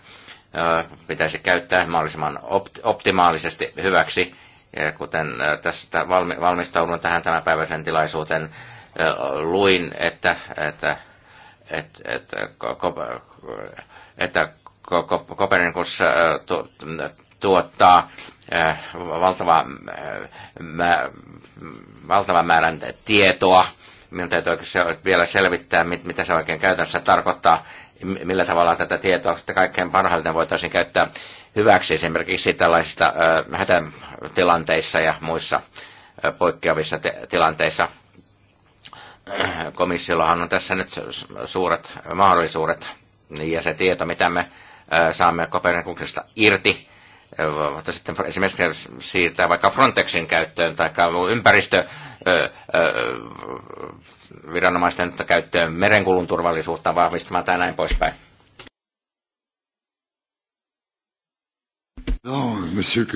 pitäisi käyttää mahdollisimman optimaalisesti hyväksi, kuten tästä valmistaudun tähän tämänpäiväisen tilaisuuteen, luin, että, että, että, että, että Kopernikus tuottaa valtava, valtavan määrän tietoa minun täytyy vielä selvittää, mit, mitä se oikein käytännössä tarkoittaa, millä tavalla tätä tietoa sitten kaikkein parhaiten voitaisiin käyttää hyväksi esimerkiksi tällaisissa äh, hätätilanteissa ja muissa äh, poikkeavissa te- tilanteissa. Komissiollahan on tässä nyt suuret mahdollisuudet niin ja se tieto, mitä me äh, saamme Kopernikuksesta irti, mutta sitten esimerkiksi siirtää vaikka Frontexin käyttöön tai ympäristö viranomaisten käyttöön merenkulun turvallisuutta vahvistamaan tai näin poispäin? No, monsieur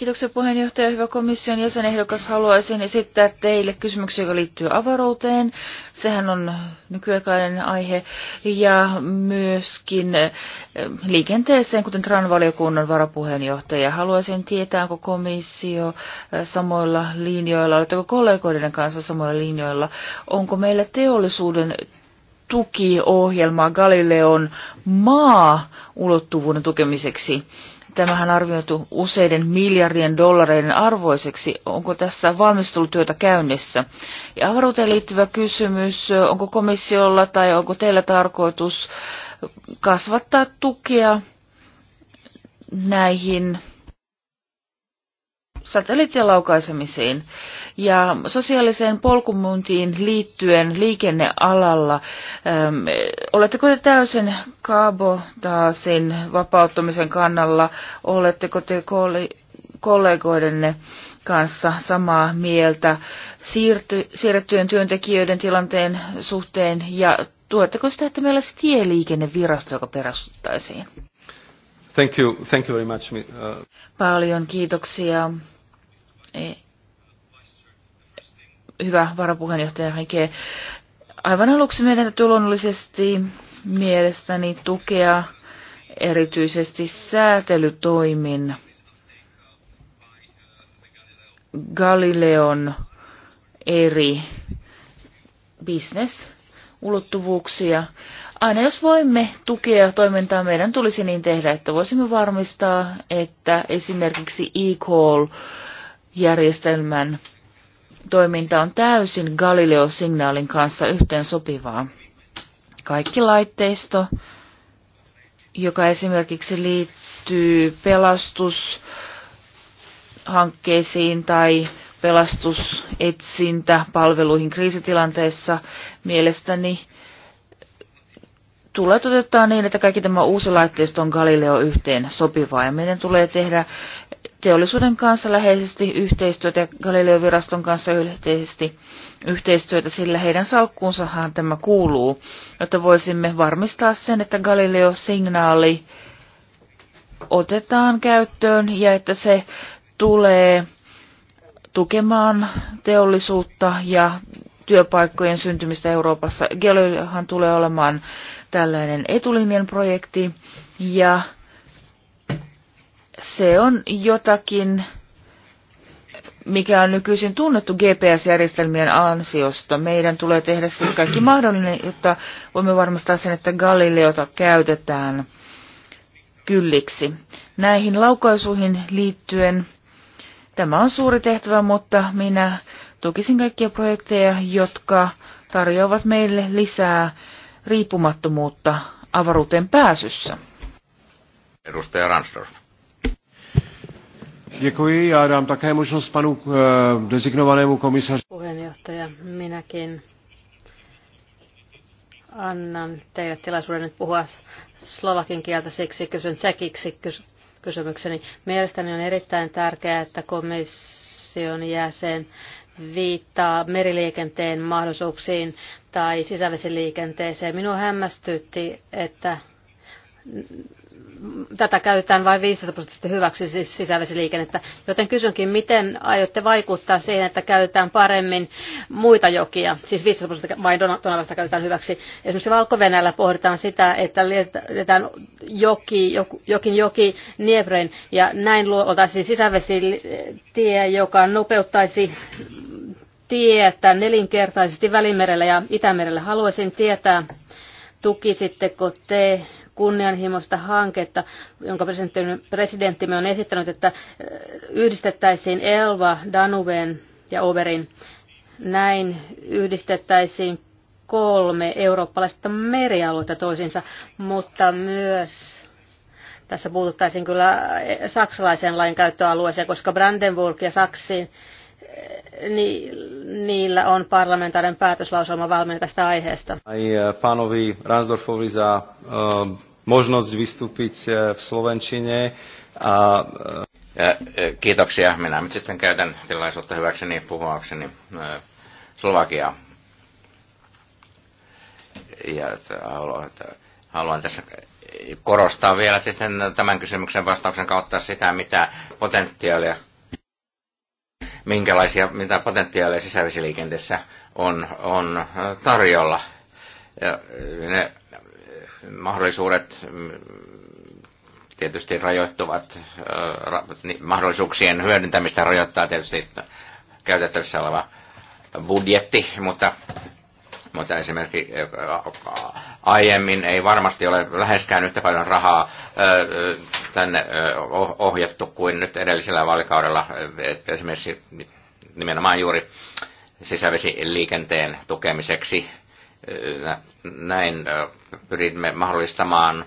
Kiitoksia puheenjohtaja. Hyvä komission jäsenehdokas. Haluaisin esittää teille kysymyksiä, joka liittyy avaruuteen. Sehän on nykyaikainen aihe. Ja myöskin eh, liikenteeseen, kuten TRAN-valiokunnan varapuheenjohtaja. Haluaisin tietää, onko komissio eh, samoilla linjoilla, oletteko kollegoiden kanssa samoilla linjoilla. Onko meillä teollisuuden tukiohjelmaa Galileon maa-ulottuvuuden tukemiseksi? Tämähän arvioitu useiden miljardien dollareiden arvoiseksi. Onko tässä valmistelutyötä käynnissä? Ja avaruuteen liittyvä kysymys, onko komissiolla tai onko teillä tarkoitus kasvattaa tukea näihin satelliittien laukaisemiseen ja sosiaaliseen polkumuntiin liittyen liikennealalla. Ähm, oletteko te täysin kabotaasin vapauttamisen kannalla? Oletteko te kollegoidenne kanssa samaa mieltä siirty, siirrettyjen työntekijöiden tilanteen suhteen ja tuetteko sitä, että meillä olisi tieliikennevirasto, joka perustettaisiin? Thank you, thank you very much. Uh, Paljon kiitoksia. E, hyvä varapuheenjohtaja Heike. Aivan aluksi meidän täytyy luonnollisesti mielestäni tukea erityisesti säätelytoimin Galileon eri bisnesulottuvuuksia. Aina jos voimme tukea toimintaa, meidän tulisi niin tehdä, että voisimme varmistaa, että esimerkiksi e-call-järjestelmän toiminta on täysin Galileo-signaalin kanssa yhteen sopivaa. Kaikki laitteisto, joka esimerkiksi liittyy pelastushankkeisiin tai pelastusetsintä palveluihin kriisitilanteessa, mielestäni tulee toteuttaa niin, että kaikki tämä uusi laitteisto on Galileo yhteen sopivaa ja meidän tulee tehdä teollisuuden kanssa läheisesti yhteistyötä ja Galileo-viraston kanssa yhteisesti yhteistyötä, sillä heidän salkkuunsahan tämä kuuluu, jotta voisimme varmistaa sen, että Galileo-signaali otetaan käyttöön ja että se tulee tukemaan teollisuutta ja työpaikkojen syntymistä Euroopassa. Galileohan tulee olemaan tällainen etulinjan projekti ja se on jotakin, mikä on nykyisin tunnettu GPS-järjestelmien ansiosta. Meidän tulee tehdä siis kaikki mahdollinen, jotta voimme varmistaa sen, että Galileota käytetään kylliksi. Näihin laukaisuihin liittyen tämä on suuri tehtävä, mutta minä tukisin kaikkia projekteja, jotka tarjoavat meille lisää riippumattomuutta avaruuteen pääsyssä. Edustaja Ransdorf. Děkuji, já dám také možnost panu e, designovanému komisaři. Puheenjohtaja, minäkin annan teille tilaisuuden nyt puhua slovakin kieltä, siksi kysyn tsekiksi kysymykseni. Mielestäni on erittäin tärkeää, että komission jäsen viittaa meriliikenteen mahdollisuuksiin tai sisävesiliikenteeseen. Minua hämmästytti, että tätä käytetään vain 15 prosenttisesti hyväksi siis sisävesiliikennettä. Joten kysynkin, miten aiotte vaikuttaa siihen, että käytetään paremmin muita jokia, siis 15 prosenttia vain Donavasta käytetään hyväksi. Esimerkiksi valko pohditaan sitä, että liitetään joki, jokin joki Niebrein ja näin luotaisiin sisävesitie, joka nopeuttaisi tietää nelinkertaisesti Välimerellä ja Itämerellä. Haluaisin tietää, tukisitteko te kunnianhimoista hanketta, jonka presidenttimme on esittänyt, että äh, yhdistettäisiin Elva, Danuven ja Overin. Näin yhdistettäisiin kolme eurooppalaista merialuetta toisiinsa, mutta myös tässä puututtaisiin kyllä äh, lain käyttöalueeseen, koska Brandenburg ja Saksin ni, niillä on parlamentaarinen päätöslauselma valmiina tästä aiheesta. Ai eh, panovi Ransdorfovi za eh, možnost vystúpiť eh, v Slovenčine. A, Kiitoksia. Minä nyt sitten käytän tilaisuutta hyväkseni puhuakseni Slovakiaa. Ja haluan tässä korostaa vielä sitten tämän kysymyksen vastauksen kautta sitä, mitä potentiaalia minkälaisia, mitä potentiaaleja sisävesiliikenteessä on, on tarjolla. Ja ne mahdollisuudet mm, tietysti rajoittuvat, mahdollisuuksien hyödyntämistä rajoittaa tietysti käytettävissä oleva budjetti, mutta mutta esimerkiksi aiemmin ei varmasti ole läheskään yhtä paljon rahaa tänne oh-, ohjattu kuin nyt edellisellä vaalikaudella esimerkiksi nimenomaan juuri sisävesiliikenteen tukemiseksi. Näin pyrimme mahdollistamaan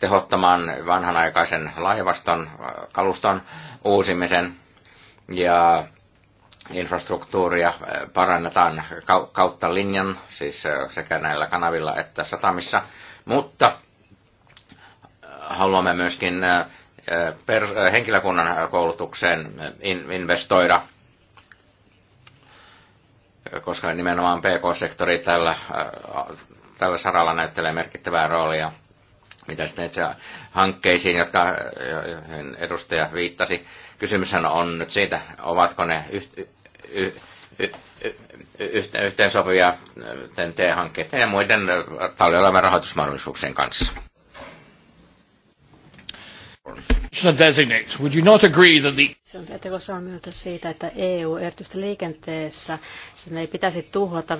tehottamaan vanhanaikaisen laivaston, kaluston uusimisen ja infrastruktuuria eh, parannetaan kautta linjan, siis eh, sekä näillä kanavilla että satamissa, mutta eh, haluamme myöskin henkilökunnan koulutukseen investoida, koska nimenomaan PK-sektori tällä, tällä saralla näyttelee merkittävää roolia. Mitä sitten itse hankkeisiin, jotka edustaja viittasi, kysymyshän on nyt siitä, ovatko ne yhteensopivia TEN-T-hankkeiden ja muiden tarjolla rahoitusmahdollisuuksien kanssa. Would you not agree that the... Ettekö saa mieltä siitä, että EU erityisesti liikenteessä sen ei pitäisi tuhlata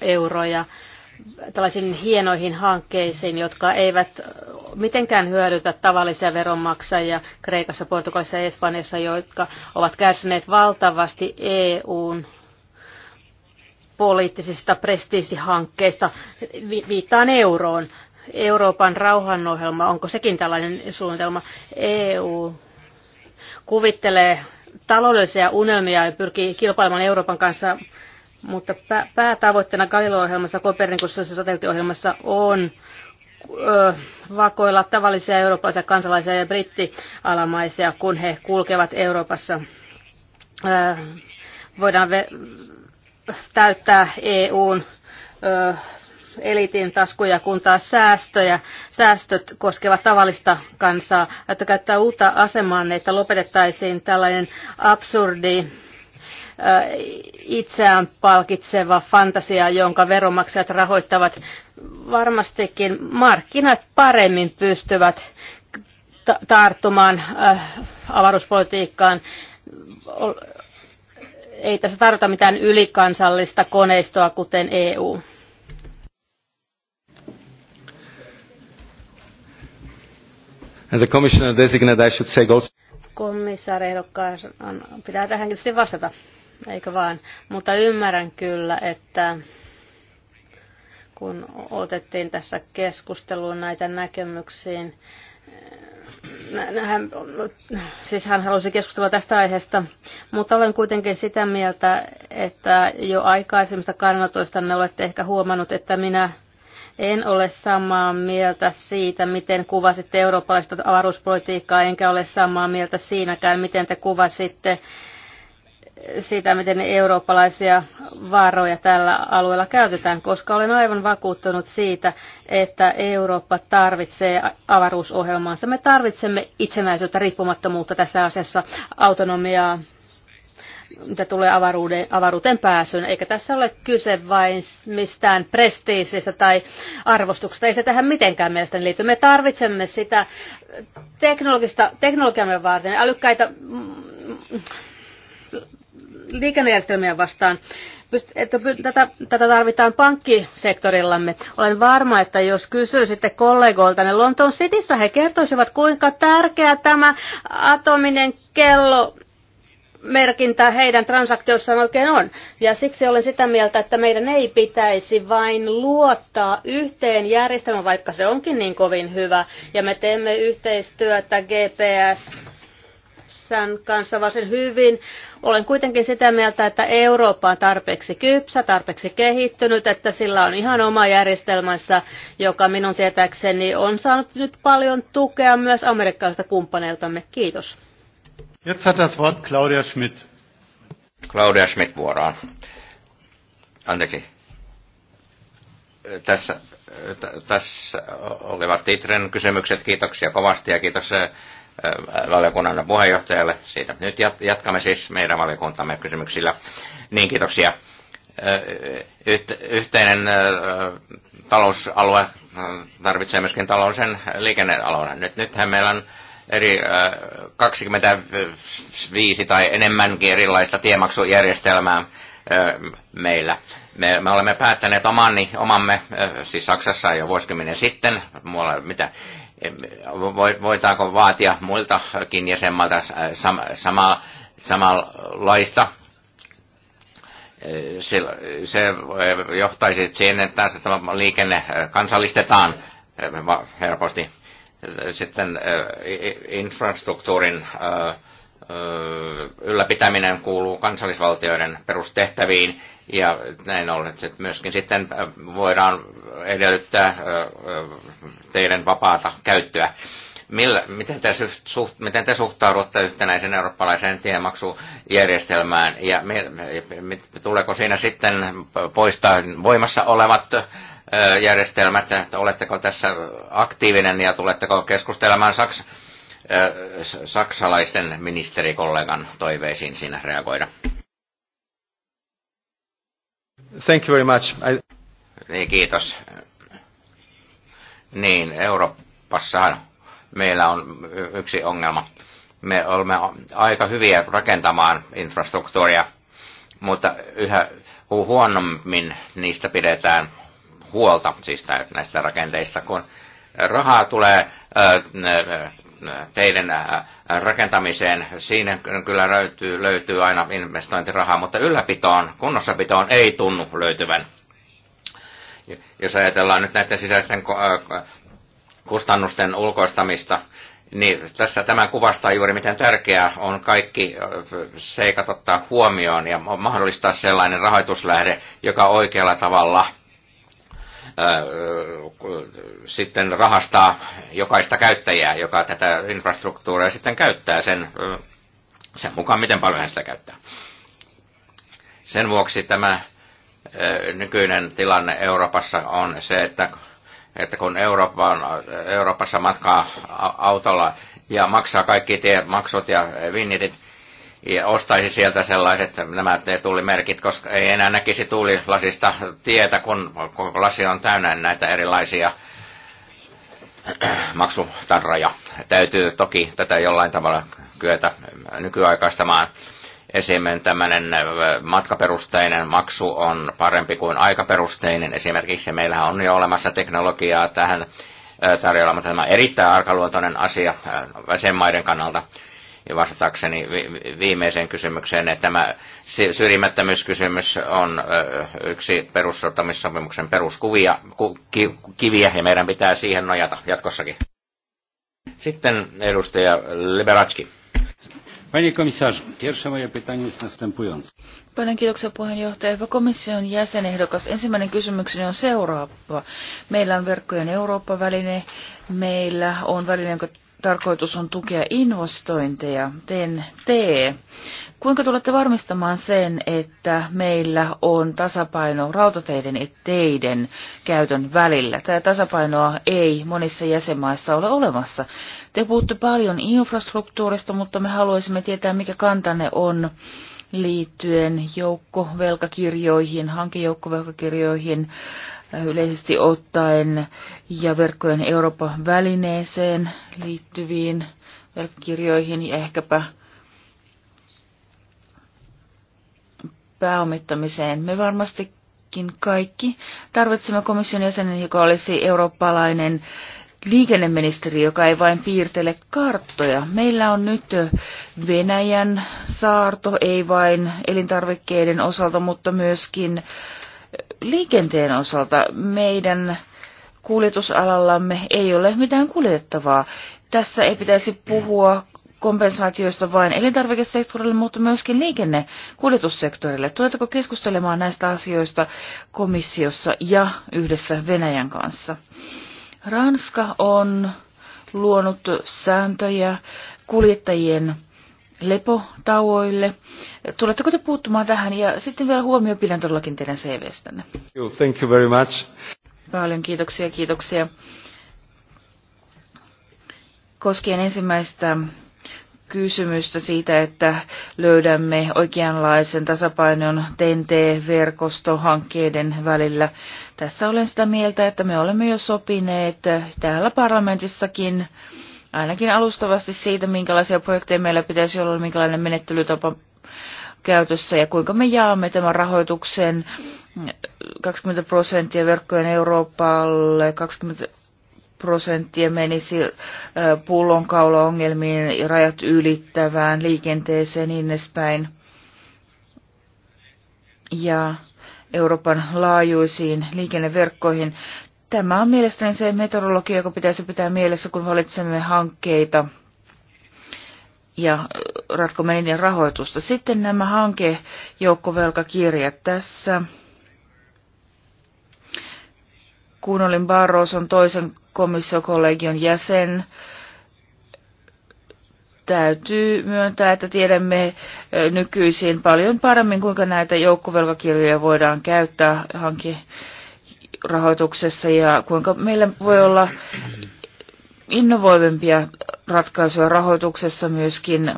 euroja tällaisiin hienoihin hankkeisiin, jotka eivät mitenkään hyödytä tavallisia veronmaksajia Kreikassa, Portugalissa ja Espanjassa, jotka ovat kärsineet valtavasti EUn poliittisista prestiisihankkeista. Viittaan euroon. Euroopan rauhanohjelma, onko sekin tällainen suunnitelma? EU kuvittelee taloudellisia unelmia ja pyrkii kilpailemaan Euroopan kanssa mutta päätavoitteena Galileo-ohjelmassa, Kopernikussa ja satelliittiohjelmassa on ö, vakoilla tavallisia eurooppalaisia kansalaisia ja brittialamaisia, kun he kulkevat Euroopassa. Ö, voidaan täyttää EUn ö, elitin taskuja, kun taas säästöjä, säästöt koskevat tavallista kansaa. Että käyttää uutta asemaa, että lopetettaisiin tällainen absurdi itseään palkitseva fantasia, jonka veronmaksajat rahoittavat. Varmastikin markkinat paremmin pystyvät tarttumaan avaruuspolitiikkaan ei tässä tarvita mitään ylikansallista koneistoa, kuten EU. As a commissioner designate, I should say also... Komissaari ehdokkaan pitää tähänkin vastata eikö vaan? Mutta ymmärrän kyllä, että kun otettiin tässä keskusteluun näitä näkemyksiin, hän, siis hän halusi keskustella tästä aiheesta, mutta olen kuitenkin sitä mieltä, että jo aikaisemmista kannatoista ne olette ehkä huomannut, että minä en ole samaa mieltä siitä, miten kuvasitte eurooppalaista avaruuspolitiikkaa, enkä ole samaa mieltä siinäkään, miten te kuvasitte siitä, miten eurooppalaisia varoja tällä alueella käytetään, koska olen aivan vakuuttunut siitä, että Eurooppa tarvitsee avaruusohjelmaansa. Me tarvitsemme itsenäisyyttä, riippumattomuutta tässä asiassa, autonomiaa, mitä tulee avaruuden, avaruuteen pääsyyn. Eikä tässä ole kyse vain mistään prestiisistä tai arvostuksesta. Ei se tähän mitenkään mielestäni liity. Me tarvitsemme sitä teknologista, teknologiamme varten, älykkäitä mm, liikennejärjestelmiä vastaan. Että tätä, tätä tarvitaan pankkisektorillamme. Olen varma, että jos kysyisitte kollegoilta niin Lontoon Cityssä, he kertoisivat, kuinka tärkeä tämä atominen kello merkintä heidän transaktioissaan oikein on. Ja siksi olen sitä mieltä, että meidän ei pitäisi vain luottaa yhteen järjestelmään, vaikka se onkin niin kovin hyvä. Ja me teemme yhteistyötä GPS sen kanssa varsin hyvin. Olen kuitenkin sitä mieltä, että Eurooppa on tarpeeksi kypsä, tarpeeksi kehittynyt, että sillä on ihan oma järjestelmänsä, joka minun tietääkseni on saanut nyt paljon tukea myös amerikkalaisilta kumppaneiltamme. Kiitos. Jetzt hat das Wort Claudia Schmidt. Claudia Schmidt vuoraan. Anteeksi. Tässä, tässä olivat Titren kysymykset. Kiitoksia kovasti ja kiitos Äh, valiokunnan puheenjohtajalle siitä. Nyt jatkamme siis meidän valiokuntamme kysymyksillä. Niin, kiitoksia. Äh, yhteinen äh, talousalue tarvitsee myöskin taloudellisen liikennealueen. Nyt, nythän meillä on eri 25 tai enemmänkin erilaista tiemaksujärjestelmää meillä. Me, me olemme päättäneet omani, omamme, siis Saksassa jo vuosikymmenen sitten, muualla mitä voitaako vaatia muiltakin jäsenmailta äh, sama, sama, samanlaista. Äh, se, se äh, johtaisi siihen, että tämä liikenne kansallistetaan helposti. Sitten infrastruktuurin äh, ylläpitäminen kuuluu kansallisvaltioiden perustehtäviin ja näin ollen että myöskin sitten voidaan edellyttää teidän vapaata käyttöä. Millä, miten, te suht, miten te suhtaudutte yhtenäisen eurooppalaiseen tiemaksujärjestelmään ja me, me, tuleeko siinä sitten poistaa voimassa olevat järjestelmät, että oletteko tässä aktiivinen ja tuletteko keskustelemaan Saksan saksalaisten ministerikollegan toiveisiin siinä reagoida. Thank you very much. I... Niin, kiitos. Niin, Euroopassahan meillä on yksi ongelma. Me olemme aika hyviä rakentamaan infrastruktuuria, mutta yhä huonommin niistä pidetään huolta, siis näistä rakenteista, kun rahaa tulee teiden rakentamiseen, siinä kyllä löytyy, löytyy aina investointirahaa, mutta ylläpitoon, kunnossapitoon ei tunnu löytyvän. Jos ajatellaan nyt näiden sisäisten kustannusten ulkoistamista, niin tässä tämä kuvastaa juuri, miten tärkeää on kaikki seikat ottaa huomioon ja mahdollistaa sellainen rahoituslähde, joka oikealla tavalla Äh, sitten rahastaa jokaista käyttäjää, joka tätä infrastruktuuria sitten käyttää sen, sen mukaan, miten paljon hän sitä käyttää. Sen vuoksi tämä nykyinen tilanne Euroopassa on se, että, että kun Euroopan, Euroopassa matkaa autolla ja maksaa kaikki tiemaksut ja vinnitit, ja ostaisi sieltä sellaiset nämä tuulimerkit, koska ei enää näkisi tuulilasista tietä, kun koko lasi on täynnä näitä erilaisia maksutarraja. Täytyy toki tätä jollain tavalla kyetä nykyaikaistamaan. Esimerkiksi tämmöinen äh, matkaperusteinen maksu on parempi kuin aikaperusteinen. Esimerkiksi meillähän on jo olemassa teknologiaa tähän äh, tarjolla, mutta tämä on erittäin arkaluontoinen asia äh, maiden kannalta ja vastatakseni viimeiseen kysymykseen, että tämä syrjimättömyyskysymys on yksi perussopimuksen peruskuvia, kiviä, ja meidän pitää siihen nojata jatkossakin. Sitten edustaja Liberatski. Panie komisarzu, pierwsze moje pytanie jest następujące. Panie kiitoksia puheenjohtaja. komission jäsenehdokas. Ensimmäinen kysymykseni on seuraava. Meillä on verkkojen Eurooppa-väline. Meillä on väline, jonka tarkoitus on tukea investointeja, ten tee. Kuinka tulette varmistamaan sen, että meillä on tasapaino rautateiden ja teiden käytön välillä? Tämä tasapainoa ei monissa jäsenmaissa ole olemassa. Te puhutte paljon infrastruktuurista, mutta me haluaisimme tietää, mikä kantanne on liittyen joukkovelkakirjoihin, hankejoukkovelkakirjoihin, yleisesti ottaen ja verkkojen Euroopan välineeseen liittyviin verkkokirjoihin ja ehkäpä pääomittamiseen. Me varmastikin kaikki tarvitsemme komission jäsenen, joka olisi eurooppalainen liikenneministeri, joka ei vain piirtele karttoja. Meillä on nyt Venäjän saarto, ei vain elintarvikkeiden osalta, mutta myöskin liikenteen osalta meidän kuljetusalallamme ei ole mitään kuljettavaa. Tässä ei pitäisi puhua kompensaatioista vain elintarvikesektorille, mutta myöskin kuljetussektorille. Tuletteko keskustelemaan näistä asioista komissiossa ja yhdessä Venäjän kanssa? Ranska on luonut sääntöjä kuljettajien lepotauoille. Tuletteko te puuttumaan tähän? Ja sitten vielä huomio pidän todellakin teidän CVstänne. Thank you very much. Paljon kiitoksia, kiitoksia. Koskien ensimmäistä kysymystä siitä, että löydämme oikeanlaisen tasapainon TNT-verkostohankkeiden välillä. Tässä olen sitä mieltä, että me olemme jo sopineet täällä parlamentissakin ainakin alustavasti siitä, minkälaisia projekteja meillä pitäisi olla, minkälainen menettelytapa käytössä ja kuinka me jaamme tämän rahoituksen 20 prosenttia verkkojen Euroopalle, 20 prosenttia menisi pullonkaulaongelmiin ja rajat ylittävään liikenteeseen niin edespäin. Ja Euroopan laajuisiin liikenneverkkoihin. Tämä on mielestäni se metodologia, joka pitäisi pitää mielessä, kun valitsemme hankkeita ja ratkomme niiden rahoitusta. Sitten nämä hankejoukkovelkakirjat tässä. Kun olin Barroson toisen komissiokollegion jäsen, täytyy myöntää, että tiedämme nykyisin paljon paremmin, kuinka näitä joukkovelkakirjoja voidaan käyttää hankkeen rahoituksessa ja kuinka meillä voi olla innovoivempia ratkaisuja rahoituksessa myöskin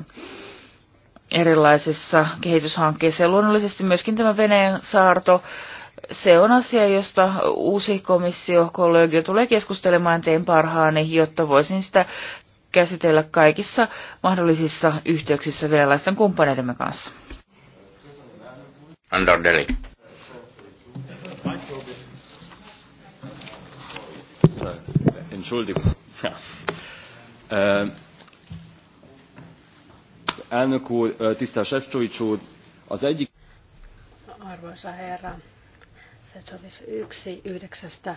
erilaisissa kehityshankkeissa. Ja luonnollisesti myöskin tämä Venäjän saarto, se on asia, josta uusi komissio, kollegio tulee keskustelemaan teen parhaani, jotta voisin sitä käsitellä kaikissa mahdollisissa yhteyksissä venäläisten kumppaneidemme kanssa. Under Entschuldigung. Ja. Ähm, Elnök úr, tisztel Sefcsovic úr, az egyik... Arvoisa herra, Sefcovics yksi yhdeksästä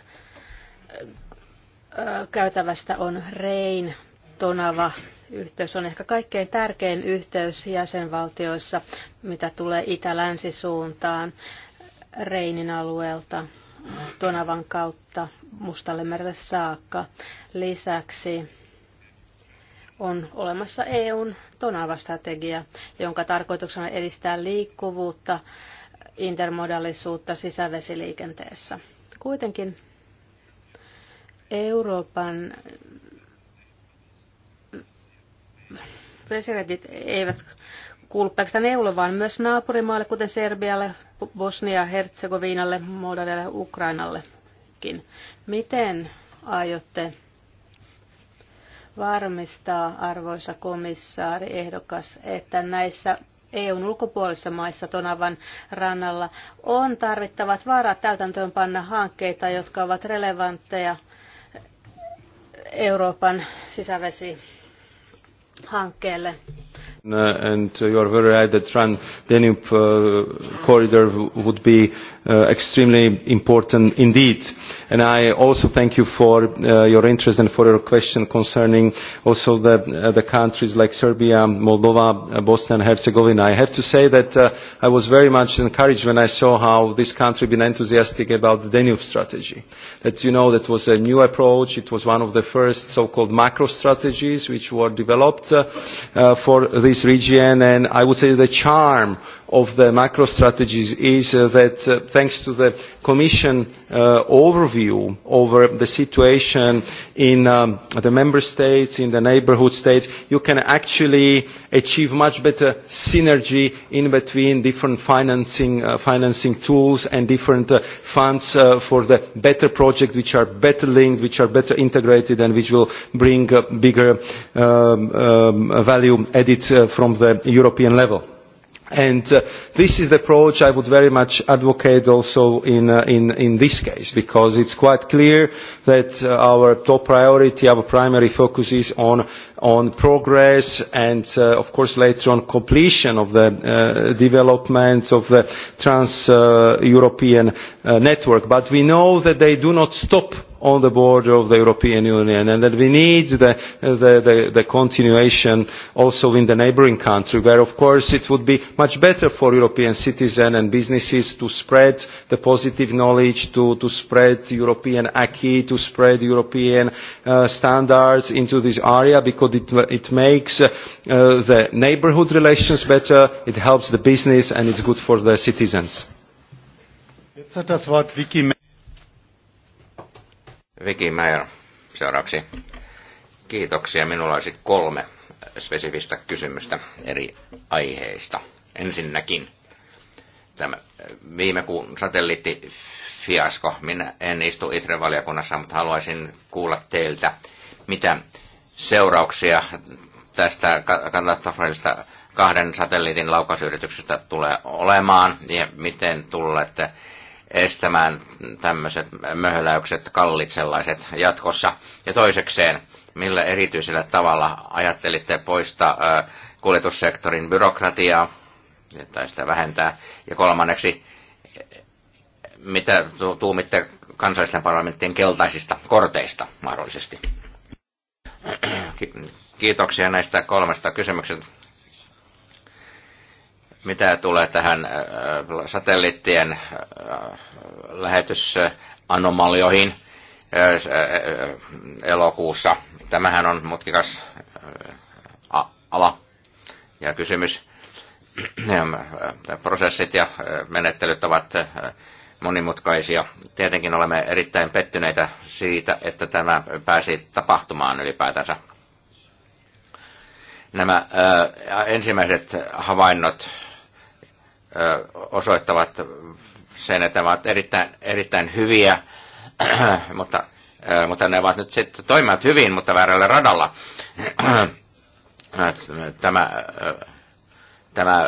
käytävästä on Rein tonava yhteys on ehkä kaikkein tärkein yhteys jäsenvaltioissa, mitä tulee itä suuntaan Reinin alueelta. Tonavan kautta Mustalle merelle saakka. Lisäksi on olemassa EUn tonava strategia jonka tarkoituksena on edistää liikkuvuutta, intermodallisuutta sisävesiliikenteessä. Kuitenkin Euroopan presidentit eivät kuulu pelkästään EUlle, vaan myös naapurimaille, kuten Serbialle, Bosnia-Herzegovinalle, Moldavialle ja Ukrainallekin. Miten aiotte varmistaa, arvoisa komissaari ehdokas, että näissä EUn ulkopuolisissa maissa Tonavan rannalla on tarvittavat varat täytäntöönpanna hankkeita, jotka ovat relevantteja Euroopan sisävesihankkeelle. Uh, and uh, you are very right that Trans Danube uh, corridor would be uh, extremely important indeed. And I also thank you for uh, your interest and for your question concerning also the, uh, the countries like Serbia, Moldova, uh, Bosnia and Herzegovina. I have to say that uh, I was very much encouraged when I saw how this country been enthusiastic about the Danube strategy. That you know that was a new approach. It was one of the first so-called macro strategies which were developed uh, uh, for the this region and I would say the charm of the macro strategies is uh, that uh, thanks to the Commission uh, overview over the situation in um, the member states, in the neighborhood states, you can actually achieve much better synergy in between different financing, uh, financing tools and different uh, funds uh, for the better projects which are better linked, which are better integrated and which will bring uh, bigger um, um, value added uh, from the European level. And uh, this is the approach I would very much advocate also in, uh, in, in this case, because it's quite clear that uh, our top priority, our primary focus is on on progress and, uh, of course, later on completion of the uh, development of the trans-European uh, network. But we know that they do not stop on the border of the European Union and that we need the, continuation also in the neighbouring country where of course it would be much better for European citizens and businesses to spread the positive knowledge, to, spread European acquis, to spread European standards into this area because good. It, it makes uh, the neighborhood relations better, it helps the business, and it's good for the citizens. Jetzt hat das Wort Vicky Meyer. Vicky Meyer seuraavaksi. Kiitoksia. Minulla olisi kolme spesifistä kysymystä eri aiheista. Ensinnäkin tämä viime kuun satelliittifiasko. Minä en istu Itre-valiokunnassa, mutta haluaisin kuulla teiltä, mitä seurauksia tästä katastrofista kahden satelliitin laukausyrityksestä tulee olemaan ja miten tulette estämään tämmöiset möhöläykset, kallit sellaiset jatkossa. Ja toisekseen, millä erityisellä tavalla ajattelitte poistaa kuljetussektorin byrokratiaa tai sitä vähentää? Ja kolmanneksi, mitä tuumitte kansallisten parlamenttien keltaisista korteista mahdollisesti? Kiitoksia näistä kolmesta kysymyksestä. Mitä tulee tähän äh, satelliittien äh, lähetysanomalioihin äh, elokuussa? Tämähän on mutkikas ala ja kysymys. Prosessit ja menettelyt ovat monimutkaisia. Tietenkin olemme erittäin pettyneitä siitä, että tämä pääsi tapahtumaan ylipäätänsä. Nämä ö, äh, ensimmäiset havainnot ö, äh, osoittavat sen, että ne ovat erittäin, erittäin hyviä, mutta, ö, äh, mutta ne ovat nyt sitten toimivat hyvin, mutta väärällä radalla. Tämä ö, tämä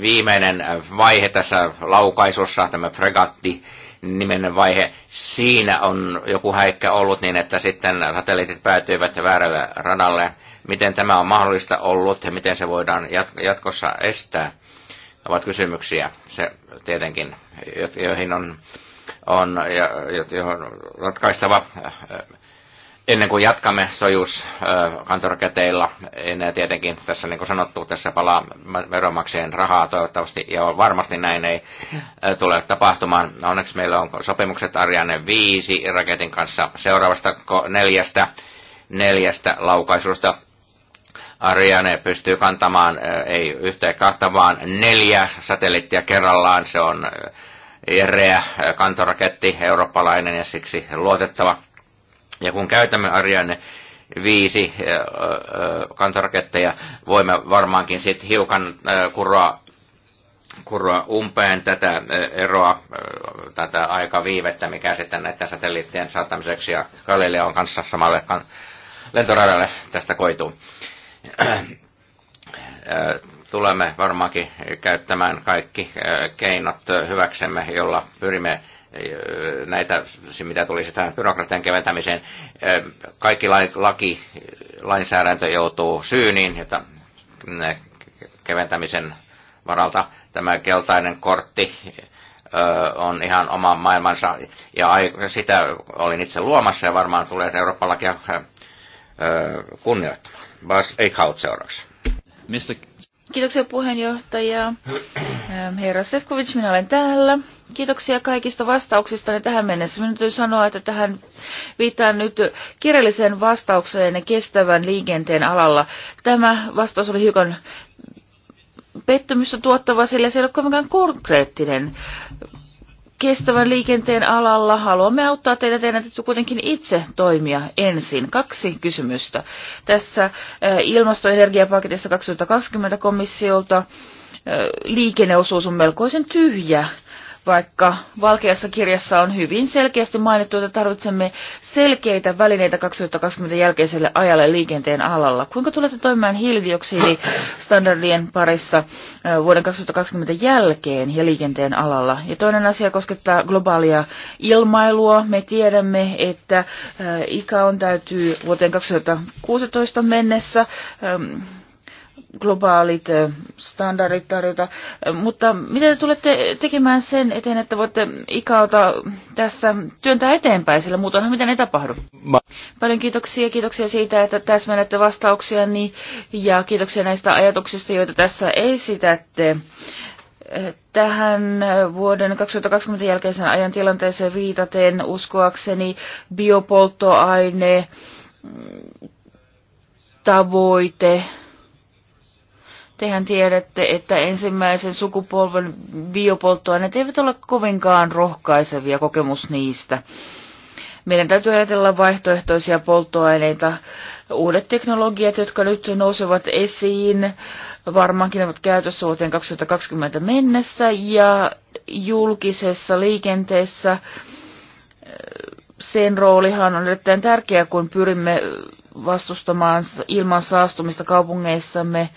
viimeinen vaihe tässä laukaisussa, tämä fregatti, niminen vaihe, siinä on joku häikkä ollut niin, että sitten satelliitit päätyivät väärälle radalle. Miten tämä on mahdollista ollut ja miten se voidaan jatkossa estää? Ovat kysymyksiä, se tietenkin, joihin on, on ja, johon ratkaistava Ennen kuin jatkamme sojus kantoraketeilla, enää tietenkin tässä niin kuin sanottu, tässä palaa veronmaksajien rahaa toivottavasti, ja varmasti näin ei tule tapahtumaan. Onneksi meillä on sopimukset Ariane 5 raketin kanssa seuraavasta neljästä, neljästä laukaisusta. Ariane pystyy kantamaan ei yhteen kahta, vaan neljä satelliittia kerrallaan. Se on järeä kantoraketti, eurooppalainen ja siksi luotettava ja kun käytämme Ariane viisi kansaraketteja, voimme varmaankin sitten hiukan kuroa, kuroa umpeen tätä eroa, tätä aikaviivettä, mikä sitten näiden satelliittien saattamiseksi ja Galileon kanssa samalle lentoradalle tästä koituu tulemme varmaankin käyttämään kaikki keinot hyväksemme, jolla pyrimme näitä, mitä tulisi tähän byrokratian keventämiseen, kaikki laki, lainsäädäntö joutuu syyniin, jota keventämisen varalta tämä keltainen kortti on ihan oma maailmansa, ja sitä olin itse luomassa, ja varmaan tulee Eurooppa-lakia kunnioittamaan. Bas Eichhout seuraavaksi. Mistä? Kiitoksia puheenjohtaja. Herra Sefkovic, minä olen täällä. Kiitoksia kaikista vastauksista tähän mennessä. Minun täytyy sanoa, että tähän viittaan nyt kirjalliseen vastaukseen kestävän liikenteen alalla. Tämä vastaus oli hiukan pettymystä tuottava, sillä se ei ole kovinkaan konkreettinen. Kestävän liikenteen alalla haluamme auttaa teitä. Teidän täytyy kuitenkin itse toimia ensin. Kaksi kysymystä. Tässä eh, ilmastoenergiapaketissa 2020 komissiolta eh, liikenneosuus on melkoisen tyhjä vaikka valkeassa kirjassa on hyvin selkeästi mainittu, että tarvitsemme selkeitä välineitä 2020 jälkeiselle ajalle liikenteen alalla. Kuinka tulette toimimaan hiilidioksidistandardien parissa vuoden 2020 jälkeen ja liikenteen alalla? Ja toinen asia koskettaa globaalia ilmailua. Me tiedämme, että ikä on täytyy vuoteen 2016 mennessä globaalit eh, standardit tarjota. Eh, mutta miten te tulette tekemään sen eteen, että voitte ikauta tässä työntää eteenpäin, sillä muutoinhan mitä ei tapahdu? Ma- Paljon kiitoksia, kiitoksia siitä, että täsmennätte vastauksia ja kiitoksia näistä ajatuksista, joita tässä esitätte. Eh, tähän vuoden 2020 jälkeisen ajan tilanteeseen viitaten uskoakseni biopolttoaine mm, tavoite Tehän tiedätte, että ensimmäisen sukupolven biopolttoaineet eivät ole kovinkaan rohkaisevia kokemus niistä. Meidän täytyy ajatella vaihtoehtoisia polttoaineita. Uudet teknologiat, jotka nyt nousevat esiin, varmaankin ovat käytössä vuoteen 2020 mennessä ja julkisessa liikenteessä sen roolihan on erittäin tärkeä, kun pyrimme vastustamaan ilman saastumista kaupungeissamme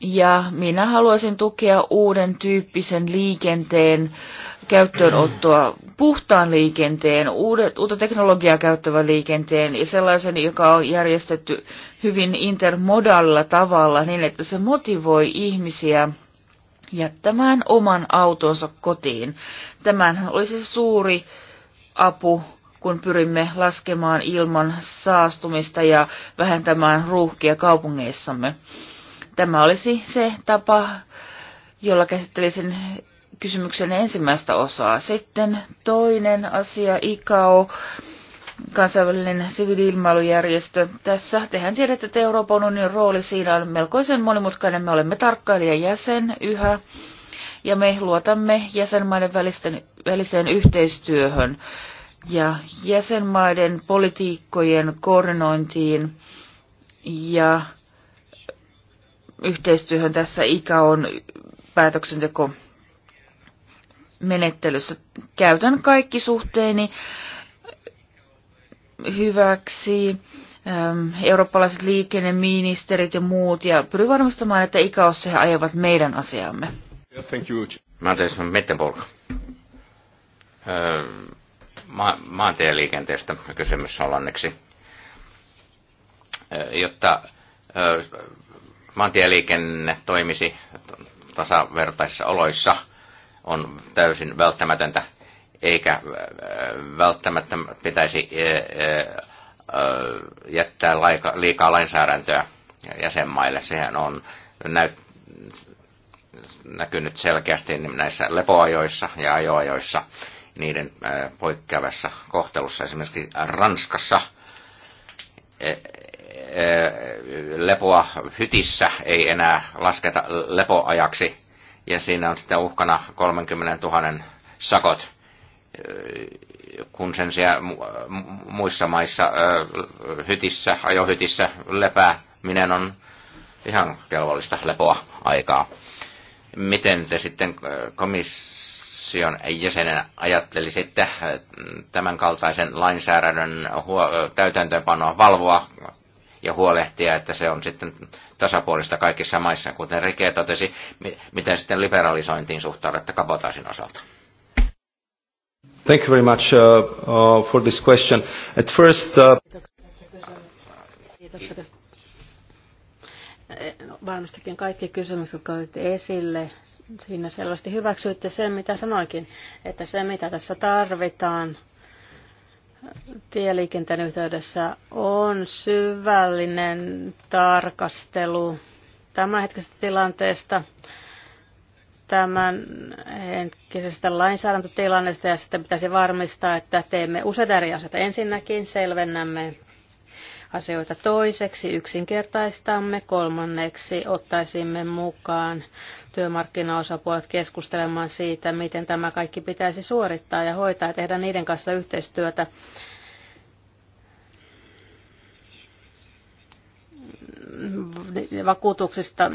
ja minä haluaisin tukea uuden tyyppisen liikenteen käyttöönottoa, puhtaan liikenteen, uudet, uutta teknologiaa käyttävän liikenteen ja sellaisen, joka on järjestetty hyvin intermodalla tavalla niin, että se motivoi ihmisiä jättämään oman autonsa kotiin. Tämän olisi suuri apu, kun pyrimme laskemaan ilman saastumista ja vähentämään ruuhkia kaupungeissamme. Tämä olisi se tapa, jolla käsittelisin kysymyksen ensimmäistä osaa. Sitten toinen asia, ICAO, kansainvälinen siviiliilmailujärjestö. Tässä tehän tiedätte, että Euroopan unionin rooli siinä on melkoisen monimutkainen. Me olemme jäsen yhä ja me luotamme jäsenmaiden välisten, väliseen yhteistyöhön ja jäsenmaiden politiikkojen koordinointiin ja yhteistyöhön tässä ikä on päätöksenteko menettelyssä. Käytän kaikki suhteeni hyväksi eurooppalaiset liikenneministerit ja muut, ja pyrin varmistamaan, että ikäossa he ajavat meidän asiamme. Yeah, thank you. Mä öö, maantieliikenteestä kysymys on onneksi. Öö, jotta öö, maantieliikenne toimisi tasavertaisissa oloissa on täysin välttämätöntä, eikä äh, välttämättä pitäisi äh, äh, jättää liikaa lainsäädäntöä jäsenmaille. Sehän on näyt, näkynyt selkeästi näissä lepoajoissa ja ajoajoissa, niiden poikkeavassa kohtelussa. Esimerkiksi Ranskassa Eh, lepoa hytissä ei enää lasketa lepoajaksi. Ja siinä on sitten uhkana 30 000 sakot, eh, kun sen siellä muissa maissa eh, hytissä, ajohytissä lepää, minen on ihan kelvollista lepoa aikaa. Miten te sitten komission jäsenen ajattelisitte tämän kaltaisen lainsäädännön täytäntöönpanoa valvoa ja huolehtia, että se on sitten tasapuolista kaikissa maissa, kuten Rike totesi, miten sitten liberalisointiin suhtaudutte kabotaasin osalta. Thank you very much uh, uh, for this question. At first, uh... Eh, no, varmastikin kaikki kysymykset, jotka otitte esille, siinä selvästi hyväksyitte sen, mitä sanoinkin, että se, mitä tässä tarvitaan, tieliikenteen yhteydessä on syvällinen tarkastelu tämänhetkisestä tilanteesta, tämän lainsäädäntötilanteesta ja sitten pitäisi varmistaa, että teemme useita eri asioita. Ensinnäkin selvennämme asioita toiseksi, yksinkertaistamme, kolmanneksi ottaisimme mukaan työmarkkinaosapuolet keskustelemaan siitä, miten tämä kaikki pitäisi suorittaa ja hoitaa ja tehdä niiden kanssa yhteistyötä. vakuutuksista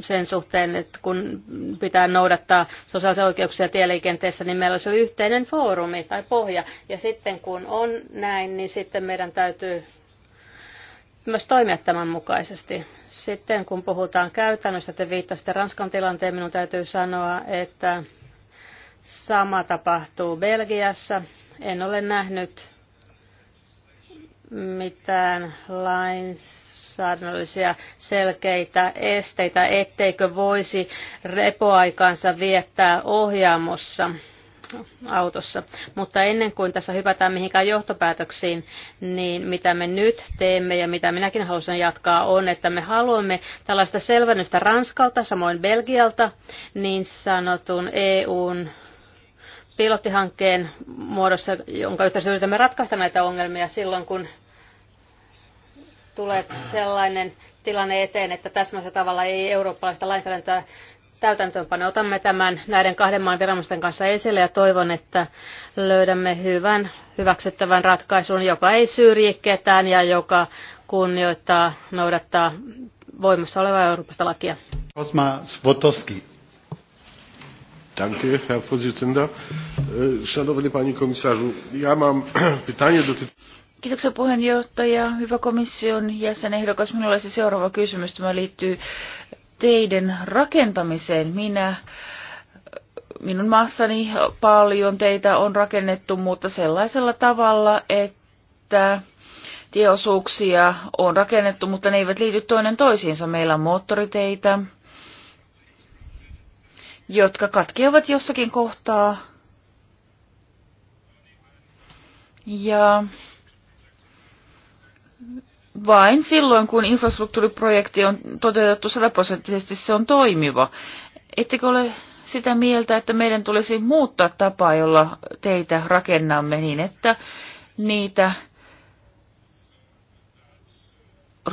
sen suhteen, että kun pitää noudattaa sosiaalisia oikeuksia tieliikenteessä, niin meillä olisi yhteinen foorumi tai pohja. Ja sitten kun on näin, niin sitten meidän täytyy myös toimia tämän mukaisesti. Sitten kun puhutaan käytännöstä, te viittasitte Ranskan tilanteen, minun täytyy sanoa, että sama tapahtuu Belgiassa. En ole nähnyt mitään lainsäädännöllisiä selkeitä esteitä, etteikö voisi repoaikansa viettää ohjaamossa autossa. Mutta ennen kuin tässä hypätään mihinkään johtopäätöksiin, niin mitä me nyt teemme ja mitä minäkin haluaisin jatkaa on, että me haluamme tällaista selvennystä Ranskalta, samoin Belgialta, niin sanotun EUn pilottihankkeen muodossa, jonka yhteydessä yritämme ratkaista näitä ongelmia silloin, kun tulee sellainen tilanne eteen, että täsmäisellä tavalla ei eurooppalaista lainsäädäntöä täytäntöönpano. Otamme tämän näiden kahden maan viranomaisten kanssa esille ja toivon, että löydämme hyvän, hyväksyttävän ratkaisun, joka ei syrji ketään ja joka kunnioittaa, noudattaa voimassa olevaa Euroopasta lakia. Osma Svotowski. Danke, Herr Vorsitzender. Äh, Szanowny Panie Komisarzu, ja mam pytanie do... Kiitoksia puheenjohtaja. Hyvä komission jäsenehdokas. Minulla olisi seuraava kysymys. Tämä liittyy teiden rakentamiseen. Minä, minun maassani paljon teitä on rakennettu, mutta sellaisella tavalla, että tieosuuksia on rakennettu, mutta ne eivät liity toinen toisiinsa. Meillä on moottoriteitä, jotka katkeavat jossakin kohtaa. Ja vain silloin, kun infrastruktuuriprojekti on toteutettu sataprosenttisesti, se on toimiva. Ettekö ole sitä mieltä, että meidän tulisi muuttaa tapaa, jolla teitä rakennamme niin, että niitä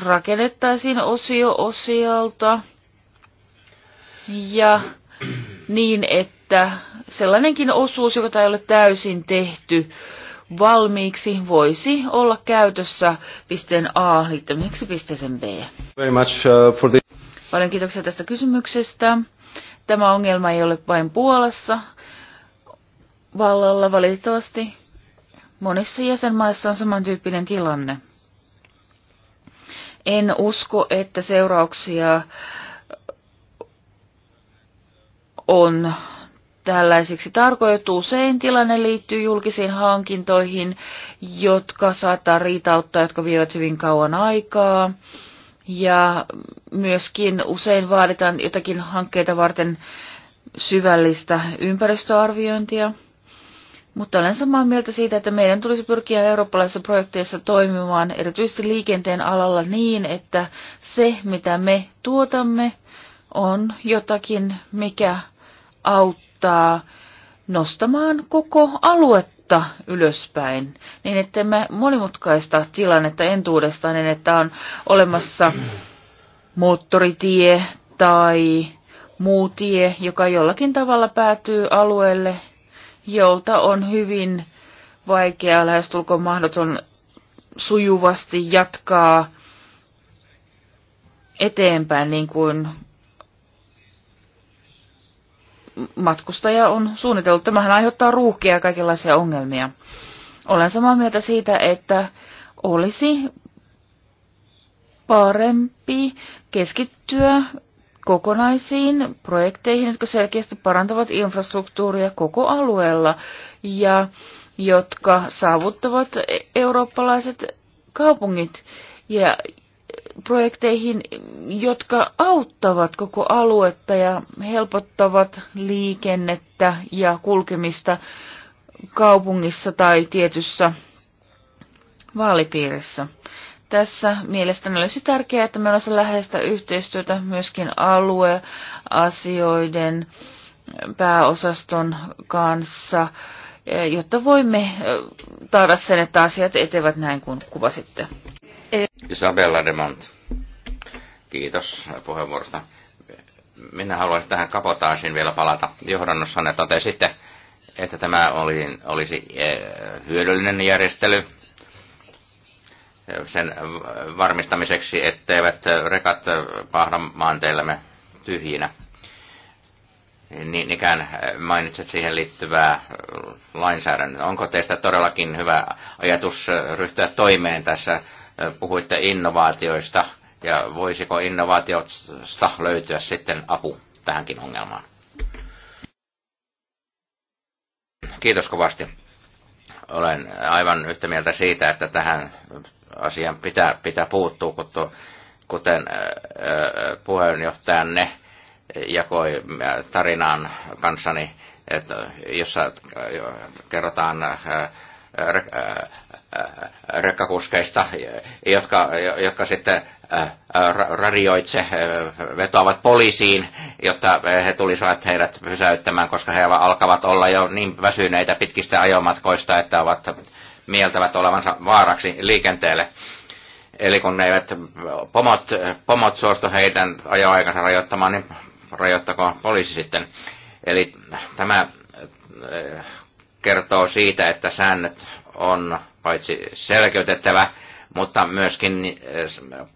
rakennettaisiin osio osialta ja niin, että sellainenkin osuus, joka ei ole täysin tehty, valmiiksi voisi olla käytössä pisteen A liittämiseksi pisteeseen B. Very much, uh, for the... Paljon kiitoksia tästä kysymyksestä. Tämä ongelma ei ole vain Puolassa vallalla valitettavasti. Monissa jäsenmaissa on samantyyppinen tilanne. En usko, että seurauksia on tällaisiksi tarkoitettu. Usein tilanne liittyy julkisiin hankintoihin, jotka saattaa riitauttaa, jotka vievät hyvin kauan aikaa. Ja myöskin usein vaaditaan jotakin hankkeita varten syvällistä ympäristöarviointia. Mutta olen samaa mieltä siitä, että meidän tulisi pyrkiä eurooppalaisissa projekteissa toimimaan erityisesti liikenteen alalla niin, että se, mitä me tuotamme, on jotakin, mikä auttaa auttaa nostamaan koko aluetta ylöspäin, niin että me monimutkaista tilannetta entuudestaan, niin että on olemassa moottoritie tai muu tie, joka jollakin tavalla päätyy alueelle, jolta on hyvin vaikea, lähestulkoon mahdoton sujuvasti jatkaa eteenpäin, niin kuin matkustaja on suunniteltu Tämähän aiheuttaa ruuhkia ja kaikenlaisia ongelmia. Olen samaa mieltä siitä, että olisi parempi keskittyä kokonaisiin projekteihin, jotka selkeästi parantavat infrastruktuuria koko alueella ja jotka saavuttavat e- eurooppalaiset kaupungit ja projekteihin, jotka auttavat koko aluetta ja helpottavat liikennettä ja kulkemista kaupungissa tai tietyssä vaalipiirissä. Tässä mielestäni olisi tärkeää, että meillä olisi läheistä yhteistyötä myöskin alueasioiden pääosaston kanssa jotta voimme taada sen, että asiat etevät näin kuin kuvasitte. Isabella Mont, kiitos puheenvuorosta. Minä haluaisin tähän kapotaasin vielä palata. että totesitte, että tämä oli, olisi e, hyödyllinen järjestely sen varmistamiseksi, etteivät rekat pahda maanteillemme tyhjinä niin ikään eh, mainitset siihen liittyvää eh, lainsäädäntöä. Onko teistä todellakin hyvä ajatus eh, ryhtyä toimeen tässä? Puhuitte innovaatioista ja voisiko innovaatiosta löytyä sitten apu tähänkin ongelmaan? Kiitos kovasti. Olen aivan yhtä mieltä siitä, että tähän asiaan pitää, pitää puuttua, kuten puheenjohtajanne jakoi tarinaan kanssani, että jossa kerrotaan rekkakuskeista, jotka, jotka sitten radioitse vetoavat poliisiin, jotta he tulisivat heidät pysäyttämään, koska he alkavat olla jo niin väsyneitä pitkistä ajomatkoista, että ovat mieltävät olevansa vaaraksi liikenteelle. Eli kun ne eivät pomot, pomot suostu heidän ajoaikansa rajoittamaan, niin rajoittakoon poliisi sitten. Eli tämä äh, kertoo siitä, että säännöt on paitsi selkeytettävä, mutta myöskin äh, äh,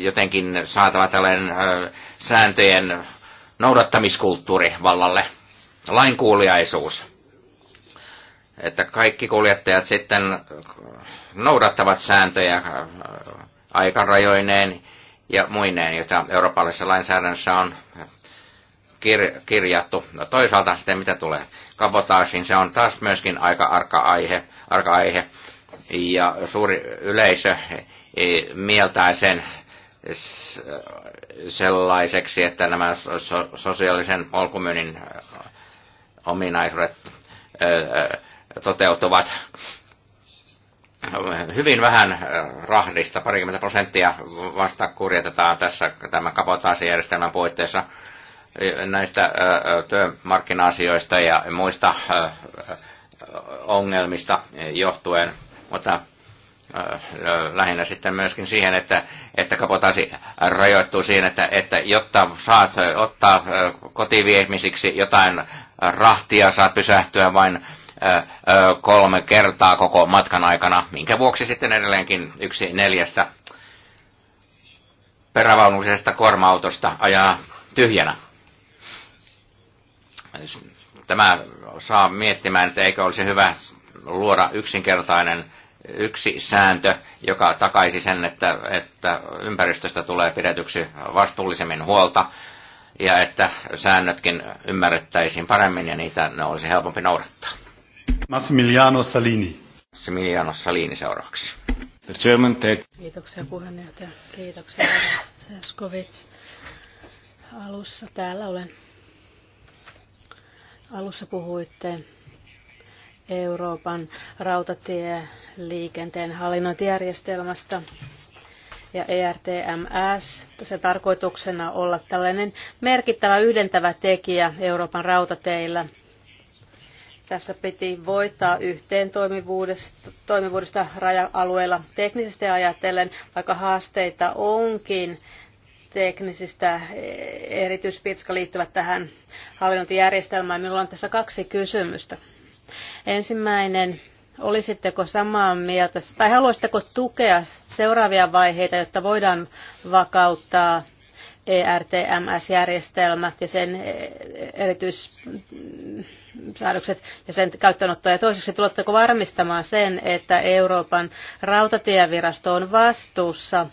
jotenkin saatava tällainen sääntöjen noudattamiskulttuuri vallalle, lainkuuliaisuus. Että kaikki kuljettajat sitten noudattavat sääntöjä aikarajoineen ja muineen, joita eurooppalaisessa lainsäädännössä on kir- kirjattu. No toisaalta sitten mitä tulee kabotaasiin, se on taas myöskin aika arka aihe, arka aihe ja suuri yleisö e, mieltää sen sellaiseksi, että nämä so- sosiaalisen polkumyynnin ominaisuudet toteutuvat hyvin vähän äh, rahdista, parikymmentä prosenttia vasta kurjetetaan tässä tämän kapotaasijärjestelmän puitteissa näistä äh, äh, työmarkkina-asioista ja muista ongelmista johtuen, mutta lähinnä sitten myöskin siihen, että, että kapotaasi rajoittuu siihen, että, että jotta saat ottaa kotiviemisiksi jotain rahtia, saat pysähtyä vain kolme kertaa koko matkan aikana, minkä vuoksi sitten edelleenkin yksi neljästä perävaunuisesta kuorma-autosta ajaa tyhjänä. Tämä saa miettimään, että eikö olisi hyvä luoda yksinkertainen yksi sääntö, joka takaisi sen, että, että ympäristöstä tulee pidetyksi vastuullisemmin huolta ja että säännötkin ymmärrettäisiin paremmin ja niitä ne olisi helpompi noudattaa. Massimiliano Salini. Massimiliano Salini seuraavaksi. The German tech. Kiitoksia puheenjohtaja. Kiitoksia Serskovits. Alussa täällä olen. Alussa puhuitte Euroopan rautatieliikenteen hallinnointijärjestelmästä ja ERTMS. Se tarkoituksena olla tällainen merkittävä yhdentävä tekijä Euroopan rautateillä – tässä piti voittaa yhteen toimivuudesta, toimivuudesta raja-alueilla teknisesti ajatellen, vaikka haasteita onkin teknisistä erityispiirteistä, jotka liittyvät tähän hallinnointijärjestelmään. Minulla on tässä kaksi kysymystä. Ensimmäinen, olisitteko samaa mieltä tai haluaisitteko tukea seuraavia vaiheita, jotta voidaan vakauttaa ERTMS-järjestelmä ja sen e, erityissäädökset ja sen käyttöönotto. Ja toiseksi tuletteko varmistamaan sen, että Euroopan rautatievirasto on vastuussa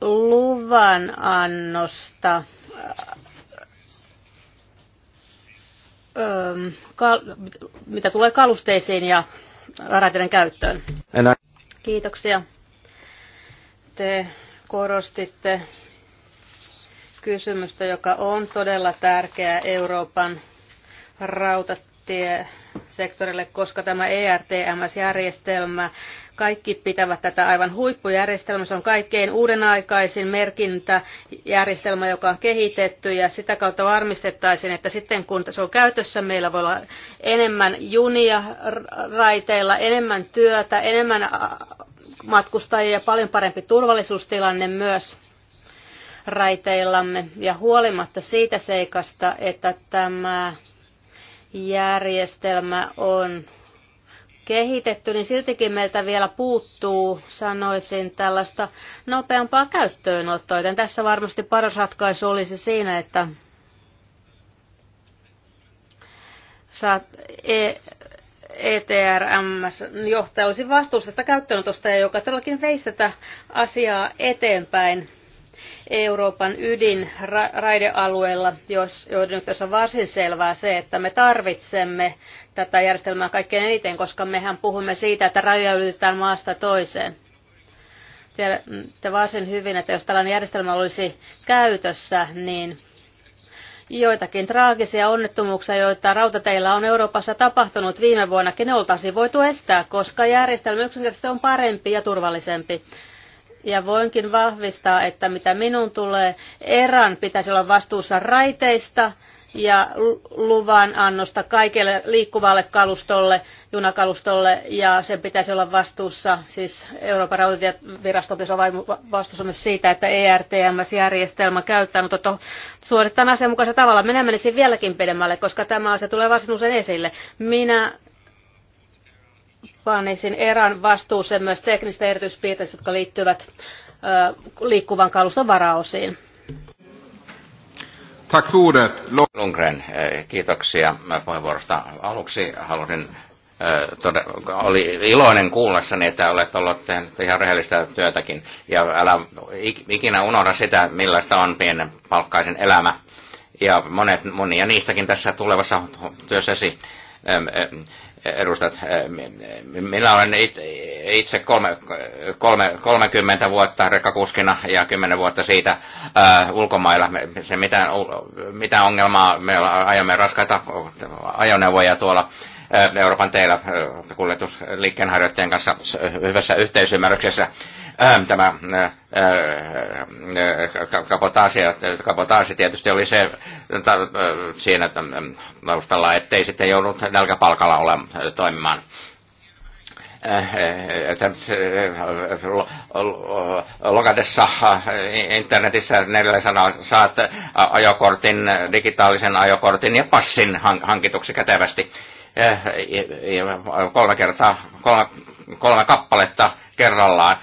luvan annosta mitä tulee kalusteisiin ja raiteiden käyttöön. Kiitoksia. Te korostitte kysymystä, joka on todella tärkeä Euroopan rautatiesektorille, koska tämä ERTMS-järjestelmä, kaikki pitävät tätä aivan huippujärjestelmä. Se on kaikkein uudenaikaisin merkintäjärjestelmä, joka on kehitetty ja sitä kautta varmistettaisiin, että sitten kun se on käytössä, meillä voi olla enemmän junia raiteilla, enemmän työtä, enemmän matkustajia ja paljon parempi turvallisuustilanne myös raiteillamme ja huolimatta siitä seikasta, että tämä järjestelmä on kehitetty, niin siltikin meiltä vielä puuttuu, sanoisin, tällaista nopeampaa käyttöönottoa. Joten tässä varmasti paras ratkaisu olisi siinä, että saat e- ETRM-johtaja olisi vastuussa tästä käyttöönotosta, joka todellakin veisi tätä asiaa eteenpäin Euroopan ydinraidealueella, jos, joiden on varsin selvää se, että me tarvitsemme tätä järjestelmää kaikkein eniten, koska mehän puhumme siitä, että raja ylitetään maasta toiseen. Tiedätte varsin hyvin, että jos tällainen järjestelmä olisi käytössä, niin joitakin traagisia onnettomuuksia, joita rautateillä on Euroopassa tapahtunut viime vuonnakin, ne oltaisiin voitu estää, koska järjestelmä yksinkertaisesti on parempi ja turvallisempi. Ja voinkin vahvistaa, että mitä minun tulee, erän pitäisi olla vastuussa raiteista ja luvan annosta kaikelle liikkuvalle kalustolle, junakalustolle, ja sen pitäisi olla vastuussa, siis Euroopan rautatievirasto pitäisi olla vastuussa myös siitä, että ERTMS-järjestelmä käyttää, mutta to, suoritetaan asianmukaisella tavalla. Minä menisin vieläkin pidemmälle, koska tämä asia tulee varsin usein esille. Minä Vanisin erän vastuuseen myös teknistä erityispiirteistä, jotka liittyvät liikkuvan kaluston varaosiin. Tack ordet. Lundgren, eh, kiitoksia puheenvuorosta. Aluksi halusin eh, oli iloinen kuullessani, että olet ollut tehnyt ihan rehellistä työtäkin. Ja älä ikinä unohda sitä, millaista on pienen palkkaisen elämä. Ja monet, monia niistäkin tässä tulevassa työssäsi edustat. Eh, minä olen itse kolme, kolme, 30 vuotta rekkakuskina ja 10 vuotta siitä eh, ulkomailla. Se mitä, mitä ongelmaa, me ajamme raskaita ajoneuvoja tuolla Äh, Euroopan teillä äh, kuljetusliikkeenharjoittajien kanssa hyvässä yhteisymmärryksessä ähm, tämä äh, kapotaasi, kapotaasi tietysti oli se siinä mm, taustalla, ettei sitten joudut nälkäpalkalla ole toimimaan lokatessa internetissä neljä sanaa saat ajokortin, digitaalisen ajokortin ja passin hankituksi kätevästi. Eh, eh, eh, kolme kertaa, kolme, kolme kappaletta kerrallaan.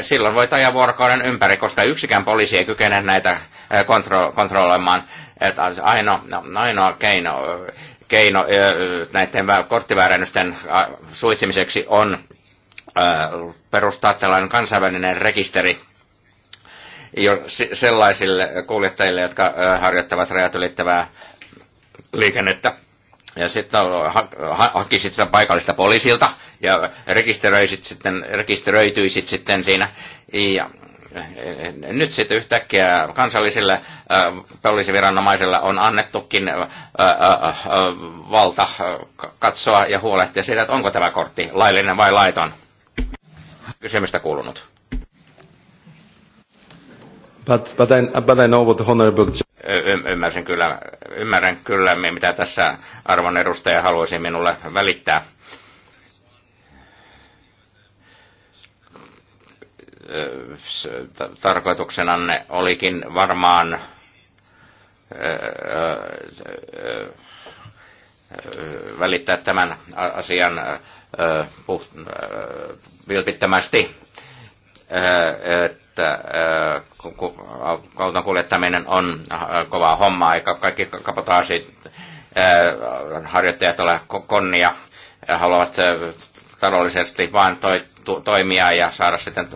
Silloin voit ajaa vuorokauden ympäri, koska yksikään poliisi ei kykene näitä kontro, kontrolloimaan. Että ainoa, no, ainoa keino, keino näiden korttiväärennysten suitsimiseksi on perustaa tällainen kansainvälinen rekisteri jo sellaisille kuljettajille, jotka harjoittavat rajat ylittävää liikennettä ja sitten ha, ha, hakisit sitä paikallista poliisilta ja rekisteröisit sitten, rekisteröityisit sitten siinä. Ja eh, nyt sitten yhtäkkiä kansallisille eh, poliisiviranomaisille on annettukin eh, valta katsoa ja huolehtia siitä, että onko tämä kortti laillinen vai laiton. Kysymystä kuulunut. But, but, I, but I know what ymmärsin kyllä, ymmärrän kyllä, mitä tässä arvon edustaja haluaisi minulle välittää. Tarkoituksenanne olikin varmaan välittää tämän asian vilpittömästi että auton kuljettaminen on äh, kovaa hommaa, eikä kaikki kapotaasit harjoittajat ole konnia ja haluavat taloudellisesti vain toi, to, toimia ja saada sitten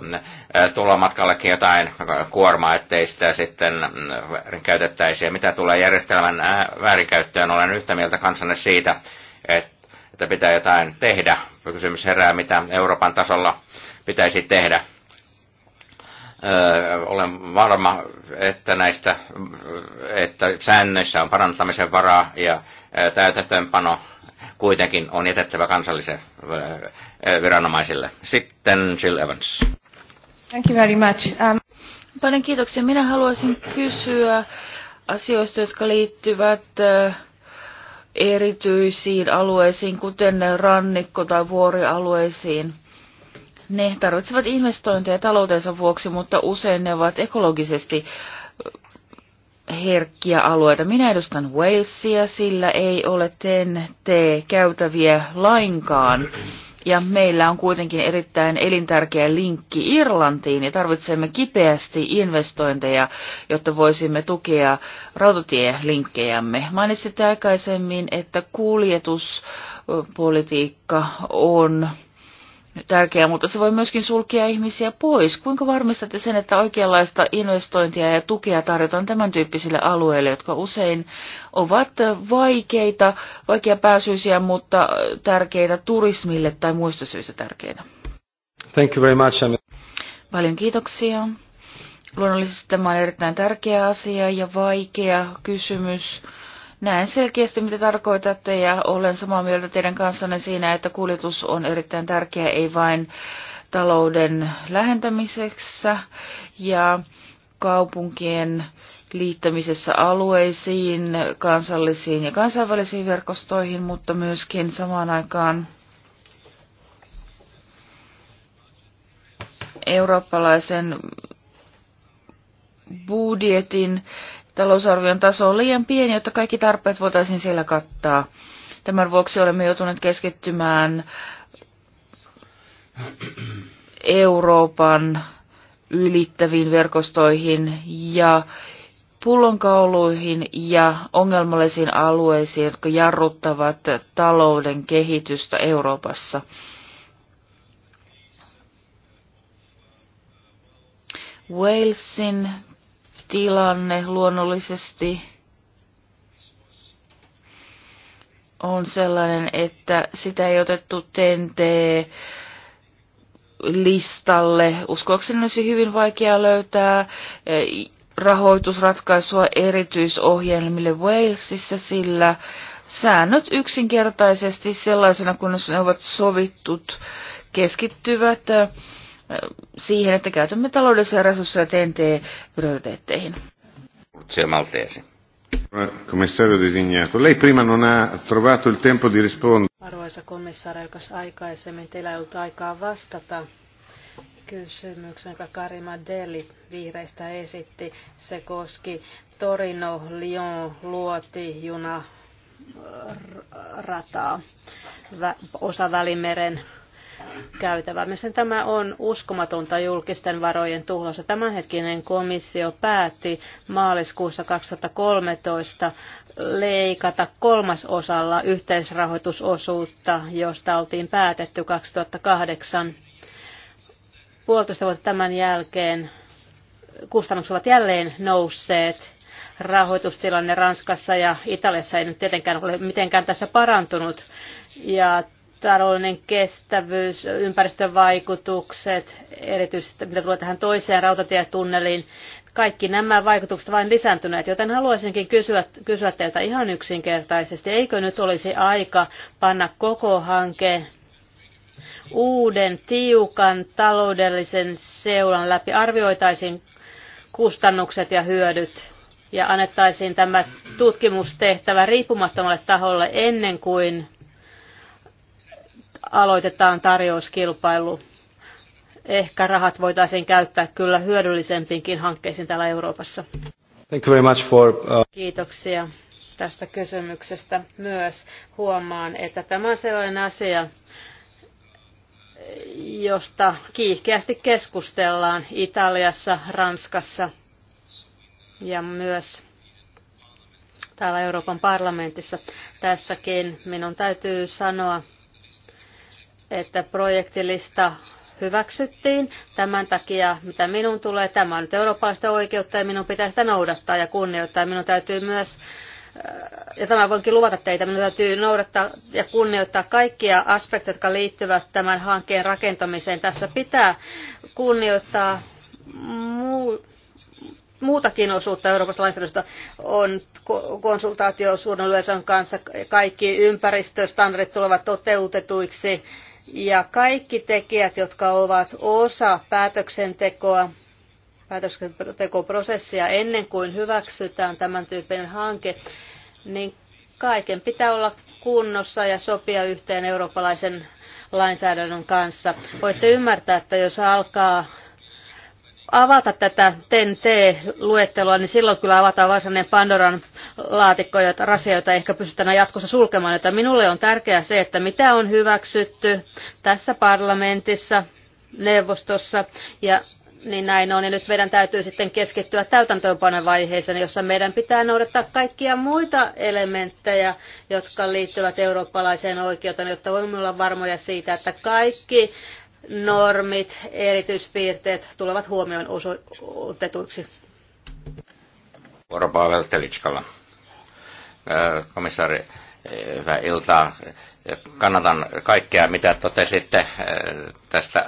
tulomatkallekin jotain kuormaa, ettei sitä sitten mm, käytettäisi. Ja mitä tulee järjestelmän väärinkäyttöön, olen yhtä mieltä kansanne siitä, että pitää jotain tehdä. Kysymys herää, mitä Euroopan tasolla pitäisi tehdä olen varma, että näistä, että säännöissä on parantamisen varaa ja täytäntöönpano kuitenkin on jätettävä kansallisen viranomaisille. Sitten Jill Evans. Thank you very much. Um... Paljon kiitoksia. Minä haluaisin kysyä asioista, jotka liittyvät erityisiin alueisiin, kuten rannikko- tai vuorialueisiin. Ne tarvitsevat investointeja taloutensa vuoksi, mutta usein ne ovat ekologisesti herkkiä alueita. Minä edustan Walesia, sillä ei ole tnt käytäviä lainkaan. Ja meillä on kuitenkin erittäin elintärkeä linkki Irlantiin ja tarvitsemme kipeästi investointeja, jotta voisimme tukea rautatielinkkejämme. Mainitsitte aikaisemmin, että kuljetuspolitiikka on tärkeää, mutta se voi myöskin sulkea ihmisiä pois. Kuinka varmistatte sen, että oikeanlaista investointia ja tukea tarjotaan tämän tyyppisille alueille, jotka usein ovat vaikeita, vaikeapääsyisiä, mutta tärkeitä turismille tai muista syistä tärkeitä? Thank you very much. Paljon kiitoksia. Luonnollisesti tämä on erittäin tärkeä asia ja vaikea kysymys Näen selkeästi, mitä tarkoitatte ja olen samaa mieltä teidän kanssanne siinä, että kuljetus on erittäin tärkeä ei vain talouden lähentämisessä ja kaupunkien liittämisessä alueisiin, kansallisiin ja kansainvälisiin verkostoihin, mutta myöskin samaan aikaan eurooppalaisen budjetin talousarvion taso on liian pieni, jotta kaikki tarpeet voitaisiin siellä kattaa. Tämän vuoksi olemme joutuneet keskittymään Euroopan ylittäviin verkostoihin ja pullonkauluihin ja ongelmallisiin alueisiin, jotka jarruttavat talouden kehitystä Euroopassa. Walesin tilanne luonnollisesti on sellainen, että sitä ei otettu tentee listalle. Uskoakseni olisi hyvin vaikea löytää e, rahoitusratkaisua erityisohjelmille Walesissa, sillä säännöt yksinkertaisesti sellaisena, kun ne ovat sovittut, keskittyvät siihen, että käytämme taloudellisia resursseja TNT-prioriteetteihin. Se malteesi. Arvoisa komissaari, joka aikaisemmin teillä ei ollut aikaa vastata kysymyksen, jonka Karima Deli vihreistä esitti. Se koski torino lyon Juna, rataa, osa Välimeren käytävää. Sen tämä on uskomatonta julkisten varojen tuhlausta. Tämänhetkinen komissio päätti maaliskuussa 2013 leikata kolmasosalla yhteisrahoitusosuutta, josta oltiin päätetty 2008. Puolitoista vuotta tämän jälkeen kustannukset ovat jälleen nousseet rahoitustilanne Ranskassa ja Italiassa ei nyt tietenkään ole mitenkään tässä parantunut. Ja taloudellinen kestävyys, ympäristövaikutukset, erityisesti mitä tulee tähän toiseen rautatietunneliin, kaikki nämä vaikutukset vain lisääntyneet, joten haluaisinkin kysyä, kysyä teiltä ihan yksinkertaisesti, eikö nyt olisi aika panna koko hanke uuden tiukan taloudellisen seulan läpi, arvioitaisiin kustannukset ja hyödyt ja annettaisiin tämä tutkimustehtävä riippumattomalle taholle ennen kuin aloitetaan tarjouskilpailu. Ehkä rahat voitaisiin käyttää kyllä hyödyllisempiinkin hankkeisiin täällä Euroopassa. Thank you very much for, uh... Kiitoksia tästä kysymyksestä myös. Huomaan, että tämä on sellainen asia, josta kiihkeästi keskustellaan Italiassa, Ranskassa ja myös täällä Euroopan parlamentissa. Tässäkin minun täytyy sanoa, että projektilista hyväksyttiin. Tämän takia, mitä minun tulee, tämä on nyt eurooppalaista oikeutta ja minun pitää sitä noudattaa ja kunnioittaa. Minun täytyy myös, äh, ja tämä voinkin luvata teitä, minun täytyy noudattaa ja kunnioittaa kaikkia aspekteja, jotka liittyvät tämän hankkeen rakentamiseen. Tässä pitää kunnioittaa muu, muutakin osuutta Euroopasta lainsäädännöstä on konsultaatio suuren kanssa. Kaikki ympäristöstandardit tulevat toteutetuiksi ja kaikki tekijät, jotka ovat osa päätöksentekoa, päätöksentekoprosessia ennen kuin hyväksytään tämän tyyppinen hanke, niin kaiken pitää olla kunnossa ja sopia yhteen eurooppalaisen lainsäädännön kanssa. Voitte ymmärtää, että jos alkaa avata tätä ten c luetteloa niin silloin kyllä avataan vain Pandoran laatikko ja rasia, jota ehkä pystytään jatkossa sulkemaan. Että minulle on tärkeää se, että mitä on hyväksytty tässä parlamentissa, neuvostossa ja niin näin on. Ja nyt meidän täytyy sitten keskittyä täytäntöönpanovaiheeseen, jossa meidän pitää noudattaa kaikkia muita elementtejä, jotka liittyvät eurooppalaiseen oikeuteen, jotta voimme olla varmoja siitä, että kaikki normit, erityispiirteet tulevat huomioon otetuiksi. Vuoropavel Telitskalla. Komissaari, hyvää iltaa. Kannatan kaikkea, mitä totesitte tästä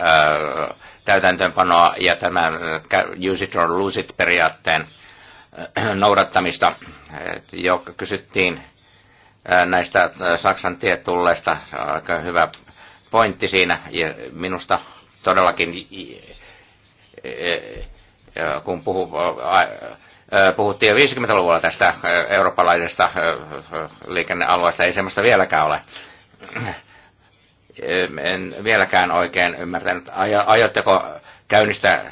täytäntöönpanoa ja tämän use it or lose it periaatteen noudattamista, joka kysyttiin näistä Saksan tietulleista. Aika hyvä pointti siinä. Ja minusta todellakin, e, e, kun puhu, e, puhuttiin jo 50-luvulla tästä eurooppalaisesta liikennealueesta, ei semmoista vieläkään ole. En vieläkään oikein ymmärtänyt. Aiotteko käynnistää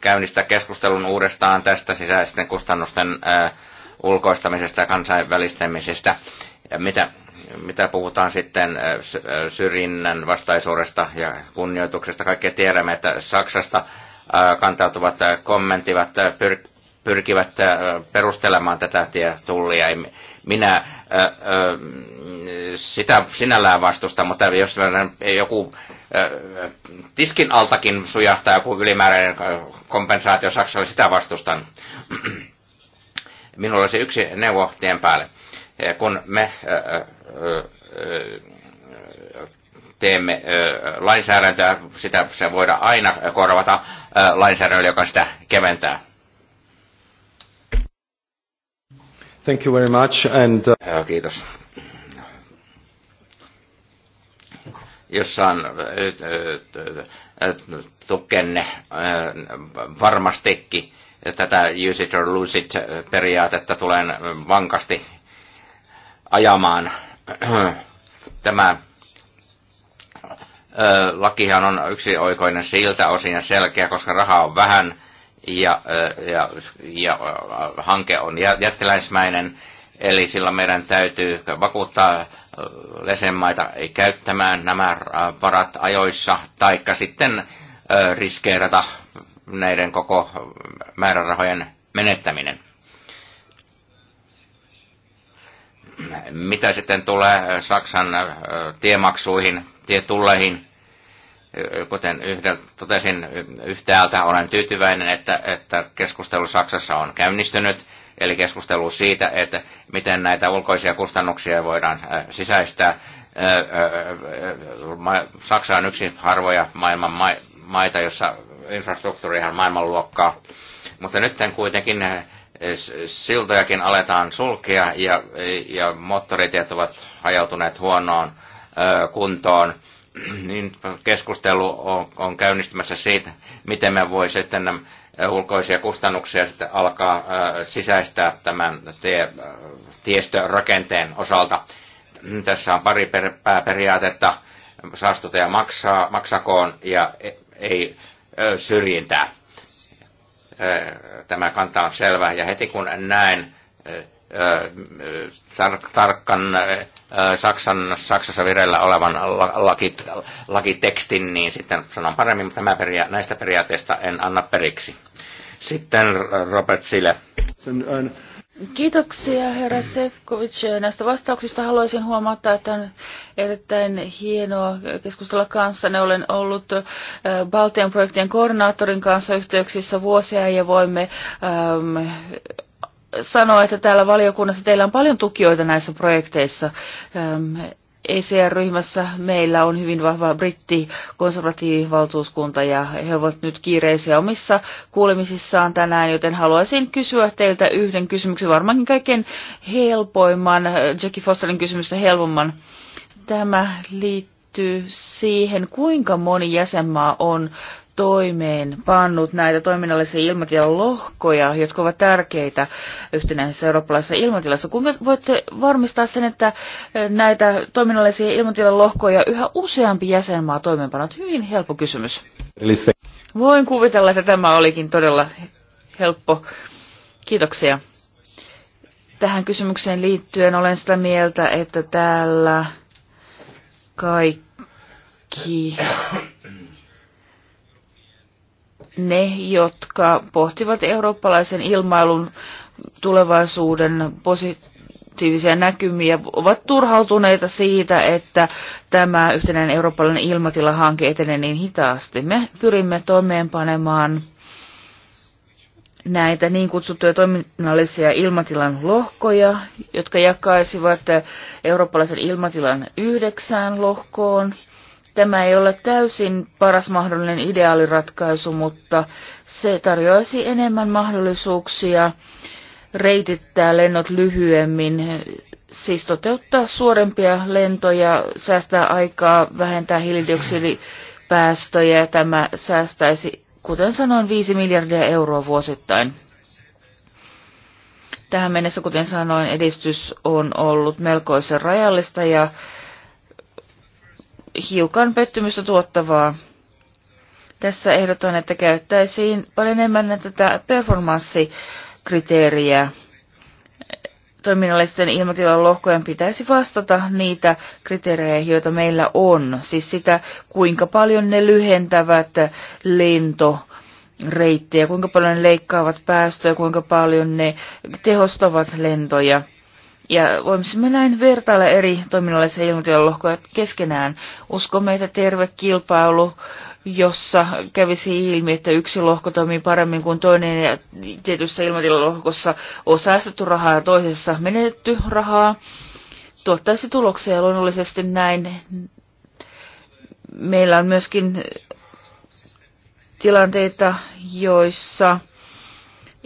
käynnistää keskustelun uudestaan tästä sisäisten kustannusten ulkoistamisesta ja kansainvälistämisestä. Ja mitä, mitä puhutaan sitten syrjinnän vastaisuudesta ja kunnioituksesta. Kaikki tiedämme, että Saksasta kantautuvat kommentivat pyrkivät perustelemaan tätä tietullia. Minä sitä sinällään vastusta, mutta jos joku tiskin altakin sujahtaa joku ylimääräinen kompensaatio Saksalle, sitä vastustan. Minulla olisi yksi neuvo tien päälle Eh, kun me eh, eh, teemme lainsäädäntöä, sitä se voidaan aina korvata lainsäädännöllä, joka sitä keventää. Thank you very much and, uh... Kiitos. Jossain tukenne varmastikin tätä use it or lose it periaatetta tulen vankasti ajamaan. Tämä lakihan on yksioikoinen siltä osin ja selkeä, koska rahaa on vähän ja, ja, ja hanke on jättiläismäinen. Eli silloin meidän täytyy vakuuttaa lesenmaita käyttämään nämä varat ajoissa, taikka sitten riskeerata näiden koko määrärahojen menettäminen. Mitä sitten tulee äh, Saksan äh, tiemaksuihin, tietulleihin, äh, kuten yhdeltä, totesin yhtäältä, olen tyytyväinen, että, että keskustelu Saksassa on käynnistynyt, eli keskustelu siitä, että miten näitä ulkoisia kustannuksia voidaan sisäistää. Saksa on yksi harvoja maailman maita, jossa infrastruktuuri on maailmanluokkaa, mutta nyt kuitenkin siltojakin aletaan sulkea ja, ja moottoritiet ovat hajautuneet huonoon kuntoon, niin keskustelu on, on käynnistymässä siitä, miten me voi sitten ulkoisia kustannuksia sitten alkaa sisäistää tämän tie, tiestörakenteen osalta. Tässä on pari per, pääperiaatetta, saastuttaja maksaa, maksakoon ja e-, ei syrjintää Tämä kanta on selvä. Ja heti kun näen tarkkan Saksan, Saksassa vireillä olevan laki, lakitekstin, niin sitten sanon paremmin, mutta mä peria- näistä periaatteista en anna periksi. Sitten Robert Sille. Kiitoksia herra Sefkovic näistä vastauksista. Haluaisin huomauttaa, että on erittäin hienoa keskustella Ne Olen ollut äh, Baltian projektien koordinaattorin kanssa yhteyksissä vuosia ja voimme äm, sanoa, että täällä valiokunnassa teillä on paljon tukijoita näissä projekteissa. Äm, ECR-ryhmässä meillä on hyvin vahva britti konservatiivivaltuuskunta ja he ovat nyt kiireisiä omissa kuulemisissaan tänään, joten haluaisin kysyä teiltä yhden kysymyksen, varmaankin kaiken helpoimman, Jackie Fosterin kysymystä helpomman. Tämä liittyy siihen, kuinka moni jäsenmaa on toimeen pannut näitä toiminnallisia ilmatilan lohkoja, jotka ovat tärkeitä yhtenäisessä eurooppalaisessa ilmatilassa. Kuinka voitte varmistaa sen, että eh, näitä toiminnallisia ilmatilan lohkoja yhä useampi jäsenmaa toimeenpanot? Hyvin helppo kysymys. Voin kuvitella, että tämä olikin todella helppo. Kiitoksia. Tähän kysymykseen liittyen olen sitä mieltä, että täällä kaikki ne, jotka pohtivat eurooppalaisen ilmailun tulevaisuuden positiivisia näkymiä, ovat turhautuneita siitä, että tämä yhtenäinen eurooppalainen ilmatilahanke etenee niin hitaasti. Me pyrimme toimeenpanemaan näitä niin kutsuttuja toiminnallisia ilmatilan lohkoja, jotka jakaisivat eurooppalaisen ilmatilan yhdeksään lohkoon. Tämä ei ole täysin paras mahdollinen ideaaliratkaisu, mutta se tarjoaisi enemmän mahdollisuuksia reitittää lennot lyhyemmin, siis toteuttaa suorempia lentoja, säästää aikaa, vähentää hiilidioksidipäästöjä ja tämä säästäisi, kuten sanoin, 5 miljardia euroa vuosittain. Tähän mennessä, kuten sanoin, edistys on ollut melkoisen rajallista ja hiukan pettymystä tuottavaa. Tässä ehdotan, että käyttäisiin paljon enemmän tätä performanssikriteeriä. Toiminnallisten ilmatilan lohkojen pitäisi vastata niitä kriteerejä, joita meillä on. Siis sitä, kuinka paljon ne lyhentävät lento reittejä, kuinka paljon ne leikkaavat päästöjä, kuinka paljon ne tehostavat lentoja. Ja voimme siis näin vertailla eri toiminnallisia ilmatilollohkoja keskenään. Uskomme, että terve kilpailu, jossa kävisi ilmi, että yksi lohko toimii paremmin kuin toinen ja tietyssä ilmatilalohkossa on säästetty rahaa ja toisessa menetetty rahaa, tuottaisi tuloksia luonnollisesti näin. Meillä on myöskin tilanteita, joissa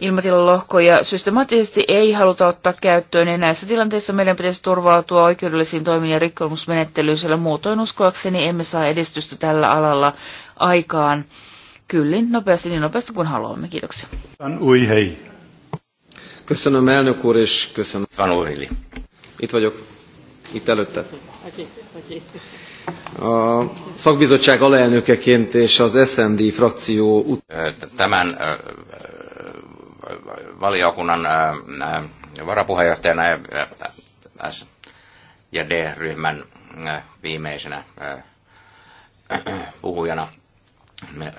ilmatilalohkoja systemaattisesti ei haluta ottaa käyttöön, ja näissä tilanteissa meidän pitäisi turvautua oikeudellisiin toimiin ja rikkomusmenettelyyn, sillä muutoin uskoakseni emme saa edistystä tällä alalla aikaan kyllin nopeasti, niin nopeasti kuin haluamme. Kiitoksia. Ui hei. Köszönöm elnök úr, és köszönöm. Van Urili. Itt vagyok, itt előtte. A szakbizottság alelnökeként és az SND frakció... Tämän valiokunnan varapuheenjohtajana ja D-ryhmän viimeisenä puhujana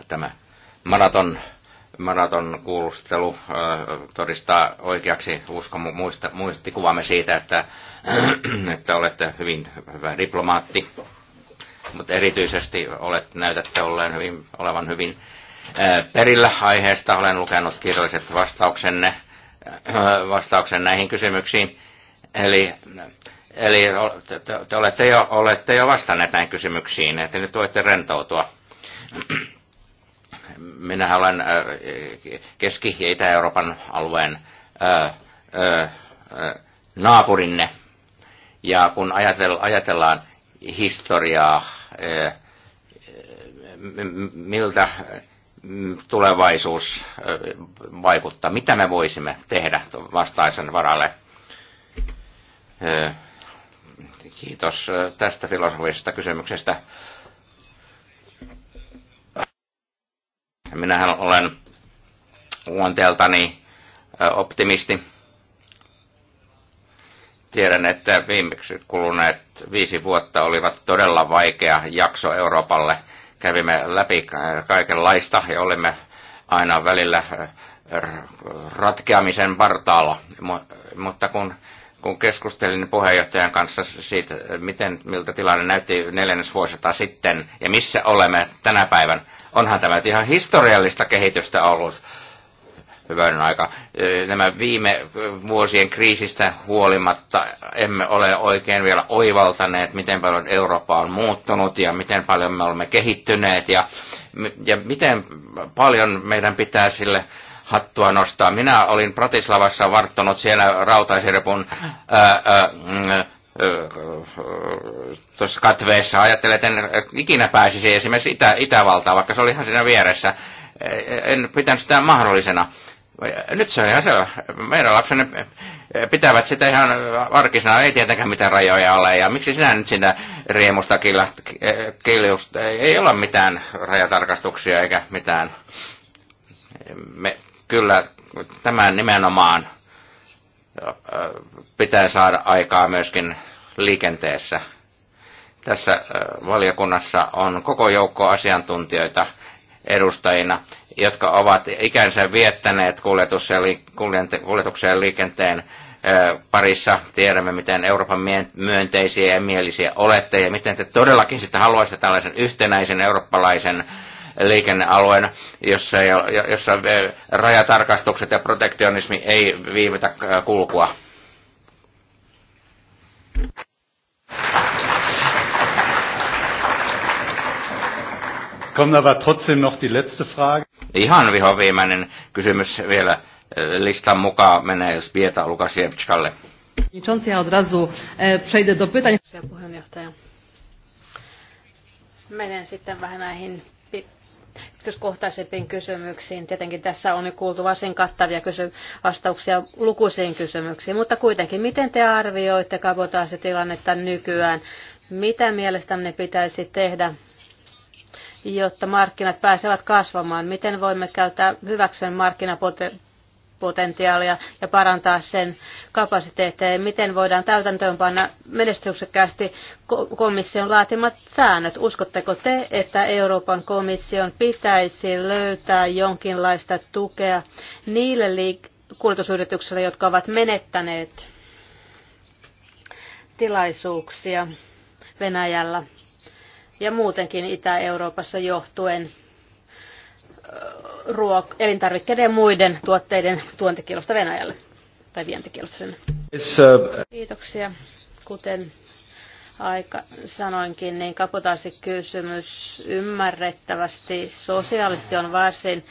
tämä maraton, maraton kuulustelu todistaa oikeaksi usko muista, muistikuvamme siitä, että, että olette hyvin hyvä diplomaatti, mutta erityisesti olet, näytätte olleen hyvin, olevan hyvin Äh, perillä aiheesta. Olen lukenut kirjalliset vastauksenne, äh, vastauksen näihin kysymyksiin. Eli, eli te, te olette, jo, olette jo vastanneet näihin kysymyksiin, että nyt voitte rentoutua. Minä olen äh, Keski- ja Itä-Euroopan alueen naapurinne. Ja kun ajatellaan historiaa, miltä tulevaisuus vaikuttaa? Mitä me voisimme tehdä vastaisen varalle? Kiitos tästä filosofisesta kysymyksestä. Minähän olen luonteeltani optimisti. Tiedän, että viimeksi kuluneet viisi vuotta olivat todella vaikea jakso Euroopalle – kävimme läpi kaikenlaista ja olemme aina välillä äh, ratkeamisen partaalla. Mutta kun, kun keskustelin puheenjohtajan kanssa siitä, miten, miltä tilanne näytti neljännesvuosita sitten ja missä olemme tänä päivän, onhan tämä ihan historiallista kehitystä ollut hyvänen aika. Nämä viime vuosien kriisistä huolimatta emme ole oikein vielä oivaltaneet, miten paljon Eurooppa on muuttunut ja miten paljon me olemme kehittyneet ja, ja miten paljon meidän pitää sille hattua nostaa. Minä olin Pratislavassa varttunut siellä rautaisirpun ää, ää, mm, tuossa katveessa ajattelin, että en ikinä pääsisi esimerkiksi Itä, Itävaltaan, vaikka se oli ihan siinä vieressä. En pitänyt sitä mahdollisena. Nyt se on ihan selvä. Meidän lapsenne pitävät sitä ihan arkisena, ei tietenkään mitään rajoja ole. Ja miksi sinä nyt sinä riemusta eh, kiljusta? Ei ole mitään rajatarkastuksia eikä mitään. Me, kyllä tämän nimenomaan eh, pitää saada aikaa myöskin liikenteessä. Tässä eh, valiokunnassa on koko joukko asiantuntijoita edustajina, jotka ovat ikänsä viettäneet kuljetus- kuljetuksen ja liikenteen parissa. Tiedämme, miten Euroopan myönteisiä ja mielisiä olette ja miten te todellakin sitten haluaisitte tällaisen yhtenäisen eurooppalaisen liikennealueen, jossa, jossa rajatarkastukset ja protektionismi ei viivytä kulkua. Ihan viho viimeinen kysymys vielä äh, listan mukaan menee Spieta Lukasiewiczalle. Niin ja od e, przejdę do pytań. Menen sitten vähän näihin yksityiskohtaisempiin kysymyksiin. Tietenkin tässä on jo kuultu varsin kattavia kysy- vastauksia lukuisiin kysymyksiin, mutta kuitenkin, miten te arvioitte kabotaasitilannetta nykyään? Mitä mielestänne pitäisi tehdä jotta markkinat pääsevät kasvamaan? Miten voimme käyttää hyväkseen markkinapotentiaalia ja parantaa sen kapasiteetteja? Miten voidaan täytäntöönpanna menestyksekkäästi komission laatimat säännöt? Uskotteko te, että Euroopan komission pitäisi löytää jonkinlaista tukea niille liik- kuljetusyrityksille, jotka ovat menettäneet tilaisuuksia Venäjällä ja muutenkin Itä-Euroopassa johtuen ruok- elintarvikkeiden ja muiden tuotteiden tuontikielosta Venäjälle tai vientikielosta sinne. Uh, Kiitoksia. Kuten aika sanoinkin, niin kysymys ymmärrettävästi sosiaalisesti on varsin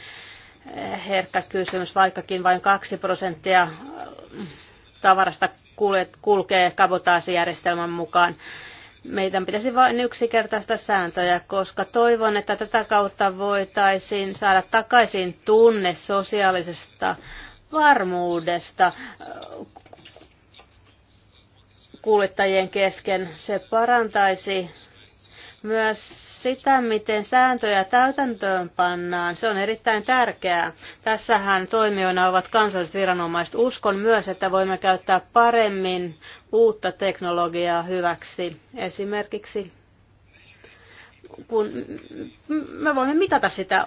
eh, herkkä kysymys, vaikkakin vain 2 prosenttia eh, tavarasta kulkee kabotaasijärjestelmän mukaan meidän pitäisi vain yksinkertaista sääntöjä, koska toivon, että tätä kautta voitaisiin saada takaisin tunne sosiaalisesta varmuudesta kuljettajien kesken. Se parantaisi myös sitä, miten sääntöjä täytäntöön pannaan, se on erittäin tärkeää. Tässähän toimijoina ovat kansalliset viranomaiset. Uskon myös, että voimme käyttää paremmin uutta teknologiaa hyväksi. Esimerkiksi kun me voimme mitata sitä,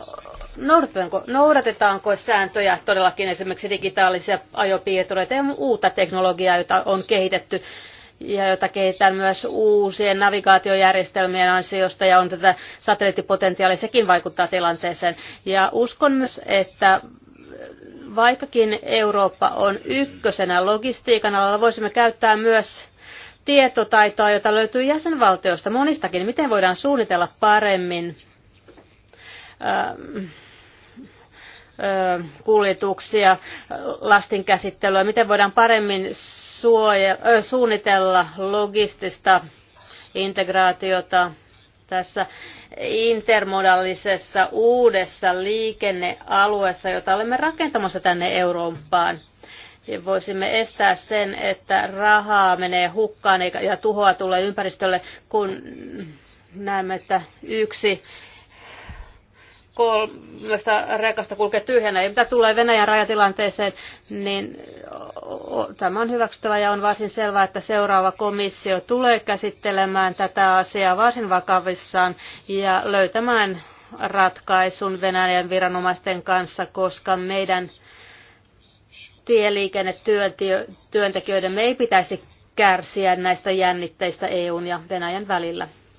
noudatetaanko, sääntöjä todellakin esimerkiksi digitaalisia ajopiirtureita ja uutta teknologiaa, jota on kehitetty ja jota kehitetään myös uusien navigaatiojärjestelmien ansiosta ja on tätä satelliittipotentiaalia, sekin vaikuttaa tilanteeseen. Ja uskon myös, että vaikkakin Eurooppa on ykkösenä logistiikan alalla, voisimme käyttää myös tietotaitoa, jota löytyy jäsenvaltioista monistakin. Miten voidaan suunnitella paremmin? Ähm kuljetuksia, lastinkäsittelyä, miten voidaan paremmin suoja, suunnitella logistista integraatiota tässä intermodaalisessa uudessa liikennealueessa, jota olemme rakentamassa tänne Eurooppaan. Ja voisimme estää sen, että rahaa menee hukkaan ja tuhoa tulee ympäristölle, kun näemme, että yksi kolmesta rekasta kulkee tyhjänä. Ja mitä tulee Venäjän rajatilanteeseen, niin tämä on hyväksyttävä ja on varsin selvää, että seuraava komissio tulee käsittelemään tätä asiaa varsin vakavissaan ja löytämään ratkaisun Venäjän viranomaisten kanssa, koska meidän tieliikennetyöntekijöiden me ei pitäisi kärsiä näistä jännitteistä EUn ja Venäjän välillä.